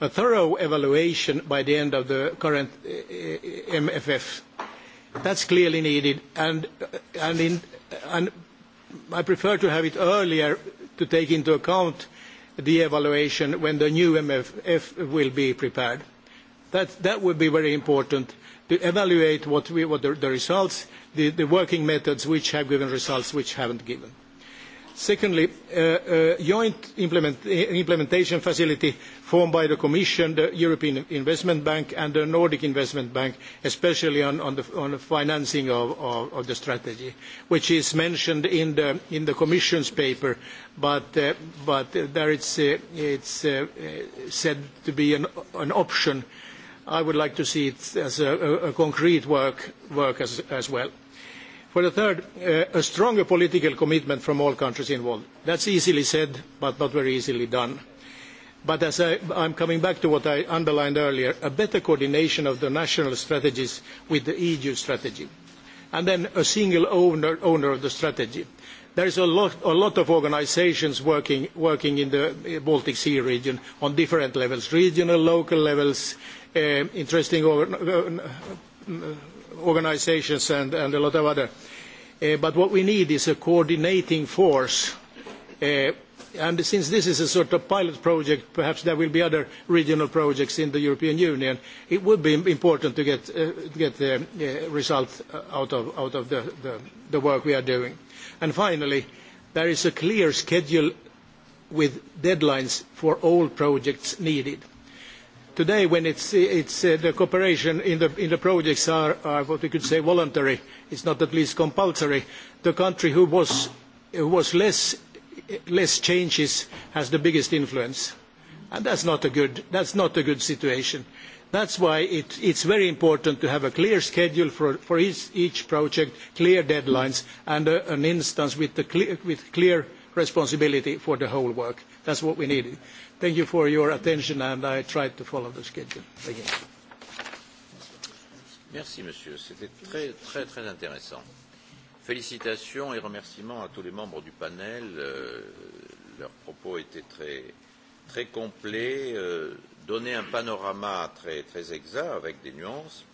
a thorough evaluation by the end of the current uh, MFF. That is clearly needed, and, and, in, and, I prefer to have it earlier to take into account the evaluation when the new MFF will be prepared. That, that would be very important to evaluate what, we, what the, the results, the, the working methods which have given results, which haven't given. Secondly, uh, uh, joint implement, implementation facility formed by the Commission, the European Investment Bank and the Nordic Investment Bank, especially on, on, the, on the financing of, of, of the strategy, which is mentioned in the, in the Commission's paper, but, uh, but there it's, uh, it's uh, uh said to be an, an option I would like to see it as a, a concrete work, work as, as, well. For the third, uh, a stronger political commitment from all countries involved. That is easily said, but not very easily done. But as I, am coming back to what I underlined earlier, a better coordination of the national strategies with the EU strategy. And then a single owner, owner of the strategy. There is a lot, a lot of organisations working, working in the Baltic Sea region on different levels, regional, local levels, uh, Um, interesting uh, uh, organizations and, and a lot of other. Uh, but what we need is a coordinating force. Uh, and since this is a sort of pilot project, perhaps there will be other regional projects in the European Union, it would be important to get, uh, get the uh, result out of, out of the, the, the work we are doing. And finally, there is a clear schedule with deadlines for all projects needed today when it's, it's, uh, the cooperation in the, in the projects are, are what we could say voluntary, it's not at least compulsory, the country who was, who was less, less changes has the biggest influence. And that's not a good, that's not a good situation. That's why it, it's very important to have a clear schedule for, for each, each project, clear deadlines, and a, an instance with, the clear, with clear responsibility for the whole work. That's what we need. Thank you for your attention, and I tried to follow the schedule. Thank you. Merci, monsieur. C'était très, très, très intéressant. Félicitations et remerciements à tous les membres du panel. Euh, leurs propos étaient très, très complets, euh, donnaient un panorama très, très exact avec des nuances,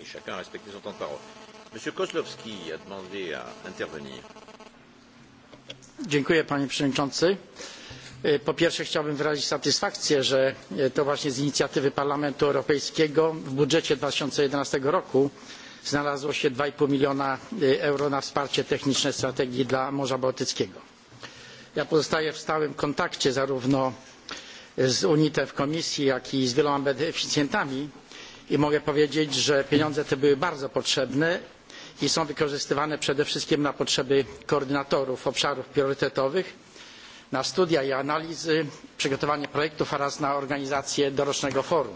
et chacun a respecté son temps de parole. Monsieur Koslowski a demandé à intervenir. Dziękuję, panie przewodniczący. E, po pierwsze chciałbym wyrazić satysfakcję, że e, to właśnie z inicjatywy Parlamentu Europejskiego w budżecie 2011 roku znalazło się 2,5 miliona e, euro na wsparcie techniczne strategii dla Morza Bałtyckiego. Ja pozostaję w stałym kontakcie zarówno z UNITE w komisji, jak i z wieloma beneficjentami i mogę powiedzieć, że pieniądze te były bardzo potrzebne i są wykorzystywane przede wszystkim na potrzeby koordynatorów obszarów priorytetowych, na studia i analizy, przygotowanie projektów oraz na organizację dorocznego forum.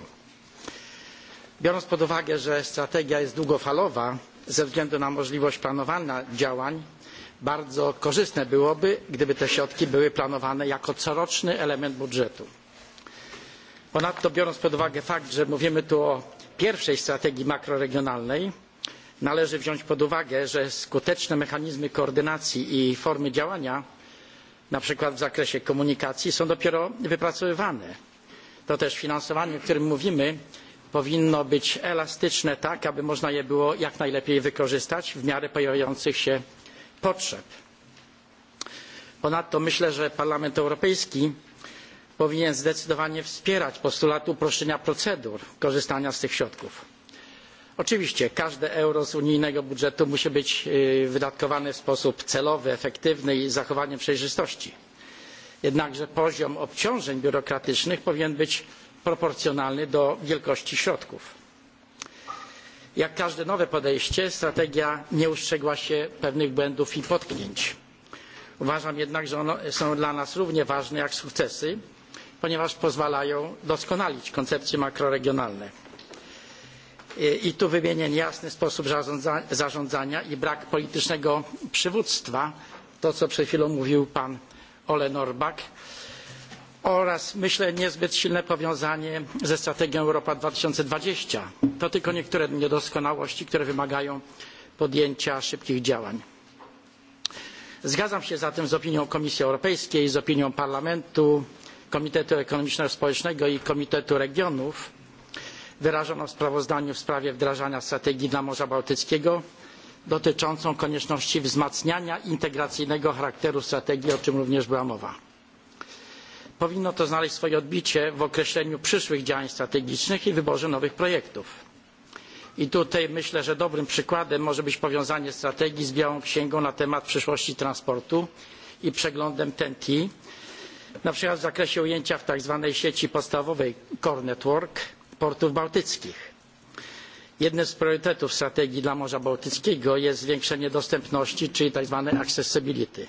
Biorąc pod uwagę, że strategia jest długofalowa, ze względu na możliwość planowania działań, bardzo korzystne byłoby, gdyby te środki były planowane jako coroczny element budżetu. Ponadto biorąc pod uwagę fakt, że mówimy tu o pierwszej strategii makroregionalnej, należy wziąć pod uwagę, że skuteczne mechanizmy koordynacji i formy działania na przykład w zakresie komunikacji, są dopiero wypracowywane. To też finansowanie, o którym mówimy, powinno być elastyczne tak, aby można je było jak najlepiej wykorzystać w miarę pojawiających się potrzeb. Ponadto myślę, że Parlament Europejski powinien zdecydowanie wspierać postulat uproszczenia procedur korzystania z tych środków Oczywiście każde euro z unijnego budżetu musi być wydatkowane w sposób celowy, efektywny i z zachowaniem przejrzystości. Jednakże poziom obciążeń biurokratycznych powinien być proporcjonalny do wielkości środków. Jak każde nowe podejście, strategia nie ustrzegła się pewnych błędów i potknięć. Uważam jednak, że one są dla nas równie ważne jak sukcesy, ponieważ pozwalają doskonalić koncepcje makroregionalne. E, i tu wymienię jasny sposób zarządzania i brak politycznego przywództwa, to co przed chwilą mówił pan Ole Norbak, oraz myślę niezbyt silne powiązanie ze strategią Europa dwa tysiące dwadzieścia. To tylko niektóre niedoskonałości, które wymagają podjęcia szybkich działań. Zgadzam się zatem z opinią Komisji Europejskiej, z opinią Parlamentu, Komitetu Ekonomiczno-Społecznego i Komitetu Regionów, Wyrażono w sprawozdaniu w sprawie wdrażania strategii dla Morza Bałtyckiego dotyczącą konieczności wzmacniania integracyjnego charakteru strategii, o czym również była mowa. Powinno to znaleźć swoje odbicie w określeniu przyszłych działań strategicznych i wyborze nowych projektów. I tutaj myślę, że dobrym przykładem może być powiązanie strategii z Białą Księgą na temat przyszłości transportu i przeglądem TEN-T, na przykład w zakresie ujęcia w tzw. sieci podstawowej Core Network, portów bałtyckich. Jednym z priorytetów strategii dla Morza Bałtyckiego jest zwiększenie dostępności, czyli tzw. accessibility.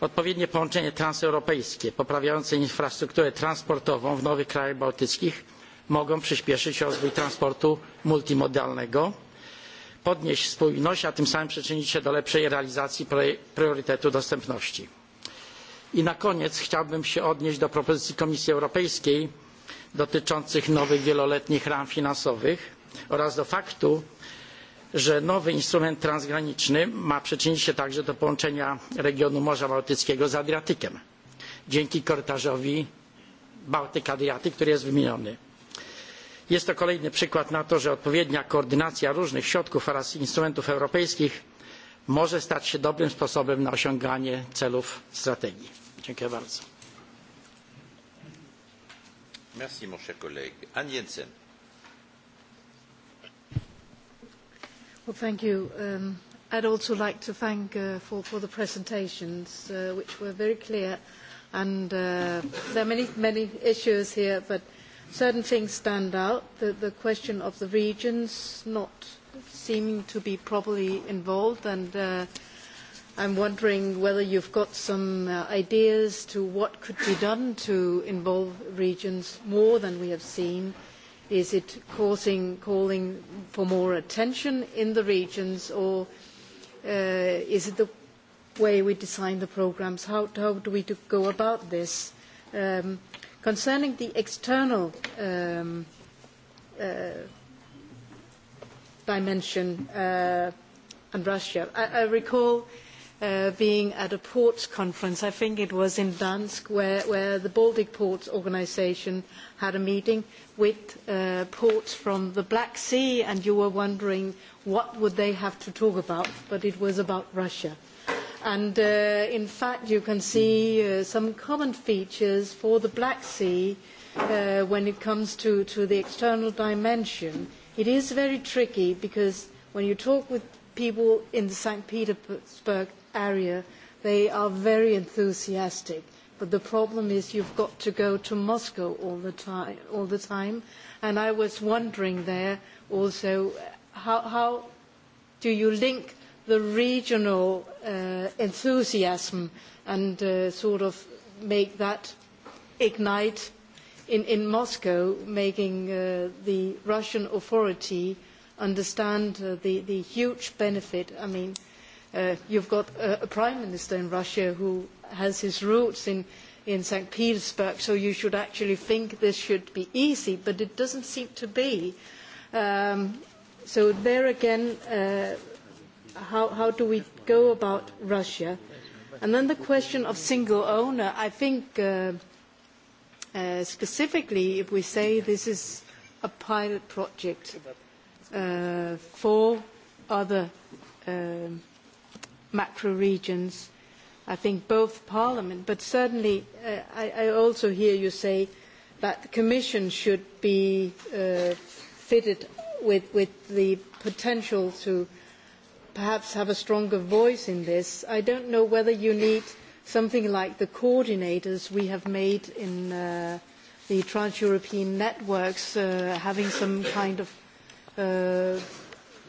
Odpowiednie połączenie transeuropejskie poprawiające infrastrukturę transportową w nowych krajach bałtyckich mogą przyspieszyć rozwój transportu multimodalnego, podnieść spójność, a tym samym przyczynić się do lepszej realizacji priorytetu dostępności. I na koniec chciałbym się odnieść do propozycji Komisji Europejskiej dotyczących nowych wieloletnich ram finansowych oraz do faktu, że nowy instrument transgraniczny ma przyczynić się także do połączenia regionu Morza Bałtyckiego z Adriatykiem dzięki korytarzowi Bałtyk-Adriatyk, który jest wymieniony. Jest to kolejny przykład na to, że odpowiednia koordynacja różnych środków oraz instrumentów europejskich może stać się dobrym sposobem na osiąganie celów strategii. Dziękuję bardzo. Merci, mon cher collègue. Anne Jensen. Well, thank you. Um, I'd also like to thank uh, for, for the presentations, uh, which were very clear. And uh, there are many, many issues here, but certain things stand out. The, the question of the regions not seeming to be properly involved and uh, I'm wondering whether you've got some uh, ideas to what could be done to involve regions more than we have seen. Is it causing, calling for more attention in the regions or uh, is it the way we design the programmes? How, how do we do go about this? Um, concerning the external um, uh, dimension uh, and Russia, I, I recall uh, being at a ports conference. I think it was in Dansk where, where the Baltic Ports Organization had a meeting with uh, ports from the Black Sea and you were wondering what would they have to talk about, but it was about Russia. And uh, in fact, you can see uh, some common features for the Black Sea uh, when it comes to, to the external dimension. It is very tricky because when you talk with people in the St. Petersburg area, they are very enthusiastic. But the problem is you've got to go to Moscow all the time, all the time. and I was wondering there also how, how do you link the regional uh, enthusiasm and uh, sort of make that ignite in, in Moscow, making uh, the Russian authority understand uh, the, the huge benefit. I mean, Uh, you've got a, a prime minister in Russia who has his roots in, in St. Petersburg, so you should actually think this should be easy, but it doesn't seem to be. Um, so there again, uh, how, how do we go about Russia? And then the question of single owner, I think uh, uh, specifically if we say this is a pilot project uh, for other um, macro regions. I think both Parliament, but certainly uh, I, I also hear you say that the Commission should be uh, fitted with, with the potential to perhaps have a stronger voice in this. I don't know whether you need something like the coordinators we have made in uh, the trans-European networks uh, having some kind of uh,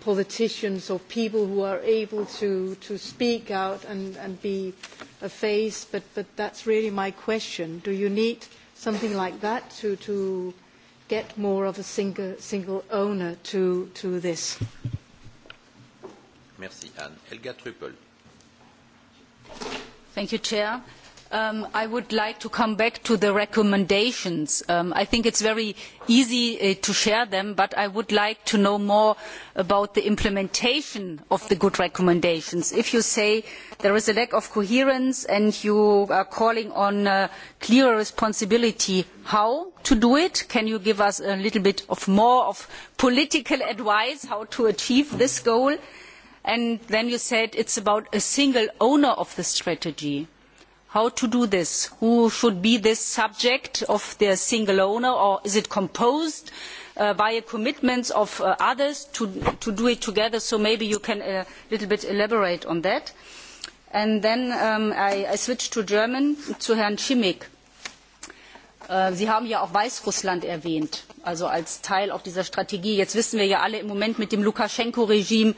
politicians or people who are able to, to speak out and, and be a face, but, but that's really my question. Do you need something like that to, to get more of a single, single owner to, to this? Merci, Anne. Helga Truppel. Thank you, Chair um, I would like to come back to the recommendations. Um, I think it is very easy uh, to share them, but I would like to know more about the implementation of the good recommendations. If you say there is a lack of coherence and you are calling on uh, clearer responsibility, how to do it? Can you give us a little bit of more of political advice how to achieve this goal? And then you said it is about a single owner of the strategy how to do this? Who should be this subject of the single owner or is it composed uh, by a commitment of uh, others to, to do it together? So maybe you can a uh, little bit elaborate on that. And then um, I, I switch to German, zu Herrn Schimmick. Uh, äh, Sie haben ja auch Weißrussland erwähnt, also als Teil dieser Strategie. Jetzt wissen wir ja alle im Moment mit dem Lukaschenko-Regime,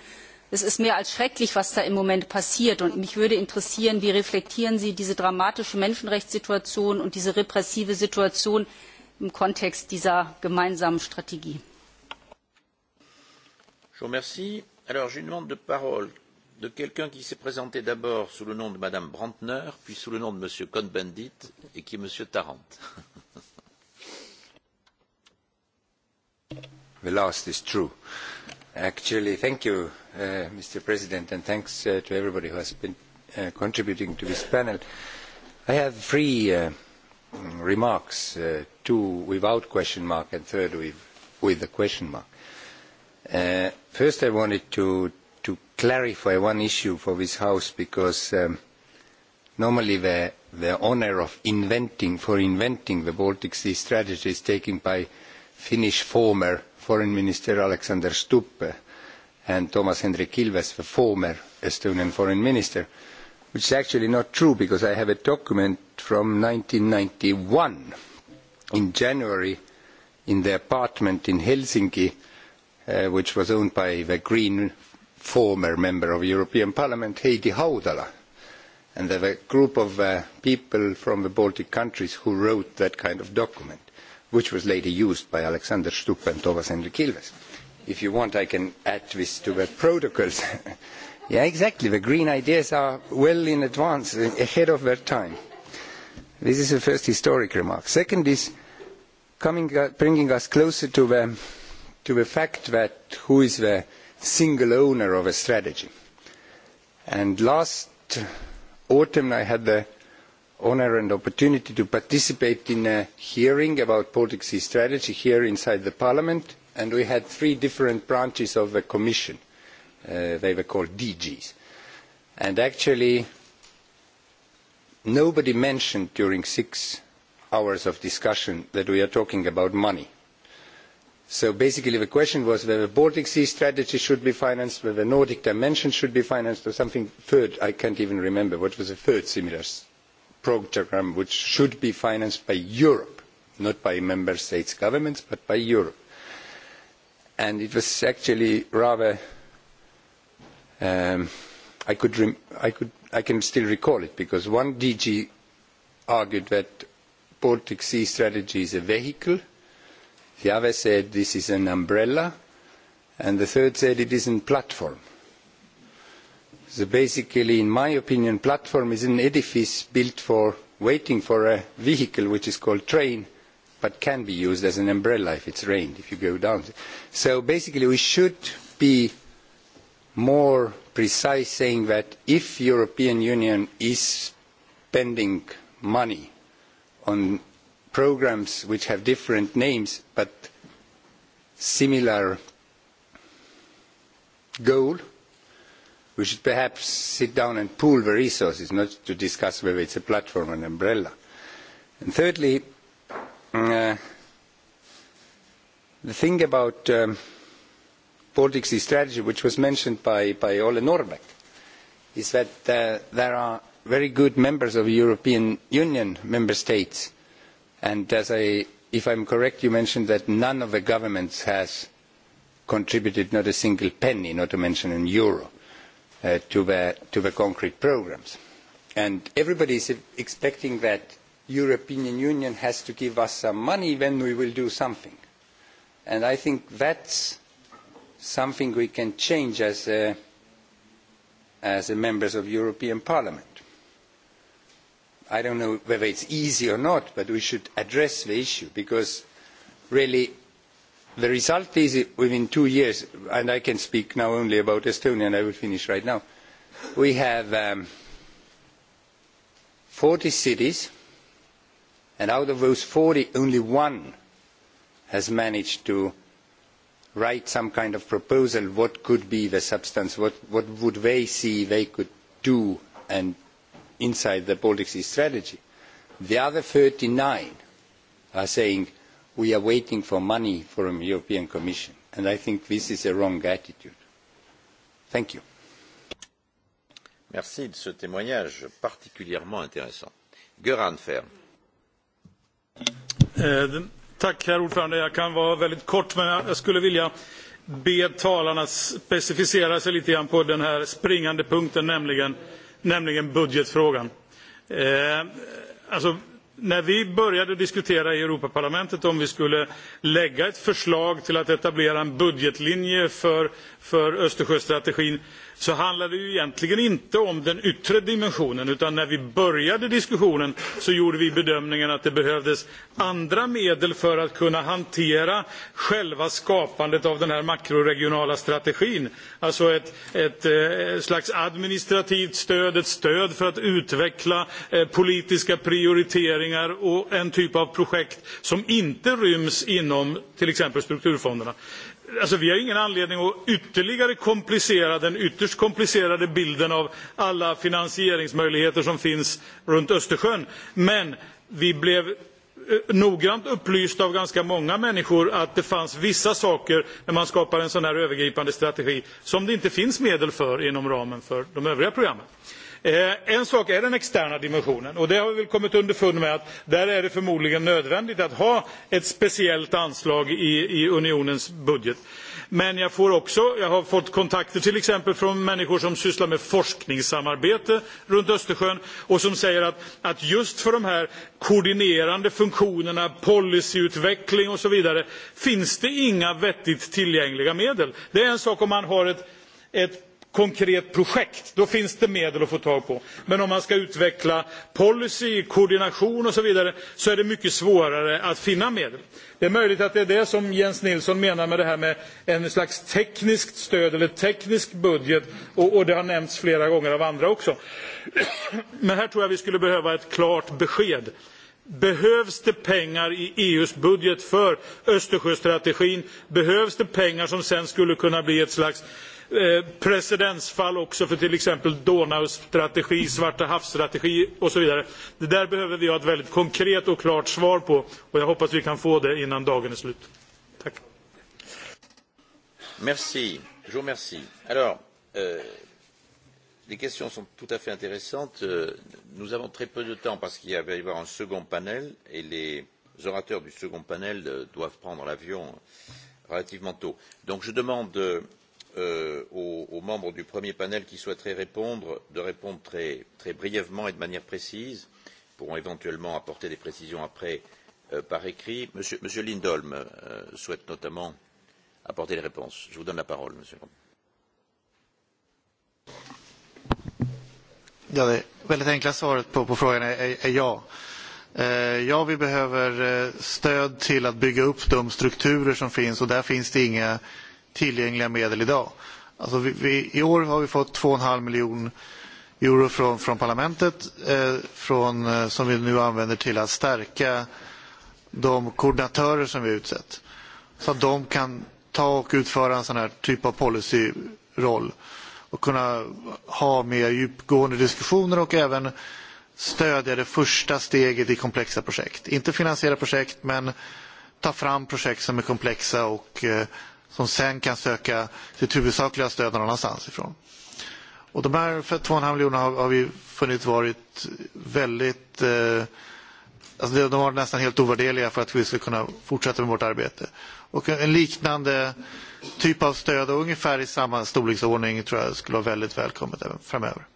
Es ist mehr als schrecklich, was da im Moment passiert. Und mich würde interessieren, wie reflektieren Sie diese dramatische Menschenrechtssituation und diese repressive Situation im Kontext dieser gemeinsamen Strategie? Je vous remercie. Alors, j'ai une demande de parole de quelqu'un qui s'est présenté d'abord sous le nom de Madame Brandner, puis sous le nom de Monsieur Cohn-Bendit et qui est Monsieur Tarrant. The last is true. Actually, thank you, uh, Mr. President, and thanks uh, to everybody who has been uh, contributing to this panel. I have three uh, remarks, uh, two without question mark and third with, with a question mark. Uh, first, I wanted to, to clarify one issue for this House because um, normally the, the of inventing, for inventing the Baltic Sea strategy is taken by Finnish former Foreign Minister Alexander Stubb and Thomas Henrik Ilves, the former Estonian Foreign Minister, which is actually not true because I have a document from ninety one in January in the apartment in Helsinki, uh, which was owned by the Green former member of the European Parliament, Heidi Haudala, And there were a group of uh, people from the Baltic countries who wrote that kind of document which was later used by Alexander Stupp and Thomas Henrik Kilves. If you want, I can add this to the protocols. yeah, exactly. The green ideas are well in advance, ahead of their time. This is the first historic remark. Second is coming, uh, bringing us closer to the, to the fact that who is the single owner of a strategy. And last autumn I had the honour and opportunity to participate in a hearing about Baltic Sea strategy here inside the Parliament, and we had three different branches of the Commission. Uh, they were called DGs. And actually, nobody mentioned during six hours of discussion that we are talking about money. So basically the question was whether the Baltic Sea strategy should be financed, whether the Nordic dimension should be financed, or something third, I can't even remember, what was the third similar programme which should be financed by Europe, not by member states' governments, but by Europe. And it was actually rather, um, I, could rem I, could, I can still recall it, because one DG argued that Baltic Sea strategy is a vehicle, the other said this is an umbrella, and the third said it isn't platform basically, in my opinion, platform is an edifice built for waiting for a vehicle which is called train, but can be used as an umbrella if it's rained, if you go down. So basically, we should be more precise saying that if the European Union is spending money on programmes which have different names but similar goal, we should perhaps sit down and pool the resources, not to discuss whether it's a platform or an umbrella. And thirdly, mm, uh, the thing about um, Baltic Sea strategy, which was mentioned by, by Ole Norbeck, is that uh, there are very good members of the European Union member states. And as I, if am correct, you mentioned that none of the governments has contributed not a single penny, not to mention an euro. Uh, to, the, to the concrete programs. And everybody is expecting that European Union has to give us some money, then we will do something. And I think that's something we can change as, a, uh, as a members of European Parliament. I don't know whether it's easy or not, but we should address the issue because really The result is within two years, and I can speak now only about Estonia, and I will finish right now. We have um, 40 cities, and out of those 40, only one has managed to write some kind of proposal what could be the substance, what, what would they see they could do and inside the Baltic Sea strategy. The other 39 are saying we are waiting for money from the European Commission, and I think this is a wrong attitude. Thank you. Merci de ce témoignage particulièrement intéressant. Göran Färm. Eh, tack, herr ordförande. Jag kan vara väldigt kort, men jag skulle vilja be talarna specificera sig lite grann på den här springande punkten, nämligen, nämligen budgetfrågan. Eh, alltså, när vi började diskutera i Europaparlamentet om vi skulle lägga ett förslag till att etablera en budgetlinje för, för Östersjöstrategin så handlar det ju egentligen inte om den yttre dimensionen utan när vi började diskussionen så gjorde vi bedömningen att det behövdes andra medel för att kunna hantera själva skapandet av den här makroregionala strategin. Alltså ett, ett eh, slags administrativt stöd, ett stöd för att utveckla eh, politiska prioriteringar och en typ av projekt som inte ryms inom till exempel strukturfonderna. Alltså, vi har ingen anledning att ytterligare komplicera den ytterst komplicerade bilden av alla finansieringsmöjligheter som finns runt Östersjön. Men vi blev eh, noggrant upplyst av ganska många människor att det fanns vissa saker när man skapar en sån här övergripande strategi som det inte finns medel för inom ramen för de övriga programmen. Eh, en sak är den externa dimensionen och det har vi väl kommit underfund med att där är det förmodligen nödvändigt att ha ett speciellt anslag i, i unionens budget. Men jag, får också, jag har fått kontakter till exempel från människor som sysslar med forskningssamarbete runt Östersjön och som säger att, att just för de här koordinerande funktionerna, policyutveckling och så vidare finns det inga vettigt tillgängliga medel. Det är en sak om man har ett, ett konkret projekt, då finns det medel att få tag på. Men om man ska utveckla policy, koordination och så vidare så är det mycket svårare att finna medel. Det är möjligt att det är det som Jens Nilsson menar med det här med en slags tekniskt stöd eller teknisk budget och, och det har nämnts flera gånger av andra också. Men här tror jag vi skulle behöva ett klart besked. Behövs det pengar i EUs budget för Östersjöstrategin? Behövs det pengar som sedan skulle kunna bli ett slags Eh, precedensfall också för till exempel Donaustrategi, Svarta havsstrategi och så vidare. Det där behöver vi ha ett väldigt konkret och klart svar på och jag hoppas vi kan få det innan dagen är slut. Tack. Merci. Je vous remercie. Alors, euh, les questions sont tout à fait intéressantes. Euh, nous avons très peu de temps parce qu'il va y avoir un second panel et les orateurs du second panel euh, doivent prendre l'avion relativement tôt. Donc je demande euh, euh, aux, aux membres du premier panel qui souhaiteraient répondre de répondre très, très brièvement et de manière précise. Ils pourront éventuellement apporter des précisions après euh, par écrit. Monsieur, monsieur Lindholm euh, souhaite notamment apporter les réponses. Je vous donne la parole, monsieur. Ja, det väldigt enkla svaret på, på frågan är, är ja. Eh, ja, vi behöver eh, stöd till att bygga upp de strukturer som finns och där finns det inga tillgängliga medel idag. Alltså vi, vi, I år har vi fått 2,5 miljoner euro från, från parlamentet eh, från, eh, som vi nu använder till att stärka de koordinatörer som vi utsett. Så att de kan ta och utföra en sån här typ av policyroll och kunna ha mer djupgående diskussioner och även stödja det första steget i komplexa projekt. Inte finansiera projekt men ta fram projekt som är komplexa och eh, som sen kan söka sitt huvudsakliga stöd någon annanstans ifrån. Och de här för 2,5 miljoner har, har vi funnit varit väldigt eh, Alltså de var nästan helt ovärdeliga för att vi skulle kunna fortsätta med vårt arbete. Och en liknande typ av stöd och ungefär i samma storleksordning tror jag skulle vara väldigt välkommet även framöver.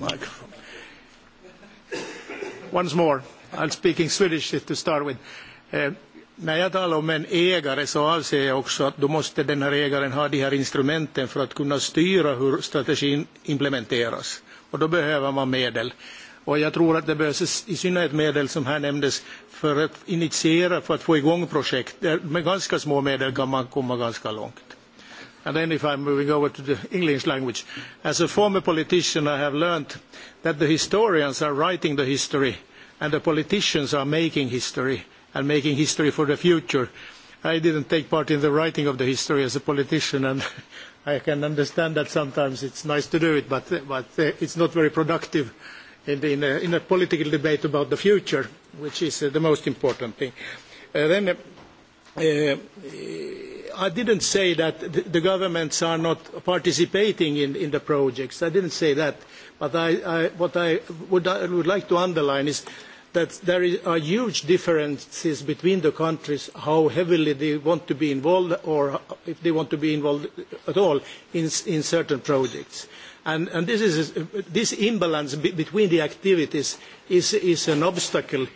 microphone. Once more, I'm speaking Swedish to start with. Eh, när jag talar om en ägare så avser jag också att då måste den här ägaren ha de här instrumenten för att kunna styra hur strategin implementeras. Och då behöver man medel. Och jag tror att det behövs i synnerhet medel som här nämndes för att initiera, för att få igång projekt. Eh, med ganska små medel kan man komma ganska långt. And then if I'm moving over to the English language, as a former politician I have learned that the historians are writing the history and the politicians are making history and making history for the future. I didn't take part in the writing of the history as a politician and I can understand that sometimes it's nice to do it but, but uh, it's not very productive in, the, in, a, in a political debate about the future which is uh, the most important thing. Uh, then uh, uh, I didn't say that the governments are not participating in, in the projects. I didn't say that. But I, I, what I would, I would like to underline is that there is, are huge differences between the countries how heavily they want to be involved or if they want to be involved at all in, in certain projects. And, and this, is, this imbalance be, between the activities is, is an obstacle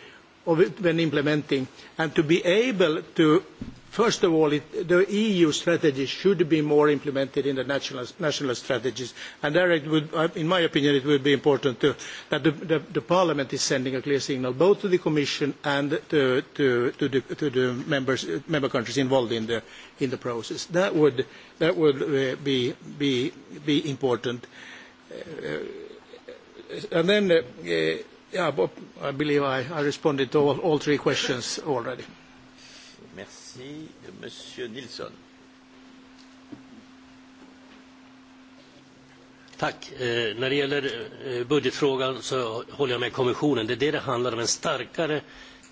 of it when implementing. And to be able to First of all, it, the EU strategy should be more implemented in the national, national strategies. And there, it would, uh, in my opinion, it would be important to, that the, the, the Parliament is sending a clear signal both to the Commission and to, to, to the, to the members, member countries involved in the, in the process. That would, that would uh, be, be, be important. Uh, and then, uh, yeah, I believe I, I responded to all, all three questions already. Merci, Monsieur Nilsson. Tack. Eh, när det gäller eh, budgetfrågan så håller jag med kommissionen. Det är det det handlar om, en starkare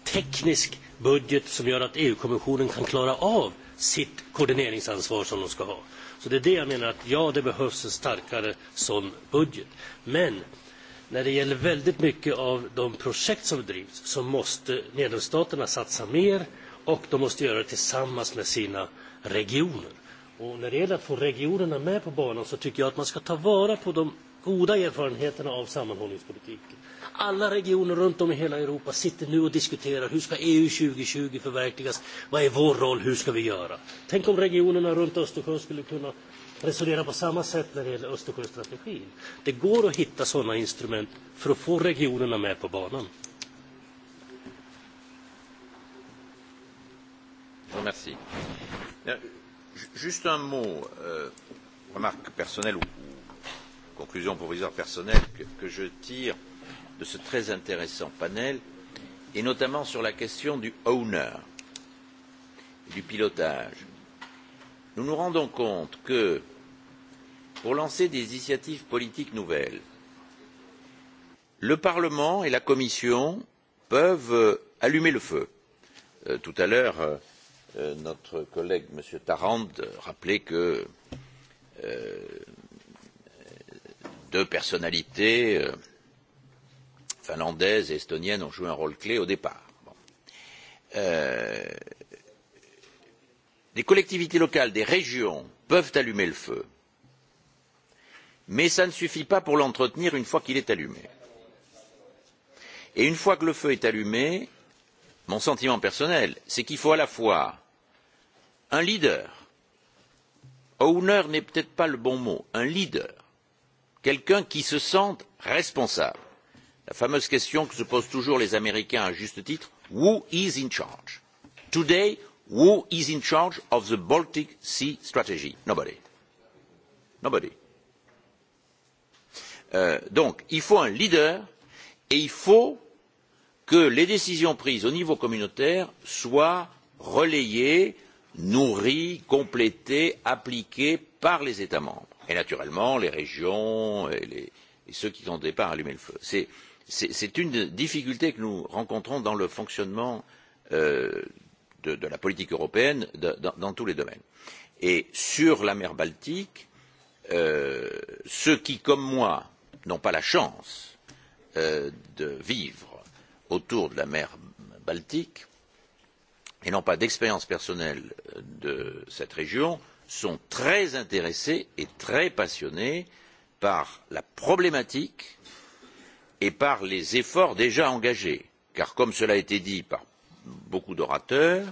teknisk budget som gör att EU-kommissionen kan klara av sitt koordineringsansvar som de ska ha. Så det är det jag menar att ja, det behövs en starkare sån budget. Men när det gäller väldigt mycket av de projekt som drivs så måste medlemsstaterna satsa mer och de måste göra det tillsammans med sina regioner. Och när det gäller att få regionerna med på banan så tycker jag att man ska ta vara på de goda erfarenheterna av sammanhållningspolitiken. Alla regioner runt om i hela Europa sitter nu och diskuterar hur ska EU 2020 förverkligas, vad är vår roll, hur ska vi göra? Tänk om regionerna runt Östersjön skulle kunna resonera på samma sätt när det gäller Östersjöstrategin. Det går att hitta sådana instrument för att få regionerna med på banan. Je vous remercie. Juste un mot, euh, remarque personnelle ou, ou conclusion provisoire personnelle que, que je tire de ce très intéressant panel, et notamment sur la question du owner, du pilotage. Nous nous rendons compte que pour lancer des initiatives politiques nouvelles, le Parlement et la Commission peuvent euh, allumer le feu. Euh, tout à l'heure, euh, Euh, notre collègue M. Tarand rappelait que euh, deux personnalités euh, finlandaises et estoniennes ont joué un rôle clé au départ. Bon. Euh, les collectivités locales des régions peuvent allumer le feu, mais ça ne suffit pas pour l'entretenir une fois qu'il est allumé. Et une fois que le feu est allumé, mon sentiment personnel, c'est qu'il faut à la fois un leader, owner n'est peut-être pas le bon mot, un leader, quelqu'un qui se sente responsable. La fameuse question que se posent toujours les Américains à juste titre, who is in charge? Today, who is in charge of the Baltic Sea strategy? Nobody. Nobody. Euh, donc, il faut un leader et il faut que les décisions prises au niveau communautaire soient relayées nourrie, complétée, appliquée par les États membres. Et naturellement, les régions et, les, et ceux qui sont au départ allumer le feu. C'est une difficulté que nous rencontrons dans le fonctionnement euh, de, de la politique européenne de, dans, dans tous les domaines. Et sur la mer Baltique, euh, ceux qui, comme moi, n'ont pas la chance euh, de vivre autour de la mer Baltique et n'ont pas d'expérience personnelle euh, de cette région, sont très intéressés et très passionnés par la problématique et par les efforts déjà engagés. Car comme cela a été dit par beaucoup d'orateurs,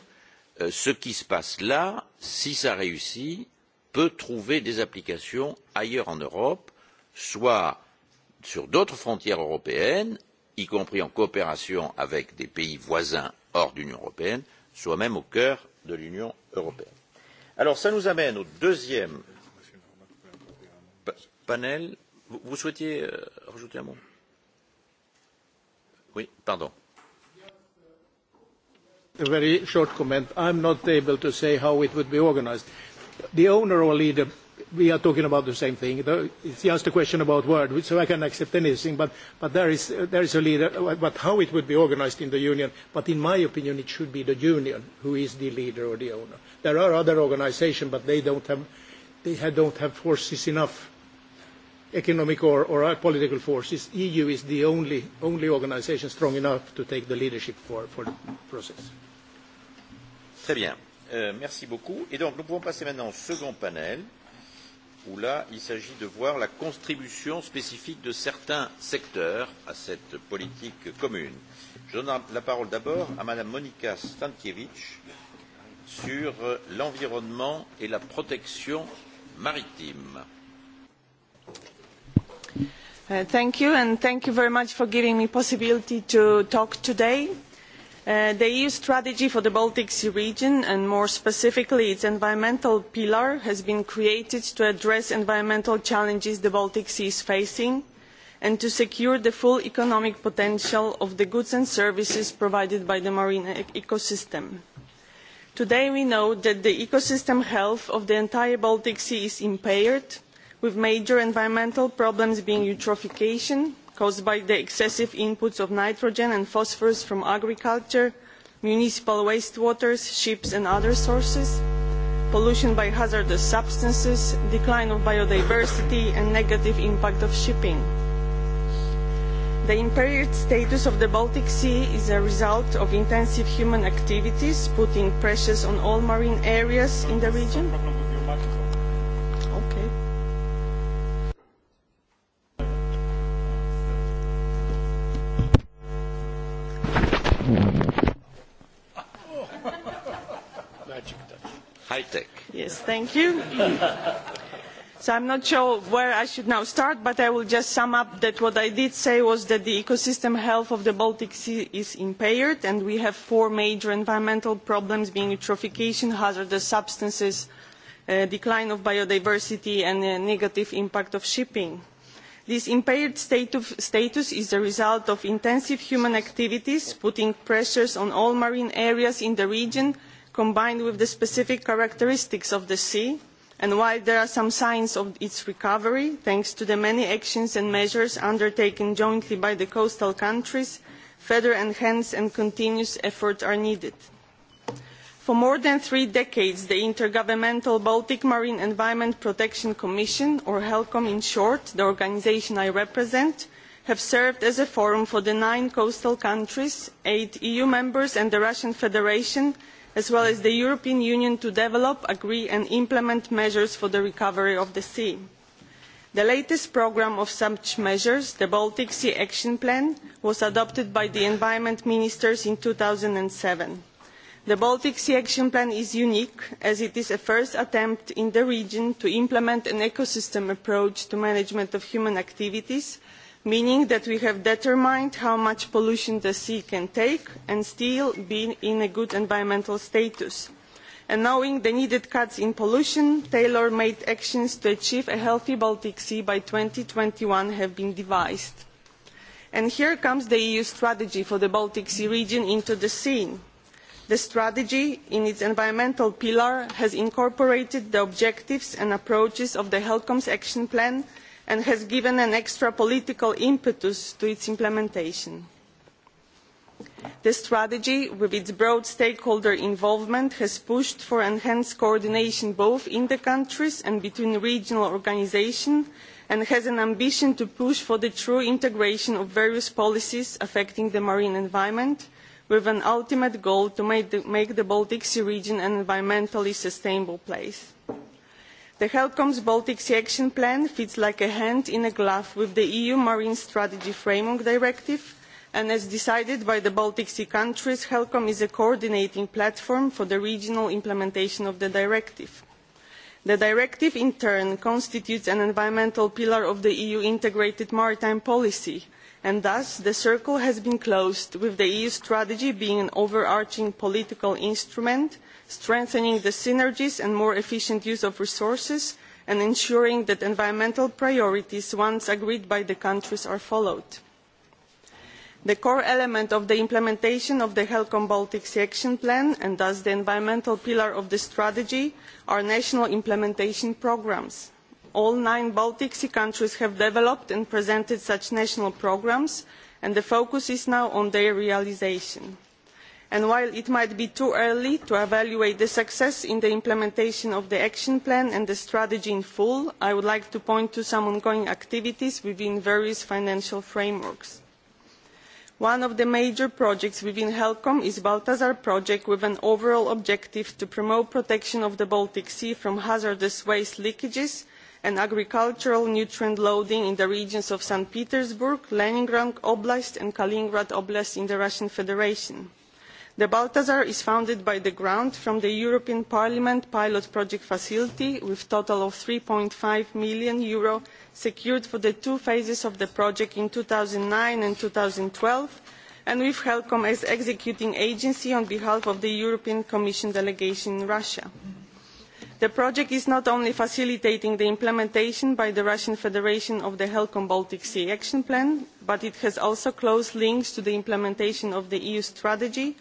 euh, ce qui se passe là, si ça réussit, peut trouver des applications ailleurs en Europe, soit sur d'autres frontières européennes, y compris en coopération avec des pays voisins hors de l'Union européenne, soit même au cœur de l'Union européenne. Alors, cela nous amène au deuxième panel. Vous, vous souhaitiez euh, rajouter un mot Oui, pardon. A very short comment. I'm not able to say how it would be organized. The owner or leader we are talking about the same thing. It's just a question about word, so I can accept anything, but, but there, is, uh, there is a leader, uh, but how it would be organized in the union, but in my opinion it should be the union who is the leader or the owner. There are other organizations, but they don't have, they don't have forces enough, economic or, or uh, political forces. EU is the only, only organization strong enough to take the leadership for, for the process. Très bien. Euh, merci beaucoup. Et donc, nous pouvons passer maintenant au second panel où là, il s'agit de voir la contribution spécifique de certains secteurs à cette politique commune. Je donne la parole d'abord à Madame Monika Stankiewicz sur euh, l'environnement et la protection maritime. Uh, thank you and thank you very much for giving me possibility to talk today. Uh, the EU strategy for the Baltic Sea region and more specifically its environmental pillar has been created to address environmental challenges the Baltic Sea is facing and to secure the full economic potential of the goods and services provided by the marine e ecosystem. Today we know that the ecosystem health of the entire Baltic Sea is impaired with major environmental problems being eutrophication, caused by the excessive inputs of nitrogen and phosphorus from agriculture, municipal wastewaters, ships and other sources, pollution by hazardous substances, decline of biodiversity and negative impact of shipping. The impaired status of the Baltic Sea is a result of intensive human activities putting pressures on all marine areas in the region high tech. Yes, thank you. so I'm not sure where I should now start, but I will just sum up that what I did say was that the ecosystem health of the Baltic Sea is impaired, and we have four major environmental problems being eutrophication, hazardous substances, uh, decline of biodiversity, and the negative impact of shipping. This impaired state of, status is the result of intensive human activities, putting pressures on all marine areas in the region, combined with the specific characteristics of the sea, and while there are some signs of its recovery, thanks to the many actions and measures undertaken jointly by the coastal countries, further enhanced and continuous efforts are needed. For more than three decades, the Intergovernmental Baltic Marine Environment Protection Commission, or HELCOM in short, the organisation I represent, have served as a forum for the nine coastal countries, eight EU members and the Russian Federation as well as the European Union to develop, agree and implement measures for the recovery of the sea. The latest programme of such measures, the Baltic Sea Action Plan, was adopted by the Environment Ministers in two thousand seven. The Baltic Sea Action Plan is unique as it is a first attempt in the region to implement an ecosystem approach to management of human activities meaning that we have determined how much pollution the sea can take and still be in a good environmental status. And knowing the needed cuts in pollution, tailor-made actions to achieve a healthy Baltic Sea by twenty one have been devised. And here comes the EU strategy for the Baltic Sea region into the scene. The strategy, in its environmental pillar, has incorporated the objectives and approaches of the HELCOM's action plan and has given an extra political impetus to its implementation. The strategy, with its broad stakeholder involvement, has pushed for enhanced coordination both in the countries and between regional organisations and has an ambition to push for the true integration of various policies affecting the marine environment, with an ultimate goal to make the, make the Baltic Sea region an environmentally sustainable place. The HELCOM's Baltic Sea Action Plan fits like a hand in a glove with the EU Marine Strategy Framework Directive and as decided by the Baltic Sea countries, HELCOM is a coordinating platform for the regional implementation of the directive. The directive in turn constitutes an environmental pillar of the EU integrated maritime policy – and thus the circle has been closed with the EU strategy being an overarching political instrument strengthening the synergies and more efficient use of resources and ensuring that environmental priorities once agreed by the countries are followed. The core element of the implementation of the Helcom Baltic Sea Action Plan and thus the environmental pillar of the strategy are national implementation programmes all nine Baltic Sea countries have developed and presented such national programmes, and the focus is now on their realisation. And while it might be too early to evaluate the success in the implementation of the action plan and the strategy in full, I would like to point to some ongoing activities within various financial frameworks. One of the major projects within HELCOM is Baltazar project with an overall objective to promote protection of the Baltic Sea from hazardous waste leakages and agricultural nutrient loading in the regions of St. Petersburg, Leningrad Oblast and Kaliningrad Oblast in the Russian Federation. The Baltazar is funded by the grant from the European Parliament pilot project facility with a total of EUR three five million Euro secured for the two phases of the project in two thousand nine and twelve, and with HELCOM as executing agency on behalf of the European Commission delegation in Russia. Mm -hmm. The project is not only facilitating the implementation by the Russian Federation of the Helcom Baltic Sea Action Plan, but it has also close links to the implementation of the EU strategy,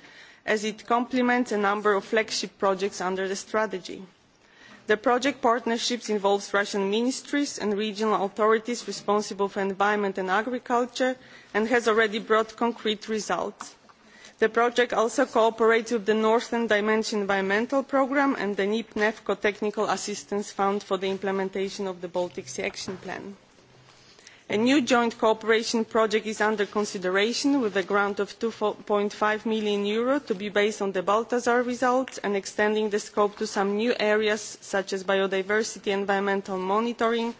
as it complements a number of flagship projects under the strategy. The project partnerships involves Russian ministries and regional authorities responsible for environment and agriculture and has already brought concrete results. The project also cooperates with the Northern Dimension Environmental Programme and the NIP NEFCO Technical Assistance Fund for the implementation of the Baltic Sea Action Plan. A new joint cooperation project is under consideration with a grant of EUR 2.5 million Euro to be based on the Baltazar results and extending the scope to some new areas such as biodiversity environmental monitoring,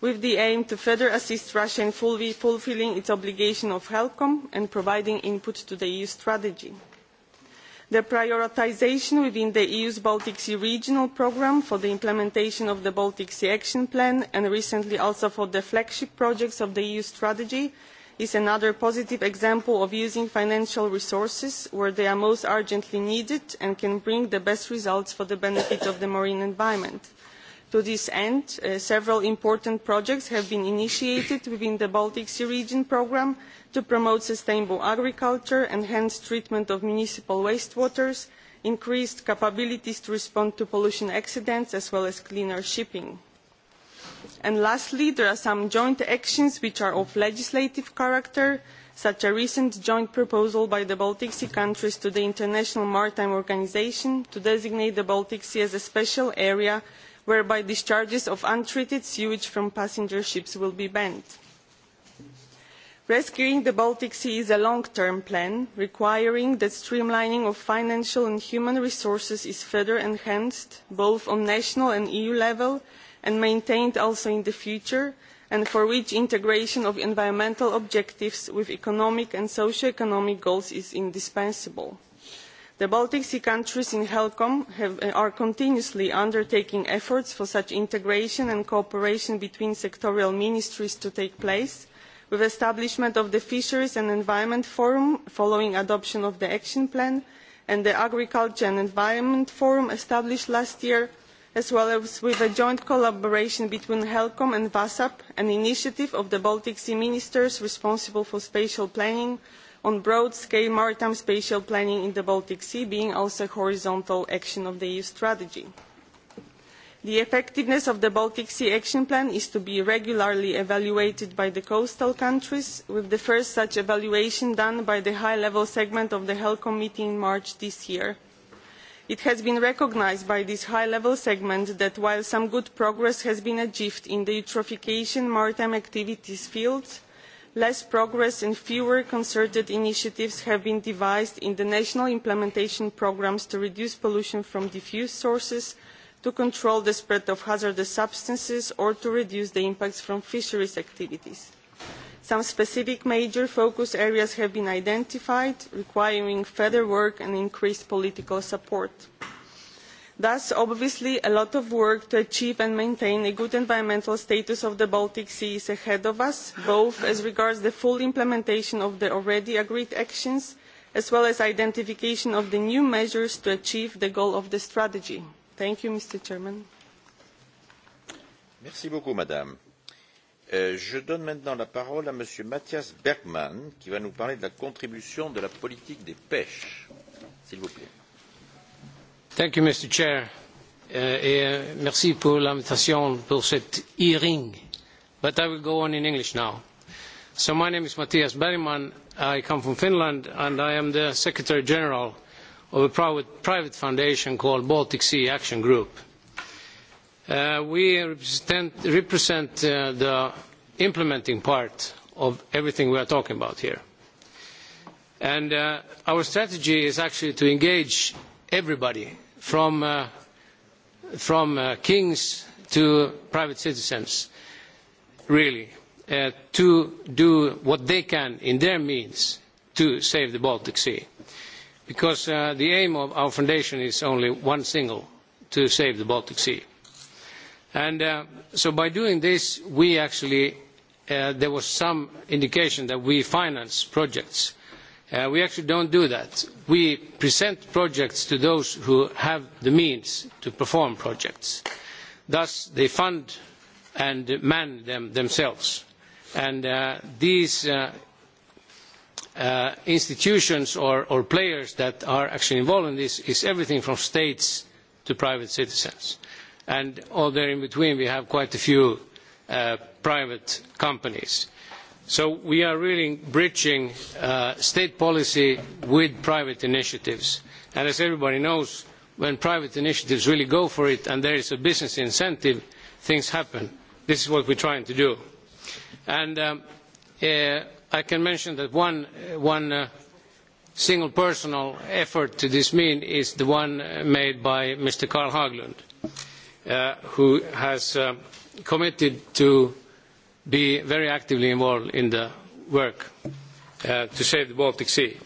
with the aim to further assist Russia in fully fulfilling its obligation of HELCOM and providing input to the EU strategy. The prioritisation within the EU's Baltic Sea Regional Programme for the implementation of the Baltic Sea Action Plan and recently also for the flagship projects of the EU strategy is another positive example of using financial resources where they are most urgently needed and can bring the best results for the benefit of the marine environment. To this end, uh, several important projects have been initiated within the Baltic Sea Region Programme to promote sustainable agriculture, enhanced treatment of municipal wastewaters, increased capabilities to respond to pollution accidents, as well as cleaner shipping. And lastly, there are some joint actions which are of legislative character, such a recent joint proposal by the Baltic Sea countries to the International Maritime Organization to designate the Baltic Sea as a special area whereby discharges of untreated sewage from passenger ships will be banned. Rescuing the Baltic Sea is a long-term plan, requiring that streamlining of financial and human resources is further enhanced, both on national and EU level, and maintained also in the future, and for which integration of environmental objectives with economic and socio-economic goals is indispensable. The Baltic Sea countries in HELCOM have, uh, are continuously undertaking efforts for such integration and cooperation between sectoral ministries to take place, with establishment of the Fisheries and Environment Forum following adoption of the Action Plan, and the Agriculture and Environment Forum established last year, as well as with a joint collaboration between HELCOM and VASAP, an initiative of the Baltic Sea ministers responsible for spatial planning, on broad-scale maritime spatial planning in the Baltic Sea being also a horizontal action of the EU strategy. The effectiveness of the Baltic Sea Action Plan is to be regularly evaluated by the coastal countries, with the first such evaluation done by the high-level segment of the HELCOM meeting in March this year. It has been recognised by this high-level segment that while some good progress has been achieved in the eutrophication maritime activities fields, less progress and fewer concerted initiatives have been devised in the national implementation programmes to reduce pollution from diffuse sources, to control the spread of hazardous substances or to reduce the impacts from fisheries activities. Some specific major focus areas have been identified, requiring further work and increased political support. Thus, obviously, a lot of work to achieve and maintain a good environmental status of the Baltic Sea is ahead of us, both as regards the full implementation of the already agreed actions, as well as identification of the new measures to achieve the goal of the strategy. Thank you, Mr. Chairman. Merci beaucoup, Madame. Euh, je donne maintenant la parole à Monsieur Matthias Bergmann, qui va nous parler de la contribution de la politique des pêches. S'il vous plaît. Thank you, Mr. Chair. Uh, eh, merci pour l'invitation pour cette hearing. But I will go on in English now. So my name is Matthias Bergman. I come from Finland and I am the Secretary General of a private, private foundation called Baltic Sea Action Group. Uh, we represent, represent uh, the implementing part of everything we are talking about here. And uh, our strategy is actually to engage everybody from, uh, from uh, kings to private citizens, really, uh, to do what they can in their means to save the Baltic Sea. Because uh, the aim of our foundation is only one single, to save the Baltic Sea. And uh, so by doing this, we actually, uh, there was some indication that we finance projects uh, Uh, we actually don't do that. We present projects to those who have the means to perform projects. Thus, they fund and man them themselves. And uh, these uh, uh institutions or, or, players that are actually involved in this is everything from states to private citizens. And all there in between, we have quite a few uh, private companies So we are really bridging uh, state policy with private initiatives. And as everybody knows, when private initiatives really go for it and there is a business incentive, things happen. This is what we are trying to do. And um, uh, I can mention that one, uh, one uh, single personal effort to this mean is the one uh, made by Mr. Carl Haglund, uh, who has um, committed to be very actively involved in the work uh, to save the Baltic Sea.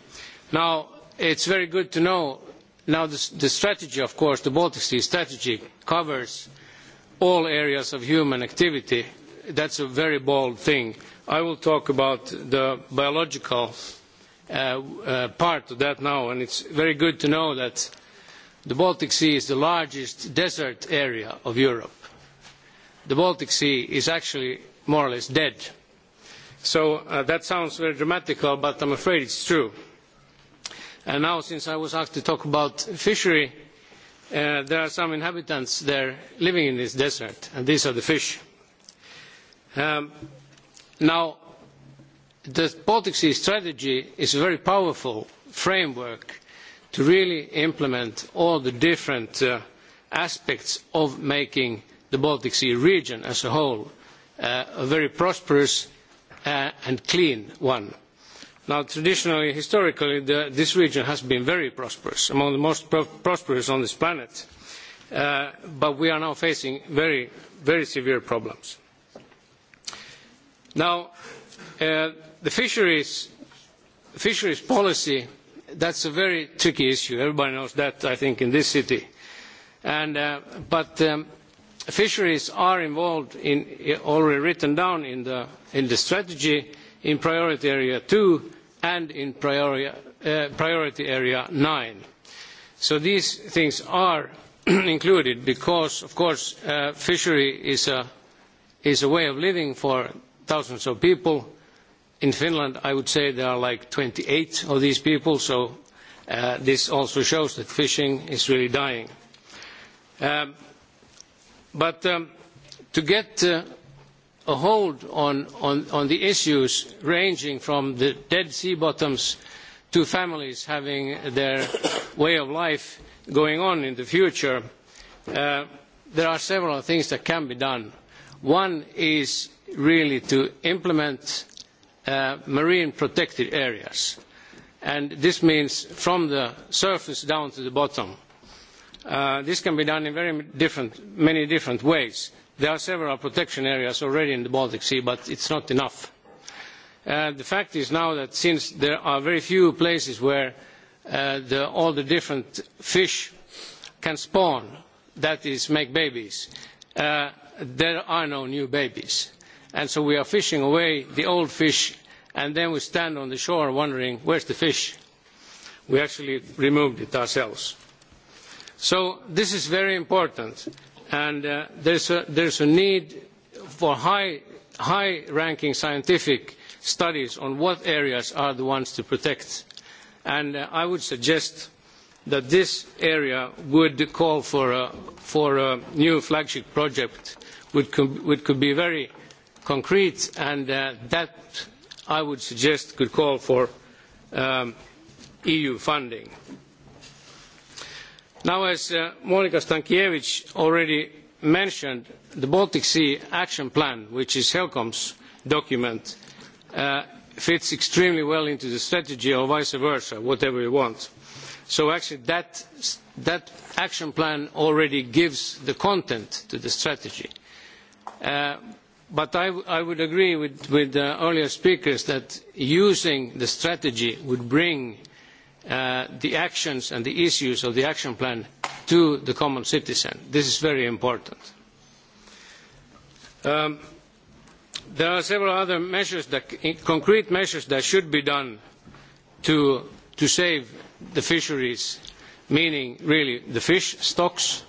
Now, it's very good to know now the, the strategy, of course, the Baltic Sea strategy covers all areas of human activity. That's a very bold thing. I will talk about the biological uh, uh, part of that now, and it's very good to know that the Baltic Sea is the largest desert area of Europe. The Baltic Sea is actually more or less dead. So uh, that sounds very dramatical, but I am afraid it is true. And now, since I was asked to talk about fishery, uh, there are some inhabitants there living in this desert, and these are the fish. Um, now, the Baltic Sea strategy is a very powerful framework to really implement all the different uh, aspects of making the Baltic Sea region as a whole Uh, a very prosperous uh, and clean one. Now, traditionally, historically, the, this region has been very prosperous, among the most pro prosperous on this planet, uh, but we are now facing very, very severe problems. Now, uh, the fisheries, fisheries policy, that's a very tricky issue. Everybody knows that, I think, in this city. And, uh, but um, fisheries are involved in, already written down in the, in the strategy in priority area two and in uh, priority area nine. So these things are included because, of course, uh, fishery is a, is a way of living for thousands of people. In Finland, I would say there are like twenty eight of these people, so uh, this also shows that fishing is really dying. Um, But um, to get uh, a hold on, on, on the issues ranging from the dead sea bottoms to families having their way of life going on in the future, uh, there are several things that can be done. One is really to implement uh, marine protected areas. And this means from the surface down to the bottom Uh, this can be done in very different, many different ways. There are several protection areas already in the Baltic Sea, but it is not enough. Uh, the fact is now that since there are very few places where uh, the, all the different fish can spawn, that is, make babies, uh, there are no new babies. And so we are fishing away the old fish, and then we stand on the shore wondering, where is the fish? We actually removed it ourselves. So this is very important, and uh, there is a, a need for high, high ranking scientific studies on what areas are the ones to protect. And uh, I would suggest that this area would call for a, for a new flagship project, which could, which could be very concrete, and uh, that I would suggest could call for um, EU funding. Now, as uh, Monika Stankiewicz already mentioned, the Baltic Sea Action Plan, which is HELCOM's document, uh, fits extremely well into the strategy or vice versa, whatever you want. So actually that, that action plan already gives the content to the strategy. Uh, but I, I would agree with, with the earlier speakers that using the strategy would bring Uh, the actions and the issues of the action plan to the common citizen. This is very important. Um, there are several other measures that, concrete measures that should be done to, to save the fisheries, meaning really the fish stocks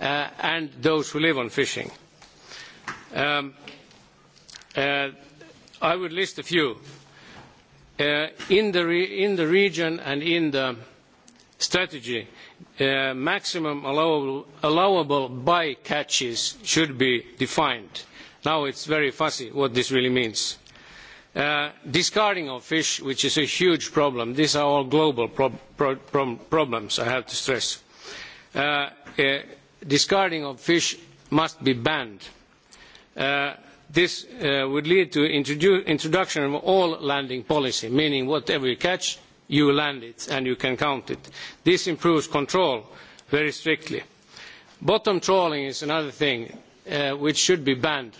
uh, and those who live on fishing. Um, uh, I would list a few uh, in, the re in the region and in the strategy, uh, maximum allowable, allowable by catches should be defined. Now it's very fuzzy what this really means. Uh, discarding of fish, which is a huge problem. These are all global pro pro pro problems, I have to stress. Uh, uh, discarding of fish must be banned. Uh, This uh, would lead to introduction of all landing policy, meaning whatever you catch, you land it and you can count it. This improves control very strictly. Bottom trawling is another thing uh, which should be banned.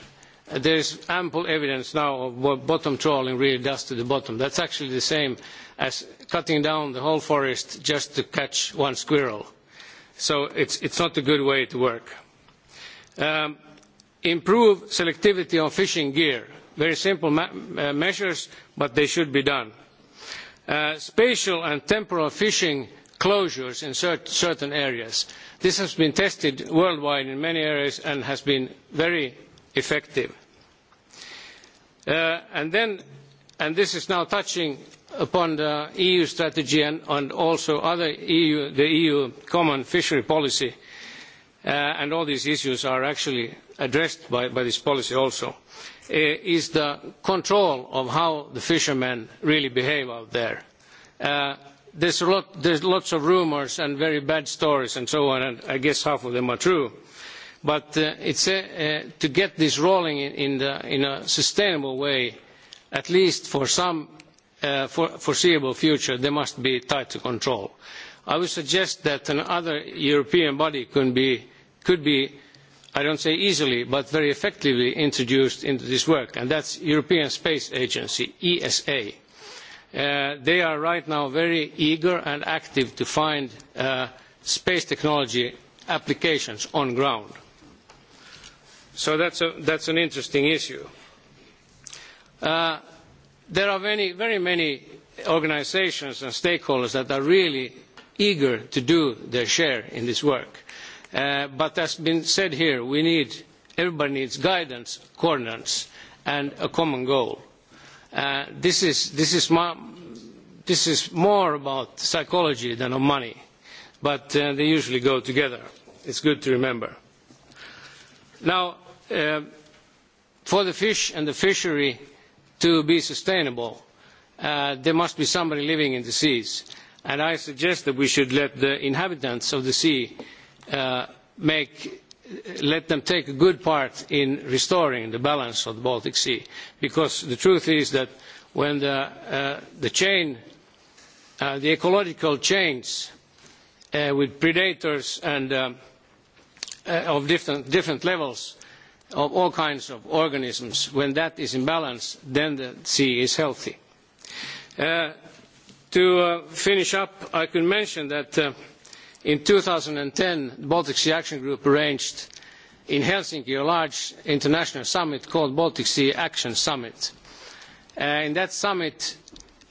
Uh, there is ample evidence now of what bottom trawling really does to the bottom. That is actually the same as cutting down the whole forest just to catch one squirrel. So it is not a good way to work. Um, improve selectivity on fishing gear. Very simple uh, measures, but they should be done. Uh, spatial and temporal fishing closures in cert certain areas. This has been tested worldwide in many areas and has been very effective. Uh, and then, and this is now touching upon the EU strategy and, and also other EU, the EU common fishery policy, uh, and all these issues are actually addressed by, by this policy also, eh, is the control of how the fishermen really behave out there. Uh, there's, a lot, there's lots of rumours and very bad stories and so on, and I guess half of them are true. But uh, it's, uh, uh, to get this rolling in, in, the, in a sustainable way, at least for some uh, for, foreseeable future, there must be tighter control. I would suggest that another European body could be, could be I don't say easily, but very effectively introduced into this work, and that is the European Space Agency, ESA. Uh, they are right now very eager and active to find uh, space technology applications on the ground. So that is an interesting issue. Uh, there are many, very many organisations and stakeholders that are really eager to do their share in this work. Uh, but as has been said here, we need, everybody needs guidance, coordinates, and a common goal. Uh, this, is, this, is my, this is more about psychology than of money, but uh, they usually go together. It's good to remember. Now, uh, for the fish and the fishery to be sustainable, uh, there must be somebody living in the seas. And I suggest that we should let the inhabitants of the sea uh, make let them take a good part in restoring the balance of the Baltic Sea because the truth is that when the, uh, the chain uh, the ecological chains uh, with predators and um, uh, of different, different levels of all kinds of organisms when that is in balance then the sea is healthy uh, to uh, finish up I can mention that In ten, the Baltic Sea Action Group arranged in Helsinki a large international summit called Baltic Sea Action Summit. Uh, in that summit,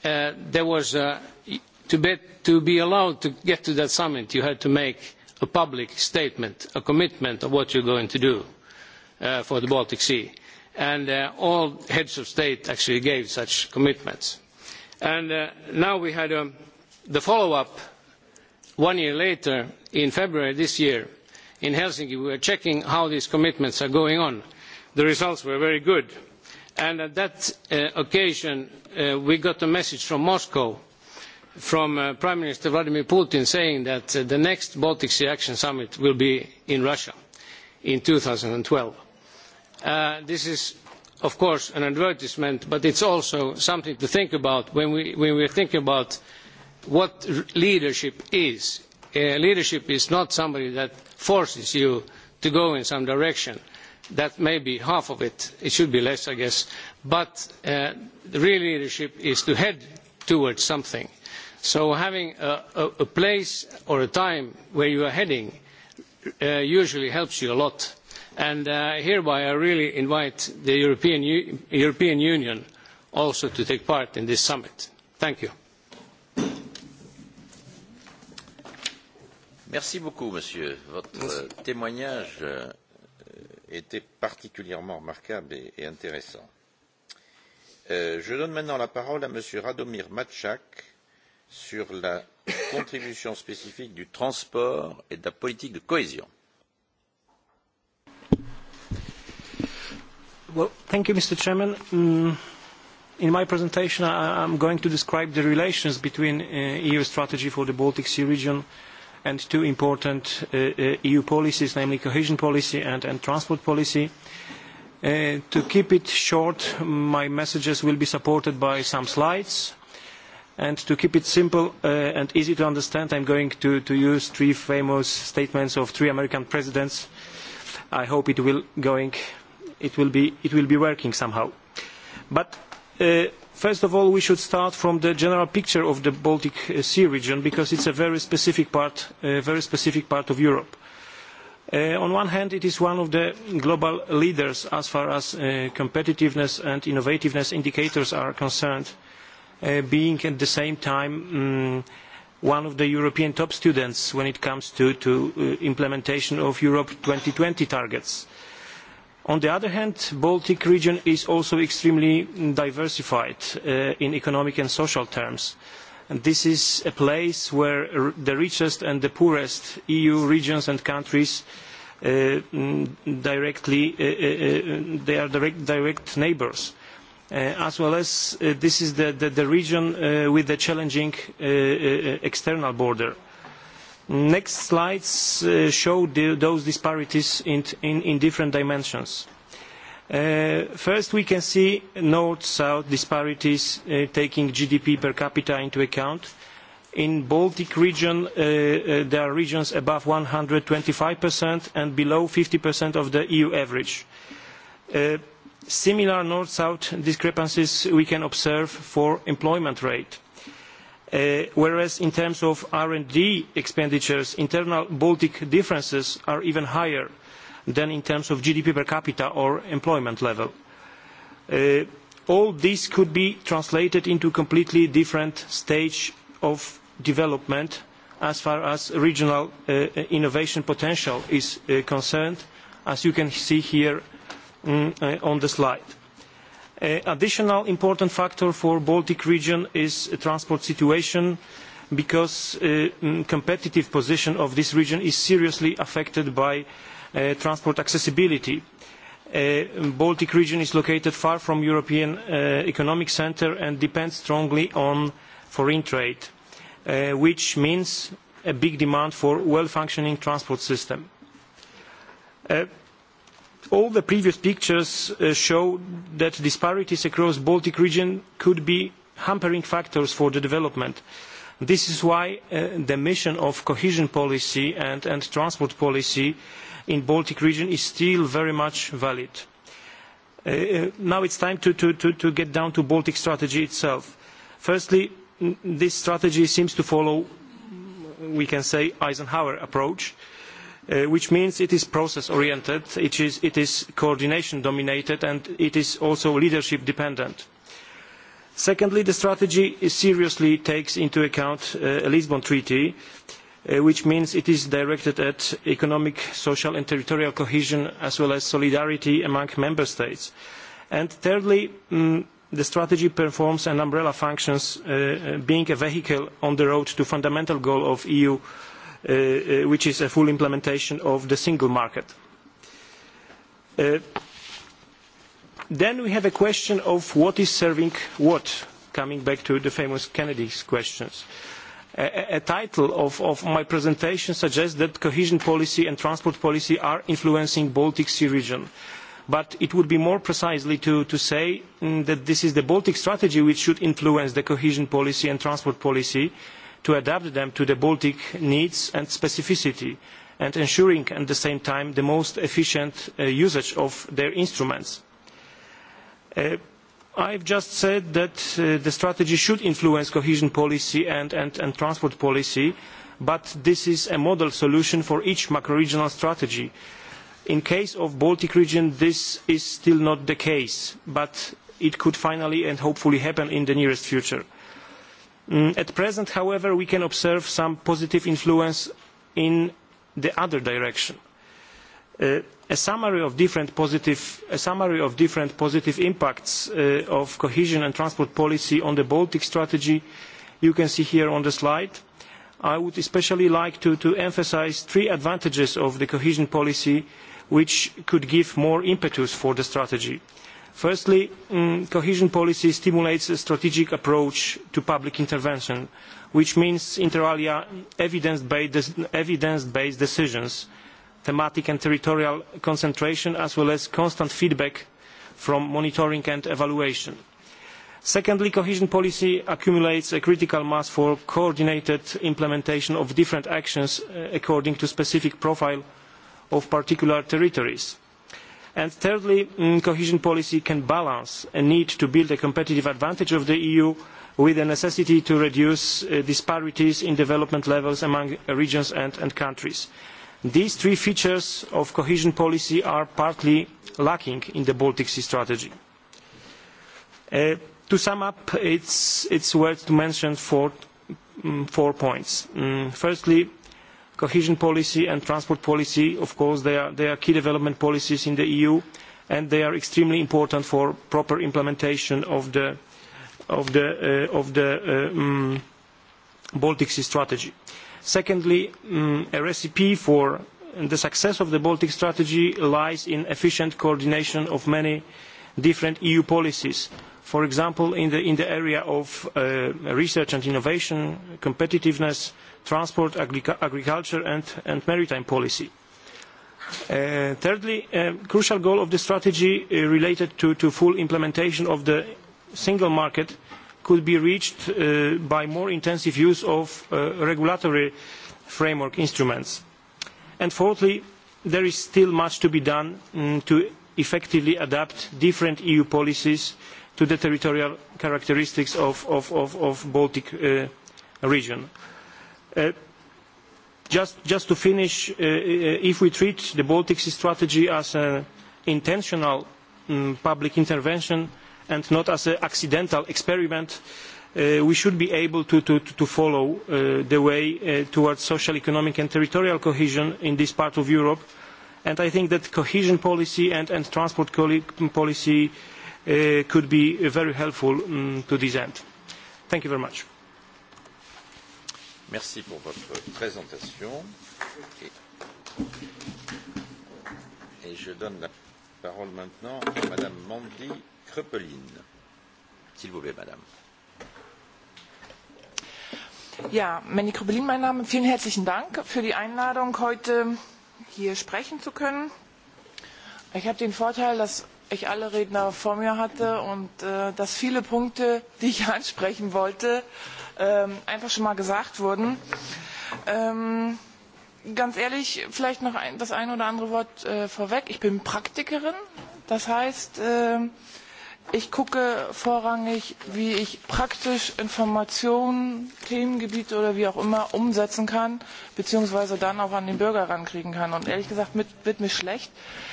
uh, there was uh, to, be, to be allowed to get to that summit, you had to make a public statement, a commitment of what you are going to do uh, for the Baltic Sea. And uh, all heads of state actually gave such commitments. And uh, now we had um, the follow-up one year later, in February this year, in Helsinki, we were checking how these commitments are going on. The results were very good. And at that uh, occasion, uh, we got a message from Moscow, from uh, Prime Minister Vladimir Putin, saying that uh, the next Baltic Sea Action Summit will be in Russia in twelve. Uh, this is, of course, an advertisement, but it is also something to think about when we, when we are thinking about what leadership is. Uh, leadership is not somebody that forces you to go in some direction. That may be half of it. It should be less, I guess. But uh, real leadership is to head towards something. So having a, a, a place or a time where you are heading uh, usually helps you a lot. And uh, hereby I really invite the European, U European Union also to take part in this summit. Thank you. Merci beaucoup, monsieur. Votre euh, Merci. témoignage euh, était particulièrement remarquable et, et intéressant. Euh, je donne maintenant la parole à monsieur Radomir Matchak sur la contribution spécifique du transport et de la politique de cohésion. Well, thank you, Mr. Chairman. Mm, in my presentation, I, I'm going to describe the relations between uh, EU strategy for the Baltic Sea region and two important uh, uh EU policies, namely cohesion policy and, and transport policy. Uh, to keep it short, my messages will be supported by some slides. And to keep it simple uh, and easy to understand, I am going to, to use three famous statements of three American presidents. I hope it will, going, it will, be, it will be working somehow. But uh, First of all, we should start from the general picture of the Baltic uh, Sea region because it is a very specific part, a very specific part of Europe. Uh, on one hand, it is one of the global leaders as far as uh, competitiveness and innovativeness indicators are concerned, uh, being at the same time um, one of the European top students when it comes to, to uh, implementation of Europe twenty targets On the other hand, the Baltic region is also extremely diversified uh, in economic and social terms. And this is a place where the richest and the poorest EU regions and countries uh, mm, directly, uh, uh, uh, they are direct, direct neighbours. Uh, as well as this is the, the, the region with the challenging external border. Uh, Next slides uh, show the, those disparities in, in, in different dimensions. Uh, first, we can see north-south disparities uh, taking GDP per capita into account. In the Baltic region, uh, uh, there are regions above one hundred and twenty 125% and below 50% of the EU average. Uh, similar north-south discrepancies we can observe for employment rate Uh, whereas in terms of R&D expenditures, internal Baltic differences are even higher than in terms of GDP per capita or employment level. Uh, all this could be translated into a completely different stage of development as far as regional uh, innovation potential is uh, concerned, as you can see here um, on the slide. An additional important factor for the Baltic region is the transport situation because the uh, mm, competitive position of this region is seriously affected by uh, transport accessibility. The uh, Baltic region is located far from the European uh, economic centre and depends strongly on foreign trade, uh, which means a big demand for a well-functioning transport system. Uh, all the previous pictures uh, show that disparities across the Baltic region could be hampering factors for the development. This is why uh, the mission of cohesion policy and, and transport policy in the Baltic region is still very much valid. Uh, uh now it is time to, to, to, to, get down to the Baltic strategy itself. Firstly, this strategy seems to follow, we can say, Eisenhower approach. Uh, Uh, which means it is process oriented, it is, it is, coordination dominated and it is also leadership dependent. Secondly, the strategy seriously takes into account uh, the Lisbon Treaty, uh, which means it is directed at economic, social and territorial cohesion as well as solidarity among member states. And thirdly, mm, the strategy performs an umbrella function, uh, being a vehicle on the road to the fundamental goal of EU uh, Uh, uh, which is a full implementation of the single market. Uh, then we have a question of what is serving what, coming back to the famous Kennedy's questions. A, a title of, of my presentation suggests that cohesion policy and transport policy are influencing Baltic Sea region but it would be more precisely to, to say mm, that this is the Baltic strategy which should influence the cohesion policy and transport policy to adapt them to the Baltic needs and specificity and ensuring at the same time the most efficient uh, usage of their instruments. Uh, I have just said that uh, the strategy should influence cohesion policy and, and, and transport policy, but this is a model solution for each macro-regional strategy. In the case of the Baltic region, this is still not the case, but it could finally and hopefully happen in the nearest future. Mm, at present, however, we can observe some positive influence in the other direction. Uh, a, summary positive, a, summary of different positive, impacts uh, of cohesion and transport policy on the Baltic strategy you can see here on the slide. I would especially like to, to emphasise three advantages of the cohesion policy which could give more impetus for the strategy. Uh, Firstly, um, cohesion policy stimulates a strategic approach to public intervention, which means, inter alia, evidence-based evidence -based decisions, thematic and territorial concentration, as well as constant feedback from monitoring and evaluation. Secondly, cohesion policy accumulates a critical mass for coordinated implementation of different actions uh, according to the specific profile of particular territories. And thirdly, mm, cohesion policy can balance a need to build a competitive advantage of the EU with the necessity to reduce uh, disparities in development levels among regions and, and countries. These three features of cohesion policy are partly lacking in the Baltic Sea strategy. Uh, to sum up, it is worth to mention four, um, four points. Um, firstly, cohesion policy and transport policy, of course, they are, they are key development policies in the EU, and they are extremely important for proper implementation of the, of the, uh, of the uh, um, Baltic Sea strategy. Secondly, um, a recipe for the success of the Baltic strategy lies in efficient coordination of many different EU policies for example, in the, in the area of uh, research and innovation, competitiveness, transport, agriculture, and, and maritime policy. Uh, thirdly, a uh, crucial goal of the strategy uh, related to, to full implementation of the single market could be reached uh, by more intensive use of uh, regulatory framework instruments. And fourthly, there is still much to be done mm, to effectively adapt different EU policies to the territorial characteristics of, of, of, of Baltic uh, region. Uh, just, just to finish, uh, uh if we treat the Baltic Sea strategy as an intentional um, public intervention and not as an accidental experiment, uh, we should be able to, to, to follow uh, the way uh, towards social, economic and territorial cohesion in this part of Europe. And I think that cohesion policy and, and transport policy uh, could be very helpful um, to this end. Thank you very much. Merci pour votre présentation. Et, et je donne la parole maintenant à Madame Mandy Kröpeline. S'il vous plaît, Madame. Ja, Mandy Berlin, mein Name. Vielen herzlichen Dank für die Einladung, heute hier sprechen zu können. Ich habe den Vorteil, dass ich alle Redner vor mir hatte und äh, dass viele Punkte, die ich ansprechen wollte, ähm, einfach schon mal gesagt wurden. Ähm, ganz ehrlich, vielleicht noch ein, das ein oder andere Wort äh, vorweg. Ich bin Praktikerin, das heißt, äh, Ich gucke vorrangig, wie ich praktisch Informationen, Themengebiete oder wie auch immer umsetzen kann, beziehungsweise dann auch an den Bürger rankriegen kann. Und ehrlich gesagt mit, wird mir schlecht.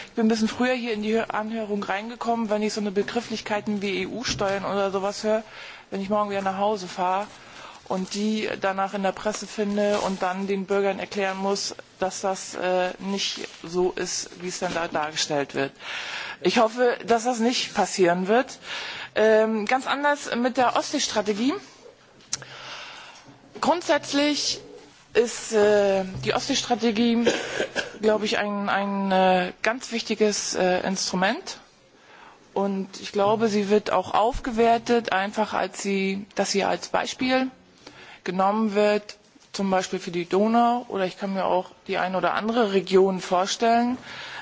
Ich bin ein bisschen früher hier in die Anhörung reingekommen, wenn ich so eine Begrifflichkeiten wie EU-Steuern oder sowas höre, wenn ich morgen wieder nach Hause fahre und die danach in der Presse finde und dann den Bürgern erklären muss, dass das äh, nicht so ist, wie es dann da dargestellt wird. Ich hoffe, dass das nicht passieren wird. Ähm, ganz anders mit der Ostsee-Strategie. Grundsätzlich ist äh, die Ostsee-Strategie, glaube ich, ein, ein äh, ganz wichtiges äh, Instrument. Und ich glaube, sie wird auch aufgewertet, einfach als sie, dass sie als Beispiel genommen wird, zum Beispiel für die Donau oder ich kann mir auch die eine oder andere Region vorstellen,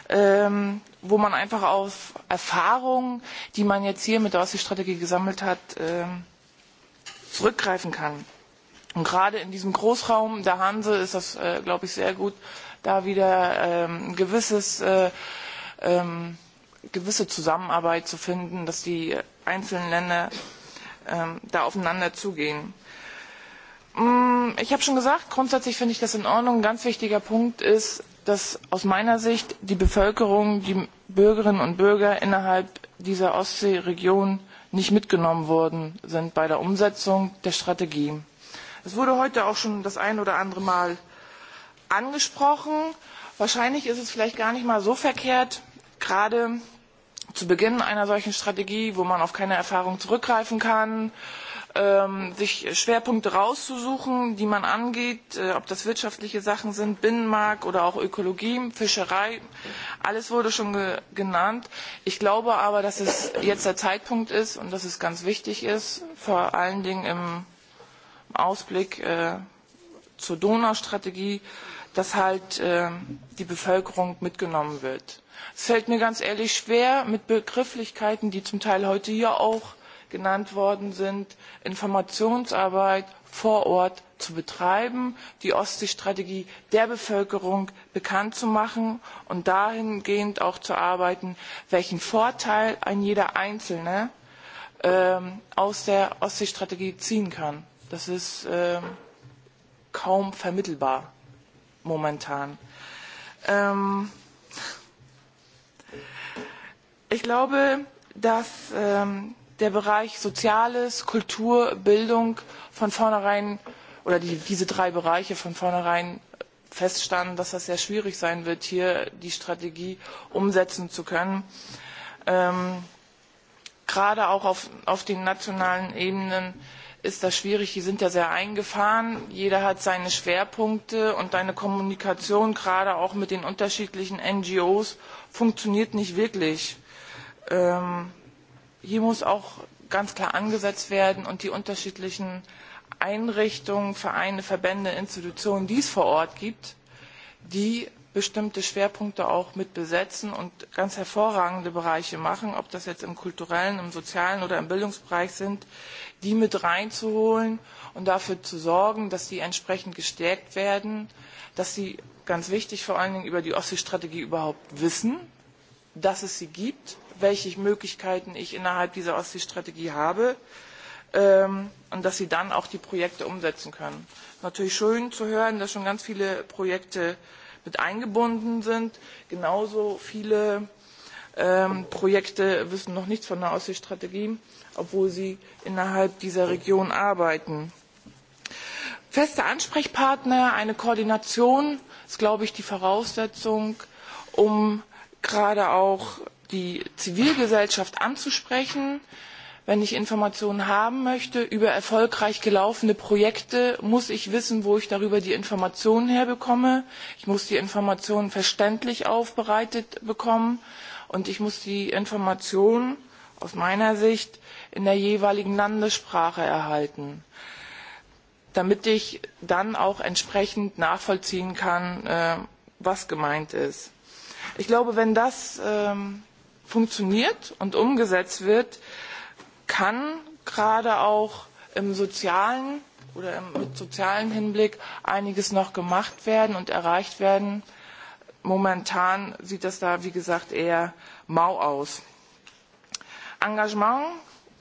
ähm, wo man einfach auf Erfahrungen, die man jetzt hier mit der Ostseestrategie gesammelt hat, ähm, zurückgreifen kann. Und gerade in diesem Großraum der Hanse ist das, äh, glaube ich, sehr gut, da wieder ähm, gewisses, äh, ähm, gewisse Zusammenarbeit zu finden, dass die einzelnen Länder ähm, da aufeinander zugehen. Mm, ich habe schon gesagt, grundsätzlich finde ich das in Ordnung. Ein ganz wichtiger Punkt ist, dass aus meiner Sicht die Bevölkerung, die Bürgerinnen und Bürger innerhalb dieser Ostseeregion nicht mitgenommen worden sind bei der Umsetzung der Strategie. Es wurde heute auch schon das ein oder andere Mal angesprochen. Wahrscheinlich ist es vielleicht gar nicht mal so verkehrt, gerade zu Beginn einer solchen Strategie, wo man auf keine Erfahrung zurückgreifen kann, äh, ähm, sich Schwerpunkte rauszusuchen, die man angeht, äh, ob das wirtschaftliche Sachen sind, Binnenmarkt oder auch Ökologie, Fischerei. Alles wurde schon ge genannt. Ich glaube aber, dass es jetzt der Zeitpunkt ist und dass es ganz wichtig ist, vor allen Dingen im Ausblick äh, zur Donaustrategie, dass halt äh, die Bevölkerung mitgenommen wird. Es fällt mir ganz ehrlich schwer, mit Begrifflichkeiten, die zum Teil heute hier auch genannt worden sind, Informationsarbeit vor Ort zu betreiben, die Ostseestrategie der Bevölkerung bekannt zu machen und dahingehend auch zu arbeiten, welchen Vorteil ein jeder Einzelne ähm, aus der Ostseestrategie ziehen kann. Das ist ähm, kaum vermittelbar momentan. Ähm, ich glaube, dass ähm, der Bereich Soziales, Kultur, Bildung von vornherein oder die, diese drei Bereiche von vornherein feststanden, dass das sehr schwierig sein wird, hier die Strategie umsetzen zu können. Ähm, gerade auch auf, auf den nationalen Ebenen ist das schwierig. Die sind ja sehr eingefahren. Jeder hat seine Schwerpunkte und deine Kommunikation, gerade auch mit den unterschiedlichen NGOs, funktioniert nicht wirklich. Ähm, hier muss auch ganz klar angesetzt werden und die unterschiedlichen Einrichtungen, Vereine, Verbände, Institutionen, die es vor Ort gibt, die bestimmte Schwerpunkte auch mit besetzen und ganz hervorragende Bereiche machen, ob das jetzt im kulturellen, im sozialen oder im Bildungsbereich sind, die mit reinzuholen und dafür zu sorgen, dass sie entsprechend gestärkt werden, dass sie ganz wichtig vor allen Dingen über die Ostsee-Strategie überhaupt wissen, dass es sie gibt welche Möglichkeiten ich innerhalb dieser Ostseestrategie habe ähm, und dass sie dann auch die Projekte umsetzen können. Natürlich schön zu hören, dass schon ganz viele Projekte mit eingebunden sind. Genauso viele ähm, Projekte wissen noch nichts von der Ostseestrategie, obwohl sie innerhalb dieser Region arbeiten. Feste Ansprechpartner, eine Koordination ist, glaube ich, die Voraussetzung, um gerade auch die Zivilgesellschaft anzusprechen. Wenn ich Informationen haben möchte über erfolgreich gelaufene Projekte, muss ich wissen, wo ich darüber die Informationen herbekomme. Ich muss die Informationen verständlich aufbereitet bekommen und ich muss die Informationen aus meiner Sicht in der jeweiligen Landessprache erhalten, damit ich dann auch entsprechend nachvollziehen kann, äh, was gemeint ist. Ich glaube, wenn das ähm, funktioniert und umgesetzt wird, kann gerade auch im sozialen oder im sozialen Hinblick einiges noch gemacht werden und erreicht werden. Momentan sieht das da, wie gesagt, eher mau aus. Engagement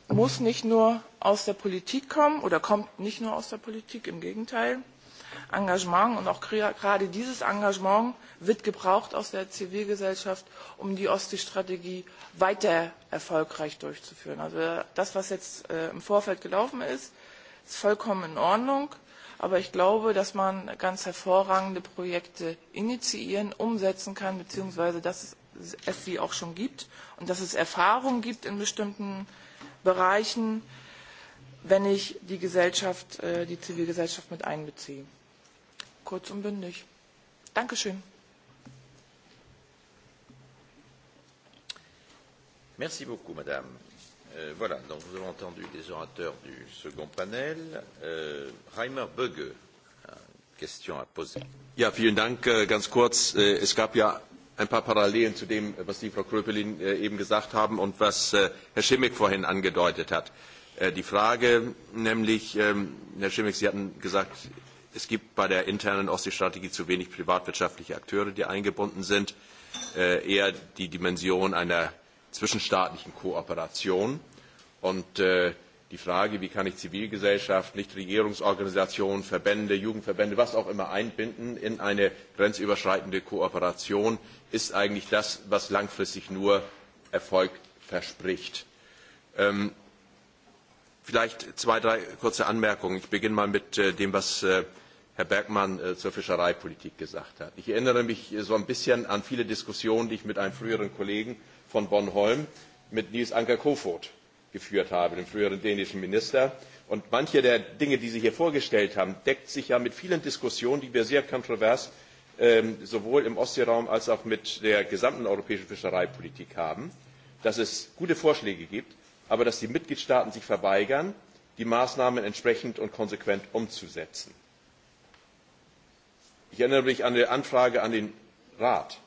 muss nicht nur aus der Politik kommen oder kommt nicht nur aus der Politik, im Gegenteil. Engagement. Und auch gerade dieses Engagement wird gebraucht aus der Zivilgesellschaft, um die Ostsee-Strategie weiter erfolgreich durchzuführen. Also äh, das, was jetzt äh, im Vorfeld gelaufen ist, ist vollkommen in Ordnung. Aber ich glaube, dass man ganz hervorragende Projekte initiieren, umsetzen kann, beziehungsweise dass es sie auch schon gibt und dass es Erfahrungen gibt in bestimmten Bereichen, wenn ich die Gesellschaft, äh, die Zivilgesellschaft mit einbeziehe kurz und bündig. Dankeschön. Merci beaucoup, Madame. Euh, voilà, donc vous avez entendu les orateurs du second panel. Euh, Reimer Böge, question à poser. Ja, vielen Dank. Äh, ganz kurz, äh, es gab ja ein paar Parallelen zu dem, was die Frau Kröpelin äh, eben gesagt haben und was Herr Schimmick vorhin angedeutet hat. Die Frage nämlich, ähm, Herr Schimmick, Sie hatten gesagt, Es gibt bei der internen Ostseestrategie zu wenig privatwirtschaftliche Akteure, die eingebunden sind, äh, eher die Dimension einer zwischenstaatlichen Kooperation. Und äh, die Frage, wie kann ich Zivilgesellschaft, Nichtregierungsorganisationen, Verbände, Jugendverbände, was auch immer einbinden in eine grenzüberschreitende Kooperation, ist eigentlich das, was langfristig nur Erfolg verspricht. Ähm, vielleicht zwei, drei kurze Anmerkungen. Ich beginne mal mit äh, dem, was äh, Herr Bergmann äh, zur Fischereipolitik gesagt hat. Ich erinnere mich äh, so ein bisschen an viele Diskussionen, die ich mit einem früheren Kollegen von Bonn-Holm, mit Nils Anker Kofod, geführt habe, dem früheren dänischen Minister. Und manche der Dinge, die Sie hier vorgestellt haben, deckt sich ja mit vielen Diskussionen, die wir sehr kontrovers ähm, sowohl im Ostseeraum als auch mit der gesamten europäischen Fischereipolitik haben, dass es gute Vorschläge gibt, aber dass die Mitgliedstaaten sich verweigern, die Maßnahmen entsprechend und konsequent umzusetzen. Ich erinnere mich an die Anfrage an den Rat,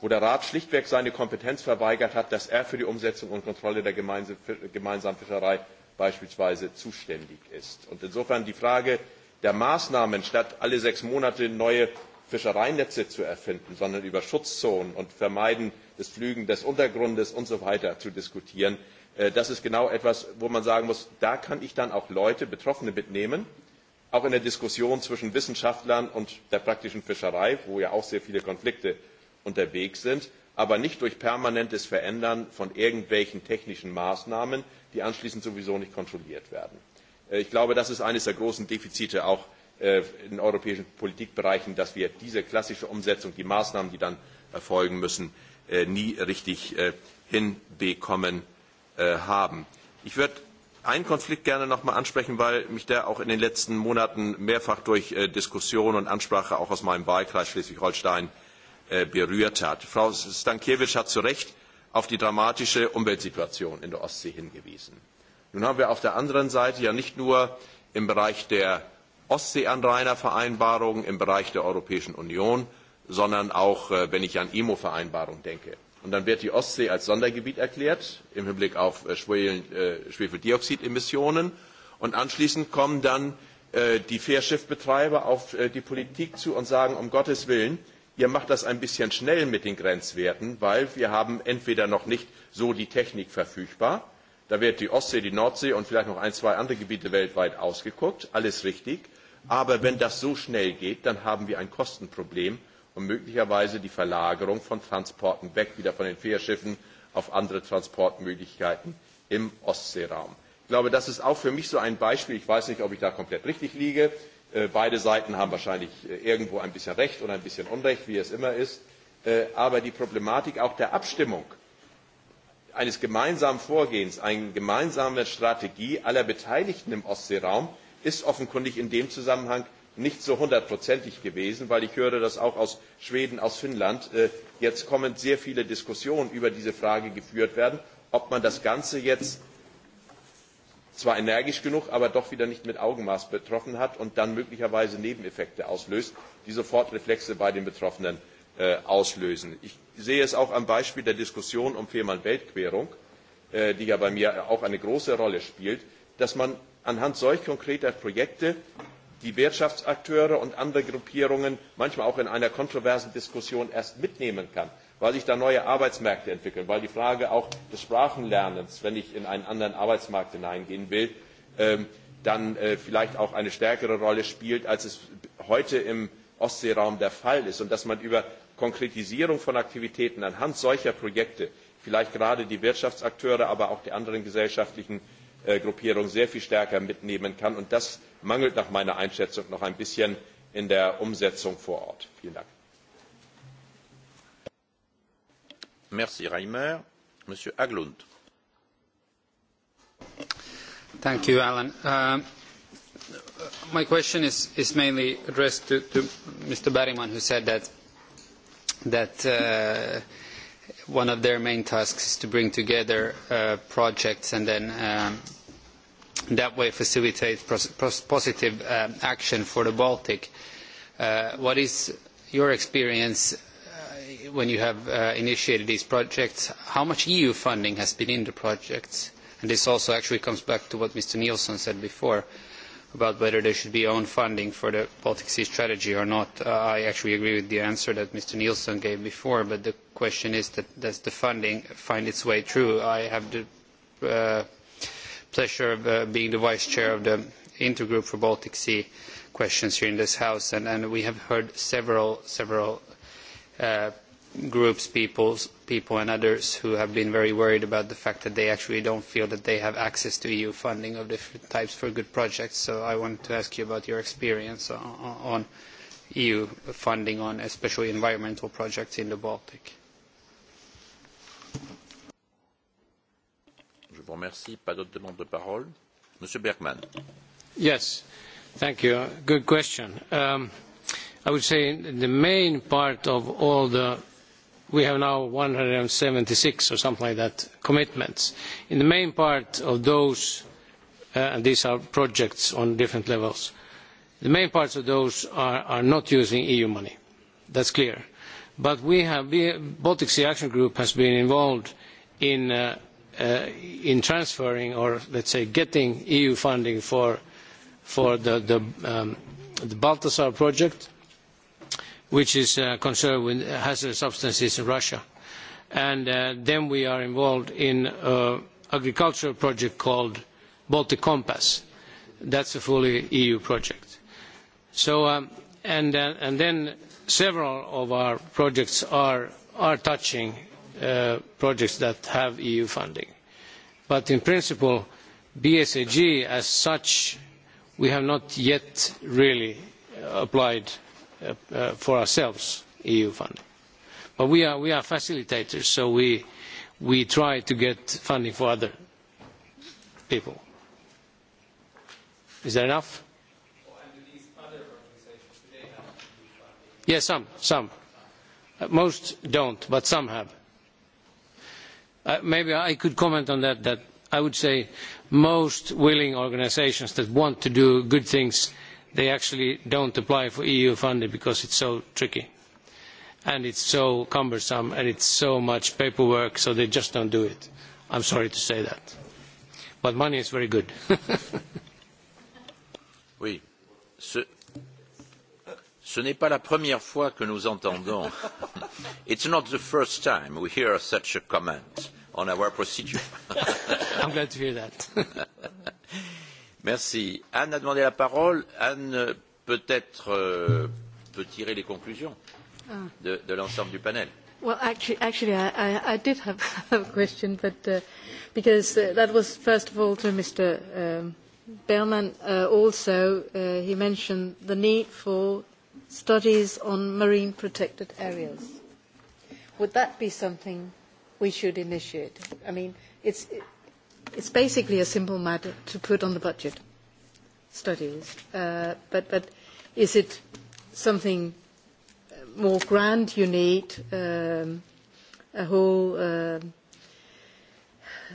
wo der Rat schlichtweg seine Kompetenz verweigert hat, dass er für die Umsetzung und Kontrolle der gemeinsamen Fischerei beispielsweise zuständig ist. Und insofern die Frage der Maßnahmen, statt alle sechs Monate neue Fischereinetze zu erfinden, sondern über Schutzzonen und Vermeiden des Flügen des Untergrundes und so weiter zu diskutieren, äh, das ist genau etwas, wo man sagen muss, da kann ich dann auch Leute, Betroffene mitnehmen, auch in der Diskussion zwischen Wissenschaftlern und der praktischen Fischerei, wo ja auch sehr viele Konflikte unterwegs sind, aber nicht durch permanentes Verändern von irgendwelchen technischen Maßnahmen, die anschließend sowieso nicht kontrolliert werden. Äh, ich glaube, das ist eines der großen Defizite auch äh, in europäischen Politikbereichen, dass wir diese klassische Umsetzung, die Maßnahmen, die dann erfolgen äh, müssen, nie richtig hinbekommen haben. Ich würde einen Konflikt gerne noch mal ansprechen, weil mich der auch in den letzten Monaten mehrfach durch äh, Diskussionen und Ansprache auch aus meinem Wahlkreis Schleswig-Holstein äh, berührt hat. Frau Stankiewicz hat zu Recht auf die dramatische Umweltsituation in der Ostsee hingewiesen. Nun haben wir auf der anderen Seite ja nicht nur im Bereich der Ostseeanrainervereinbarung, im Bereich der Europäischen Union, sondern auch, äh, wenn ich an IMO-Vereinbarung denke. Und dann wird die Ostsee als Sondergebiet erklärt im Hinblick auf äh, äh, Schwefeldioxidemissionen. Und anschließend kommen dann äh, die Fährschiffbetreiber auf die Politik zu und sagen, um Gottes Willen, ihr macht das ein bisschen schnell mit den Grenzwerten, weil wir haben entweder noch nicht so die Technik verfügbar, da wird die Ostsee, die Nordsee und vielleicht noch ein, zwei andere Gebiete weltweit ausgeguckt, alles richtig, aber wenn das so schnell geht, dann haben wir ein Kostenproblem und möglicherweise die Verlagerung von Transporten weg wieder von den Fährschiffen auf andere Transportmöglichkeiten im Ostseeraum. Ich glaube, das ist auch für mich so ein Beispiel. Ich weiß nicht, ob ich da komplett richtig liege. Äh, beide Seiten haben wahrscheinlich äh, irgendwo ein bisschen Recht und ein bisschen Unrecht, wie es immer ist. Äh, aber die Problematik auch der Abstimmung eines gemeinsamen Vorgehens, eine gemeinsame Strategie aller Beteiligten im Ostseeraum ist offenkundig in dem Zusammenhang nicht so hundertprozentig gewesen, weil ich höre, dass auch aus Schweden, aus Finnland äh, jetzt kommend sehr viele Diskussionen über diese Frage geführt werden, ob man das Ganze jetzt zwar energisch genug, aber doch wieder nicht mit Augenmaß betroffen hat und dann möglicherweise Nebeneffekte auslöst, die sofort Reflexe bei den Betroffenen äh, auslösen. Ich sehe es auch am Beispiel der Diskussion um Fehmarn-Weltquerung, äh, die ja bei mir auch eine große Rolle spielt, dass man anhand solch konkreter Projekte die Wirtschaftsakteure und andere Gruppierungen manchmal auch in einer kontroversen Diskussion erst mitnehmen kann, weil sich da neue Arbeitsmärkte entwickeln, weil die Frage auch des Sprachenlernens, wenn ich in einen anderen Arbeitsmarkt hineingehen will, ähm, dann äh, vielleicht auch eine stärkere Rolle spielt, als es heute im Ostseeraum der Fall ist und dass man über Konkretisierung von Aktivitäten anhand solcher Projekte vielleicht gerade die Wirtschaftsakteure, aber auch die anderen gesellschaftlichen Äh, Gruppierung sehr viel stärker mitnehmen kann. Und das mangelt nach meiner Einschätzung noch ein bisschen in der Umsetzung vor Ort. Vielen Dank. Merci, Reimer. Monsieur Aglund. Thank you, Alan. Uh, my question is, is mainly addressed to, to Mr. Berryman, who said that, that uh, one of their main tasks is to bring together uh, projects and then um, that way facilitate positive um, action for the Baltic. Uh, what is your experience uh, when you have uh, initiated these projects? How much EU funding has been in the projects? And this also actually comes back to what Mr. Nielsen said before. Uh, about whether there should be own funding for the Baltic Sea strategy or not. Uh, I actually agree with the answer that Mr. Nielsen gave before, but the question is that does the funding find its way through? I have the uh, pleasure of uh, being the vice chair of the intergroup for Baltic Sea questions here in this house, and, and we have heard several, several uh, groups, people's people and others who have been very worried about the fact that they actually don't feel that they have access to EU funding of different types for good projects. So I wanted to ask you about your experience on, EU funding on especially environmental projects in the Baltic. Je vous remercie. Pas d'autres demandes de parole. Monsieur Bergman. Yes, thank you. Good question. Um, I would say the main part of all the we have now one hundred and seventy six or something like that commitments. In the main part of those, uh, and these are projects on different levels, the main parts of those are, are not using EU money. That is clear. But we have, Baltic Sea Action Group has been involved in, uh, uh, in transferring or let's say getting EU funding for, for the, the, um, the Baltasar project which is uh, concerned with hazardous substances in Russia. And uh, then we are involved in an uh, agricultural project called Baltic Compass. That's a fully EU project. So, um, and, uh, and then several of our projects are, are touching uh, projects that have EU funding. But in principle, BSAG as such, we have not yet really applied Uh, uh, for ourselves EU funding. But we are, we are facilitators, so we, we try to get funding for other people. Is that enough? Yes, some, some. Uh, most don't, but some have. Uh, maybe I could comment on that, that I would say most willing organizations that want to do good things they actually do not apply for EU funding because it is so tricky and it is so cumbersome and it is so much paperwork so they just do not do it. I am sorry to say that. But money is very good. oui. Ce, ce n'est pas la première fois que nous entendons. It's not the first time we hear such a comment on our procedure. I'm glad to hear that. Merci. Anne a demandé la parole. Anne, peut-être, euh, peut tirer les conclusions ah. de, de l'ensemble du panel. Well, actually, actually I, I, I did have, a question, but uh, because uh, that was first of all to Mr. Um, Berman. Uh, also, uh, he mentioned the need for studies on marine protected areas. Would that be something we should initiate? I mean, it's, it's basically a simple matter to put on the budget studies, uh, but, but is it something more grand you need, um, a whole uh,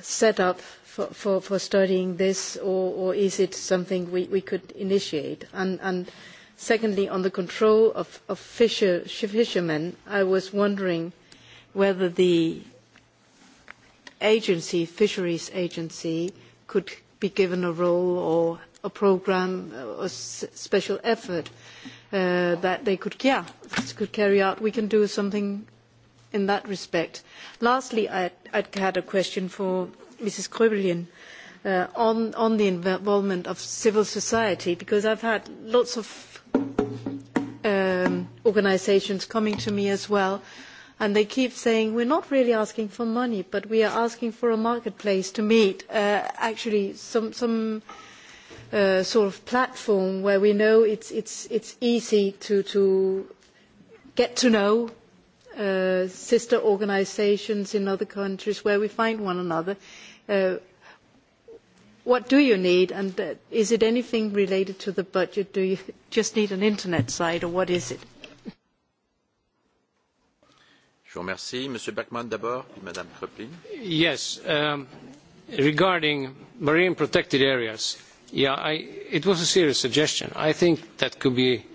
setup for, for, for studying this, or, or is it something we, we could initiate? And, and secondly, on the control of, of fisher, fishermen, I was wondering whether the agency, fisheries agency, could be given a role or a program or uh, special effort uh, that they could, yeah, could carry out. We can do something in that respect. Lastly, I, I had a question for Mrs. Kröbelin uh, on, on the involvement of civil society, because I've had lots of um, organizations coming to me as well, And they keep saying, we're not really asking for money, but we are asking for a marketplace to meet, uh, actually some, some uh, sort of platform where we know it's, it's, it's easy to, to get to know uh, sister organizations in other countries where we find one another. Uh, what do you need and uh, is it anything related to the budget? Do you just need an internet site or what is it? Je vous Monsieur Bachmann d'abord, puis Madame Kreplin. Yes, um, regarding marine protected areas, yeah, I, it was a serious suggestion. I think that could be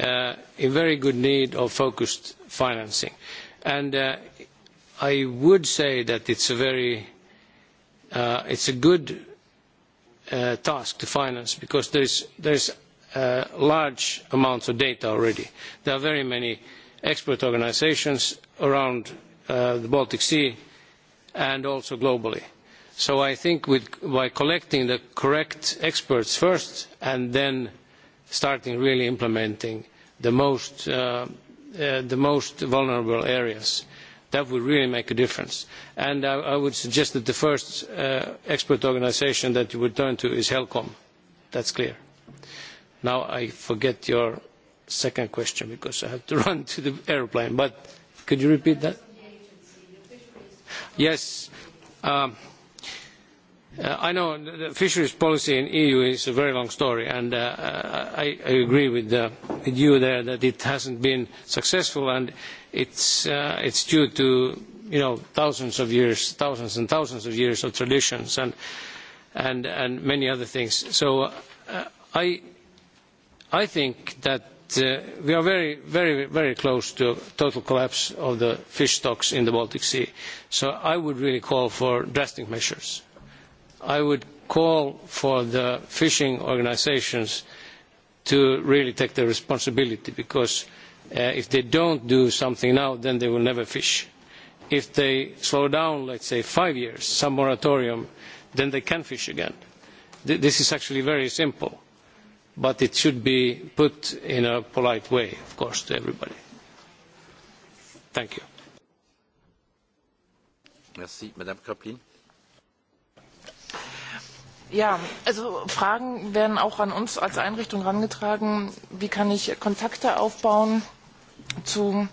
uh, in very good need of focused financing. And uh, I would say that it's a very, uh, it's a good uh, task to finance because there's, there's uh, large amounts of data already. There are very many expert organizations around uh, the Baltic Sea and also globally. So I think with, by collecting the correct experts first and then starting really implementing the most, uh, uh, the most vulnerable areas, that would really make a difference. And I, I would suggest that the first uh, expert organisation that you would turn to is HELCOM. That's clear. Now I forget your second question because I have to run to the airplane. But Could you repeat that? Yes. Um, uh, I know the fisheries policy in the EU is a very long story, and uh, I, I agree with, uh, with you there that it hasn't been successful, and it's, uh, it's due to you know, thousands of years, thousands and thousands of years of traditions and, and, and many other things. So uh, I, I think that uh, we are very, very, very close to total collapse of the fish stocks in the Baltic Sea. So I would really call for drastic measures. I would call for the fishing organisations to really take their responsibility because uh, if they do not do something now, then they will never fish. If they slow down, let us say, five years, some moratorium, then they can fish again. Th this is actually very simple but it should be put in a polite way, of course, to everybody. Thank you. Merci. Madame Kaplin. Ja, also Fragen werden auch an uns als Einrichtung herangetragen. Wie kann ich Kontakte aufbauen zu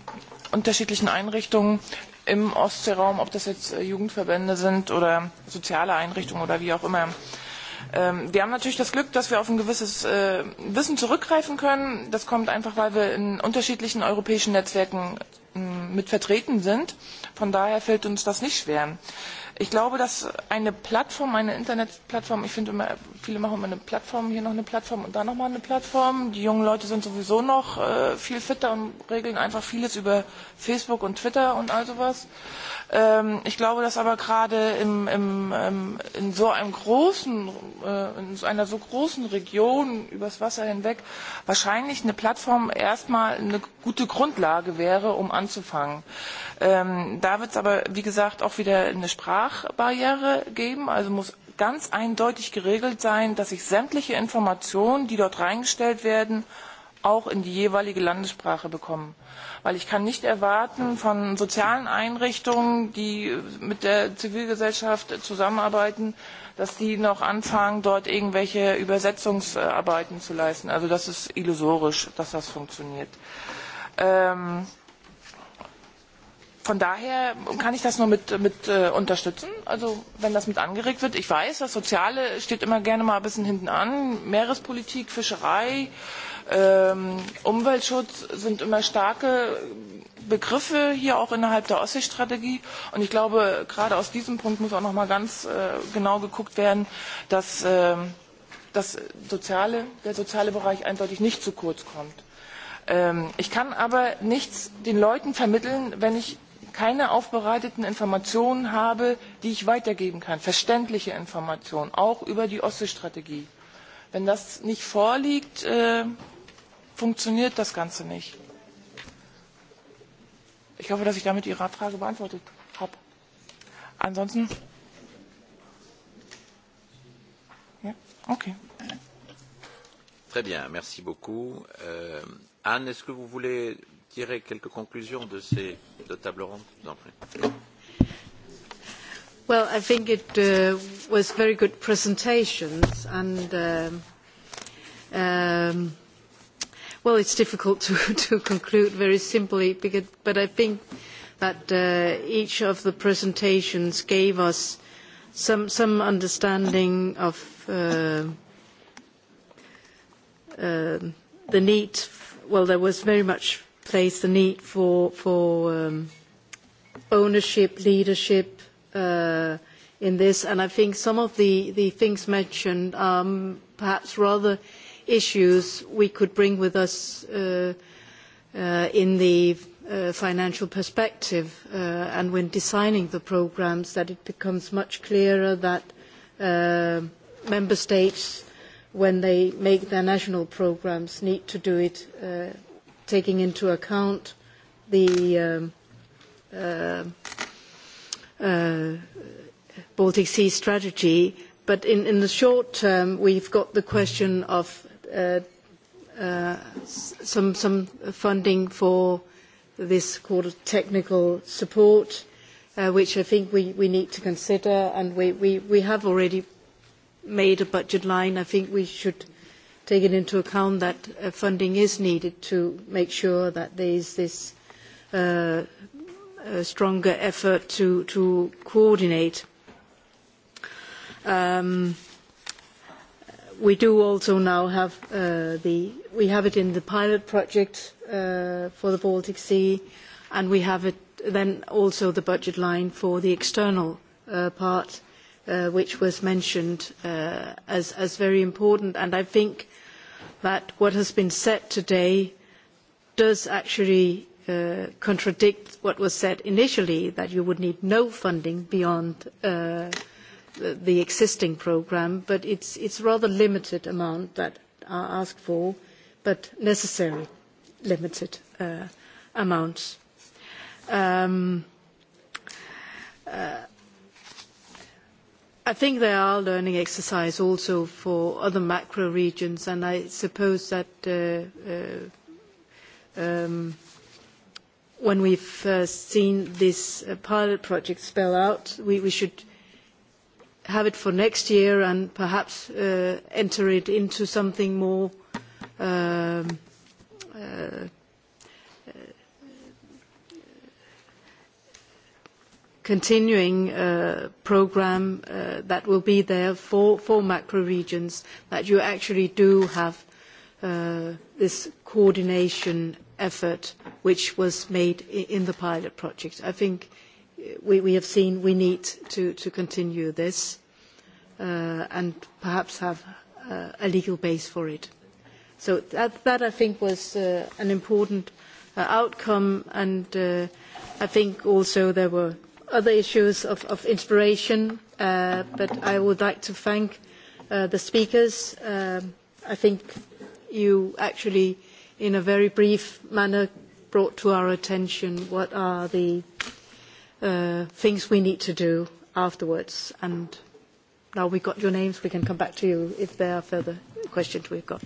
unterschiedlichen Einrichtungen im Ostseeraum, ob das jetzt äh, Jugendverbände sind oder soziale Einrichtungen oder wie auch immer. Ähm, wir haben natürlich das Glück, dass wir auf ein gewisses äh, Wissen zurückgreifen können. Das kommt einfach, weil wir in unterschiedlichen europäischen Netzwerken äh, mit vertreten sind. Von daher fällt uns das nicht schwer. Ich glaube, dass eine Plattform, eine Internetplattform, ich finde immer, viele machen immer eine Plattform, hier noch eine Plattform und da noch mal eine Plattform. Die jungen Leute sind sowieso noch äh, viel fitter und regeln einfach vieles über Facebook und Twitter und all sowas. Ähm, ich glaube, dass aber gerade im, im, ähm, in so einem großen, äh, in so einer so großen Region übers Wasser hinweg wahrscheinlich eine Plattform erstmal eine gute Grundlage wäre, um anzufangen. Ähm, da wird es aber, wie gesagt, auch wieder eine Sprachbarriere geben, also muss ganz eindeutig geregelt sein, dass sich sämtliche Informationen, die dort reingestellt werden, äh, auch in die jeweilige Landessprache bekommen. Weil ich kann nicht erwarten von sozialen Einrichtungen, die mit der Zivilgesellschaft zusammenarbeiten, dass die noch anfangen, dort irgendwelche Übersetzungsarbeiten zu leisten. Also das ist illusorisch, dass das funktioniert. Ähm, von daher kann ich das nur mit, mit äh, unterstützen, also wenn das mit angeregt wird. Ich weiß, das Soziale steht immer gerne mal ein bisschen hinten an. Meerespolitik, Fischerei, äh, Ähm, Umweltschutz sind immer starke Begriffe hier auch innerhalb der Ostseestrategie. Und ich glaube, gerade aus diesem Punkt muss auch noch mal ganz äh, genau geguckt werden, dass äh, das soziale, der soziale Bereich eindeutig nicht zu kurz kommt. Ähm, ich kann aber nichts den Leuten vermitteln, wenn ich keine aufbereiteten Informationen habe, die ich weitergeben kann. Verständliche Informationen, auch über die Ostseestrategie. Wenn das nicht vorliegt, äh, funktioniert das Ganze nicht. Ich hoffe, dass ich damit Ihre Frage beantwortet habe. Ansonsten. Ja, okay. Très bien, merci beaucoup. Euh, Anne, est-ce que vous voulez tirer quelques conclusions de ces de tables rondes Well, I think it uh, was very good presentations and uh, um, um Well, it's difficult to, to conclude very simply, because, but I think that uh, each of the presentations gave us some, some understanding of uh, uh, the need, well, there was very much placed the need for, for um, ownership, leadership uh, in this, and I think some of the, the things mentioned are um, perhaps rather issues we could bring with us uh, uh, in the uh, financial perspective uh, and when designing the programs that it becomes much clearer that uh, member states when they make their national programs need to do it uh, taking into account the um, uh, uh, Baltic Sea strategy but in, in the short term we've got the question of uh, uh, some, some funding for this called technical support, uh, which I think we, we need to consider. And we, we, we have already made a budget line. I think we should take it into account that uh, funding is needed to make sure that there is this uh, uh, stronger effort to, to coordinate. Um, we do also now have uh, the, we have it in the pilot project uh, for the Baltic Sea, and we have it then also the budget line for the external uh, part, uh, which was mentioned uh, as, as very important. And I think that what has been said today does actually uh, contradict what was said initially, that you would need no funding beyond uh, the existing programme, but it's, it's rather limited amount that are asked for, but necessary limited uh, amounts. Um, uh, I think there are learning exercises also for other macro regions, and I suppose that uh, uh um, when we've uh, seen this uh, pilot project spell out, we, we should – have it for next year and perhaps uh, enter it into something more um, uh, uh, continuing uh, program uh, that will be there for, for macro regions, that you actually do have uh, this coordination effort which was made in the pilot project. I think we, we have seen we need to, to continue this uh, and perhaps have uh, a legal base for it. So that, that I think was uh, an important uh, outcome and uh, I think also there were other issues of, of inspiration uh, but I would like to thank uh, the speakers. Um, I think you actually in a very brief manner brought to our attention what are the uh, uh, things we need to do afterwards. And now we've got your names, we can come back to you if there are further questions we've got.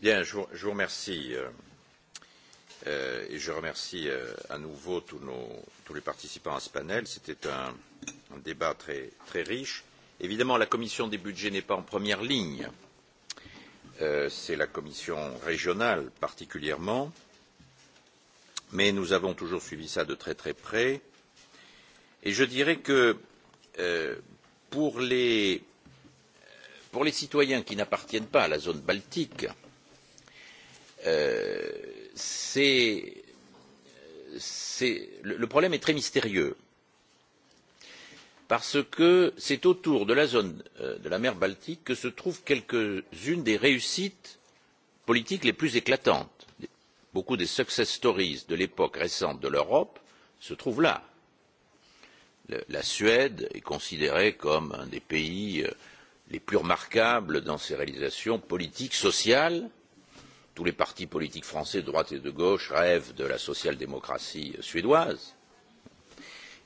Bien, je vous, je vous remercie euh, euh, et je remercie euh, à nouveau tous, nos, tous les participants à ce panel. C'était un, un débat très, très riche. Évidemment, la commission des budgets n'est pas en première ligne. Euh, C'est la commission régionale particulièrement. Euh, mais nous avons toujours suivi cela de très très près. Et je dirais que euh, pour, les, pour, les, citoyens qui n'appartiennent pas à la zone baltique, euh, le, le problème est très mystérieux parce que c'est autour de la zone euh, de la mer Baltique que se trouvent quelques-unes des réussites politiques les plus éclatantes. Beaucoup des success stories de l'époque récente de l'Europe se trouvent là. La Suède est considérée comme un des pays euh, les plus remarquables dans ses réalisations politiques, sociales. Tous les partis politiques français, de droite et de gauche, rêvent de la social-démocratie suédoise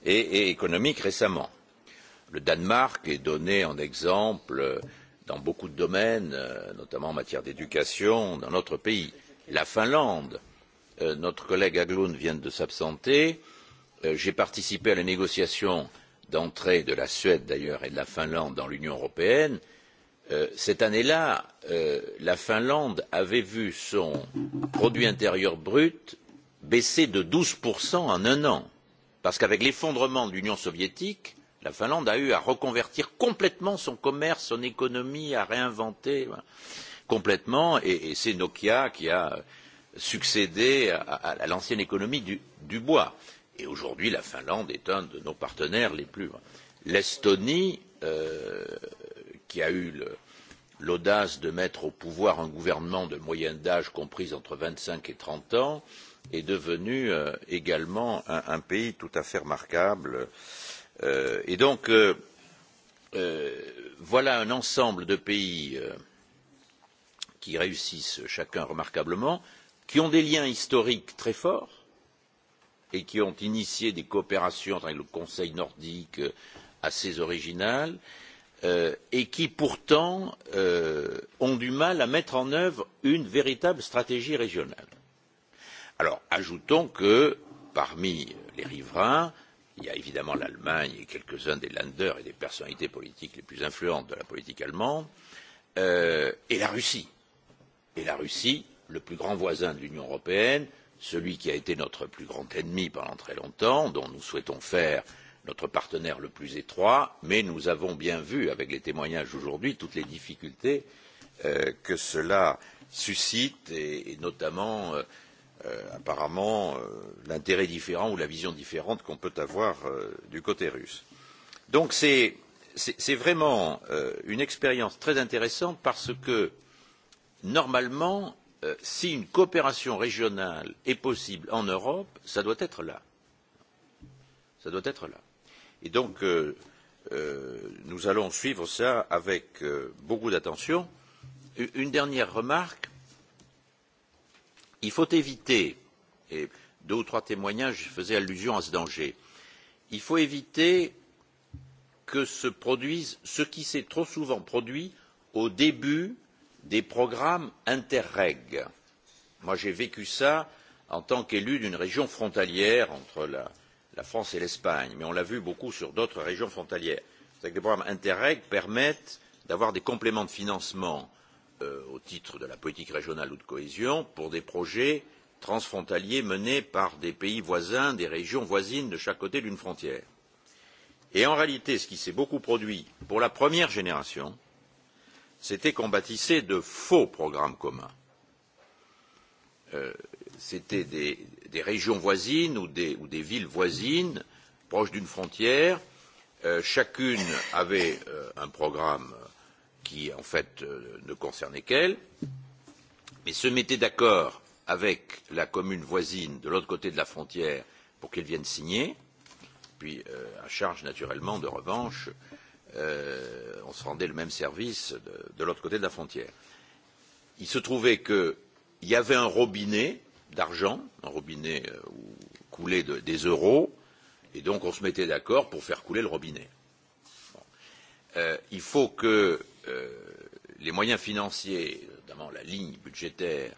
et, et économique récemment. Le Danemark est donné en exemple dans beaucoup de domaines, euh, notamment en matière d'éducation, dans notre pays la Finlande. Euh, notre collègue Aglund vient de s'absenter. Euh, J'ai participé à la négociation d'entrée de la Suède d'ailleurs et de la Finlande dans l'Union européenne. Euh, cette année-là, euh, la Finlande avait vu son produit intérieur brut baisser de 12% en un an. Parce qu'avec l'effondrement de l'Union soviétique, la Finlande a eu à reconvertir complètement son commerce, son économie, à réinventer. Voilà complètement et, et c'est Nokia qui a succédé à, à, à l'ancienne économie du, du bois. Et aujourd'hui, la Finlande est un de nos partenaires les plus. L'Estonie, euh, qui a eu l'audace de mettre au pouvoir un gouvernement de moyenne d'âge comprise entre vingt cinq et trente ans, est devenue euh, également un, un, pays tout à fait remarquable. Euh, et donc, euh, euh, voilà un ensemble de pays euh, qui réussissent chacun remarquablement, qui ont des liens historiques très forts et qui ont initié des coopérations avec le Conseil nordique euh, assez originales euh, et qui pourtant euh, ont du mal à mettre en œuvre une véritable stratégie régionale. Alors, ajoutons que parmi les riverains, il y a évidemment l'Allemagne et quelques-uns des Länder et des personnalités politiques les plus influentes de la politique allemande, euh, et la Russie et la Russie, le plus grand voisin de l'Union européenne, celui qui a été notre plus grand ennemi pendant très longtemps, dont nous souhaitons faire notre partenaire le plus étroit, mais nous avons bien vu, avec les témoignages aujourd'hui, toutes les difficultés euh, que cela suscite, et, et notamment euh, euh, apparemment euh, l'intérêt différent ou la vision différente qu'on peut avoir euh, du côté russe. Donc c'est vraiment euh, une expérience très intéressante parce que normalement, euh, si une coopération régionale est possible en Europe, ça doit être là. Ça doit être là. Et donc, euh, euh, nous allons suivre ça avec euh, beaucoup d'attention. Une dernière remarque. Il faut éviter, et deux ou trois témoignages faisaient allusion à ce danger, il faut éviter que se produise ce qui s'est trop souvent produit au début des programmes interreg. Moi, j'ai vécu ça en tant qu'élu d'une région frontalière entre la, la France et l'Espagne, mais on l'a vu beaucoup sur d'autres régions frontalières. C'est-à-dire que les programmes interreg permettent d'avoir des compléments de financement euh, au titre de la politique régionale ou de cohésion pour des projets transfrontaliers menés par des pays voisins, des régions voisines de chaque côté d'une frontière. Et en réalité, ce qui s'est beaucoup produit pour la première génération, c'était qu'on bâtissait de faux programmes communs. Euh, c'était des, des régions voisines ou des, ou des villes voisines, proches d'une frontière. Euh, chacune avait euh, un programme qui, en fait, euh, ne concernait qu'elle, mais se mettait d'accord avec la commune voisine de l'autre côté de la frontière pour qu'elle vienne signer, puis euh, à charge naturellement de revanche euh, euh, on se rendait le même service de, de l'autre côté de la frontière. Il se trouvait qu'il y avait un robinet d'argent, un robinet euh, où coulait de, des euros, et donc on se mettait d'accord pour faire couler le robinet. Bon. Euh, il faut que euh, les moyens financiers, notamment la ligne budgétaire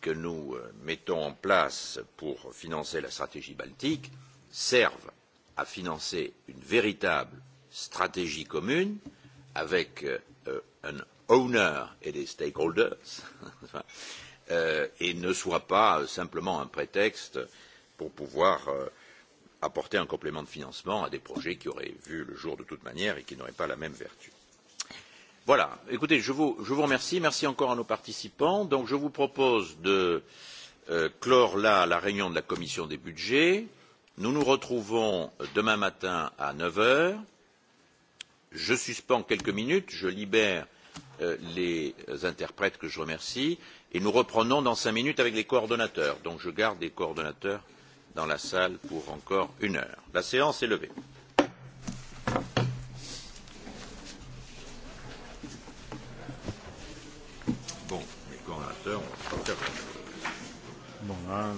que nous euh, mettons en place pour financer la stratégie baltique, servent à financer une véritable stratégie commune avec euh, euh, un owner et des stakeholders euh, et ne soit pas simplement un prétexte pour pouvoir euh, apporter un complément de financement à des projets qui auraient vu le jour de toute manière et qui n'auraient pas la même vertu. Voilà, écoutez, je vous, je vous remercie, merci encore à nos participants. Donc je vous propose de euh, clore là la réunion de la commission des budgets. Nous nous retrouvons demain matin à 9 heures Je suspends quelques minutes, je libère euh, les interprètes que je remercie et nous reprenons dans cinq minutes avec les coordonnateurs. Donc je garde les coordonnateurs dans la salle pour encore une heure. La séance est levée. Bon, les coordonnateurs, on va faire. Bon, là,